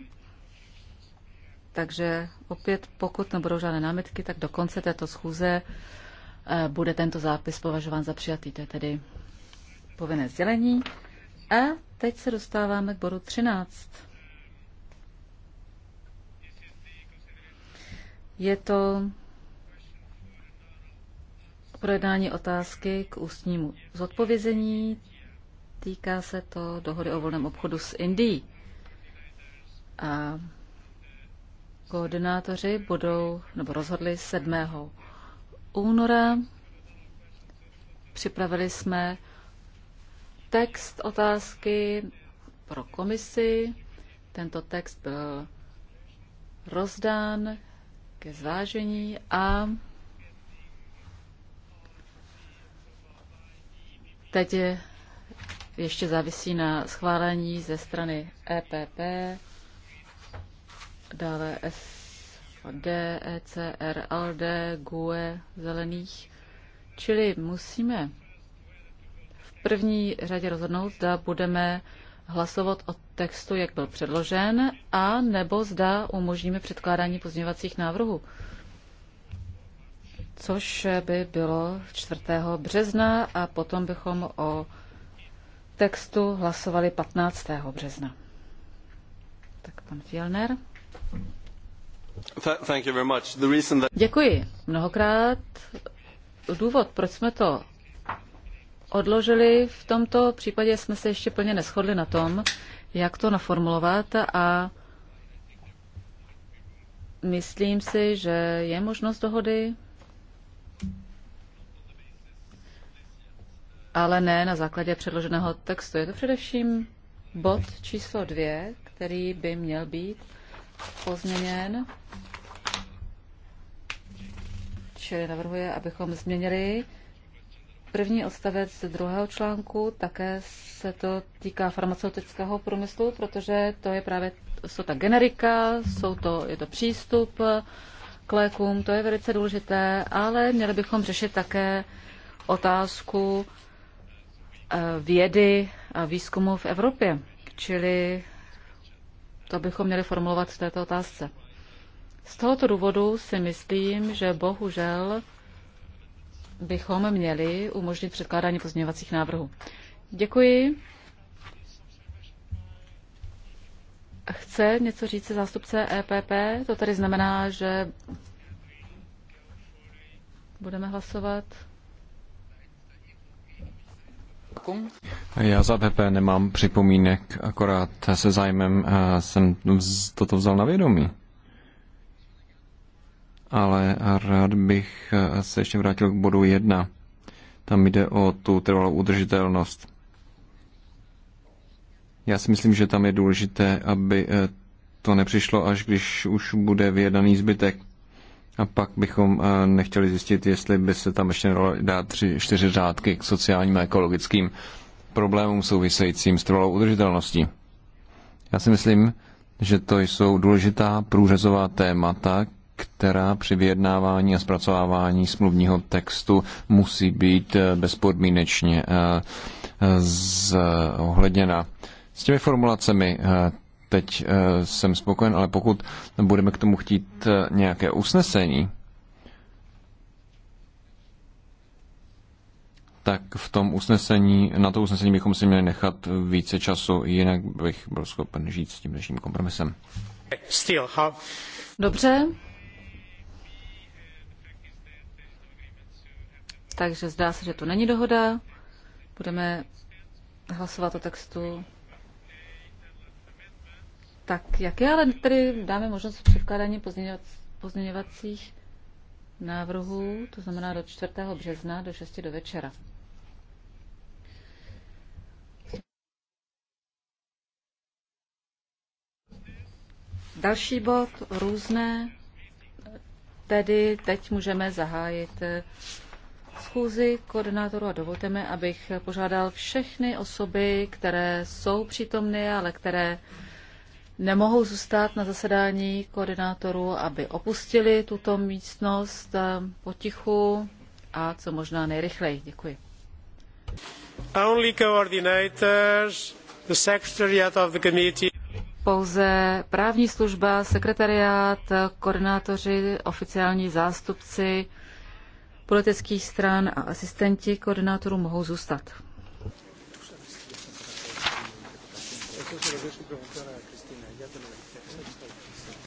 Takže opět, pokud nebudou žádné námitky, tak do konce této schůze eh, bude tento zápis považován za přijatý. To je tedy povinné sdělení. A teď se dostáváme k bodu 13. Je to projednání otázky k ústnímu zodpovězení. Týká se to dohody o volném obchodu s Indií. A Koordinátoři budou, nebo rozhodli 7. února. Připravili jsme text otázky pro komisi. Tento text byl rozdán ke zvážení a teď ještě závisí na schválení ze strany EPP, dále S D E C L D G GUE, Zelených. Čili musíme v první řadě rozhodnout, zda budeme hlasovat o textu, jak byl předložen, a nebo zda umožníme předkládání pozměňovacích návrhů. Což by bylo 4. března a potom bychom o textu hlasovali 15. března. Tak pan Fielner. Děkuji mnohokrát. Důvod, proč jsme to odložili, v tomto případě jsme se ještě plně neschodli na tom, jak to naformulovat a myslím si, že je možnost dohody, ale ne na základě předloženého textu. Je to především bod číslo dvě, který by měl být pozměněn. Čili navrhuje, abychom změnili první odstavec druhého článku. Také se to týká farmaceutického průmyslu, protože to je právě, jsou ta generika, jsou to, je to přístup k lékům, to je velice důležité, ale měli bychom řešit také otázku eh, vědy a výzkumu v Evropě. Čili to bychom měli formulovat v této otázce. Z tohoto důvodu si myslím, že bohužel bychom měli umožnit předkládání pozměňovacích návrhů. Děkuji. Chce něco říct zástupce EPP? To tedy znamená, že budeme hlasovat.
Já za PP nemám připomínek, akorát se zájmem eh, jsem toto vzal na vědomí. Ale rád bych eh, se ještě vrátil k bodu jedna. Tam jde o tu trvalou udržitelnost. Já si myslím, že tam je důležité, aby eh, to nepřišlo, až když už bude vyjednaný zbytek. A pak bychom eh, nechtěli zjistit, jestli by se tam ještě dát tři, čtyři řádky k sociálním a ekologickým problémům souvisejícím s trvalou udržitelností. Já si myslím, že to jsou důležitá průřezová témata, která při vyjednávání a zpracovávání smluvního textu musí být eh, bezpodmínečně eh, zohledněna. S těmi formulacemi teď eh, jsem spokojen, ale pokud budeme k tomu chtít eh, nějaké usnesení, tak v tom usnesení, na to usnesení bychom si měli nechat více času, jinak bych byl schopen žít s tím dnešním kompromisem.
Dobře. Takže zdá se, že to není dohoda. Budeme hlasovat o textu tak jak je, ale tedy dáme možnost předkládání pozměňovacích návrhů, to znamená do 4. března do 6. do večera. Další bod, různé, tedy teď můžeme zahájit eh, schůzi koordinátoru a dovolte mi, abych požádal všechny osoby, které jsou přítomny, ale které nemohou zůstat na zasedání koordinátorů, aby opustili tuto místnost eh, potichu a co možná nejrychleji. Děkuji.
Only coordinators, the secretariat of the committee.
Pouze právní služba, sekretariát, koordinátoři, oficiální zástupci politických stran a asistenti koordinátorů mohou zůstat.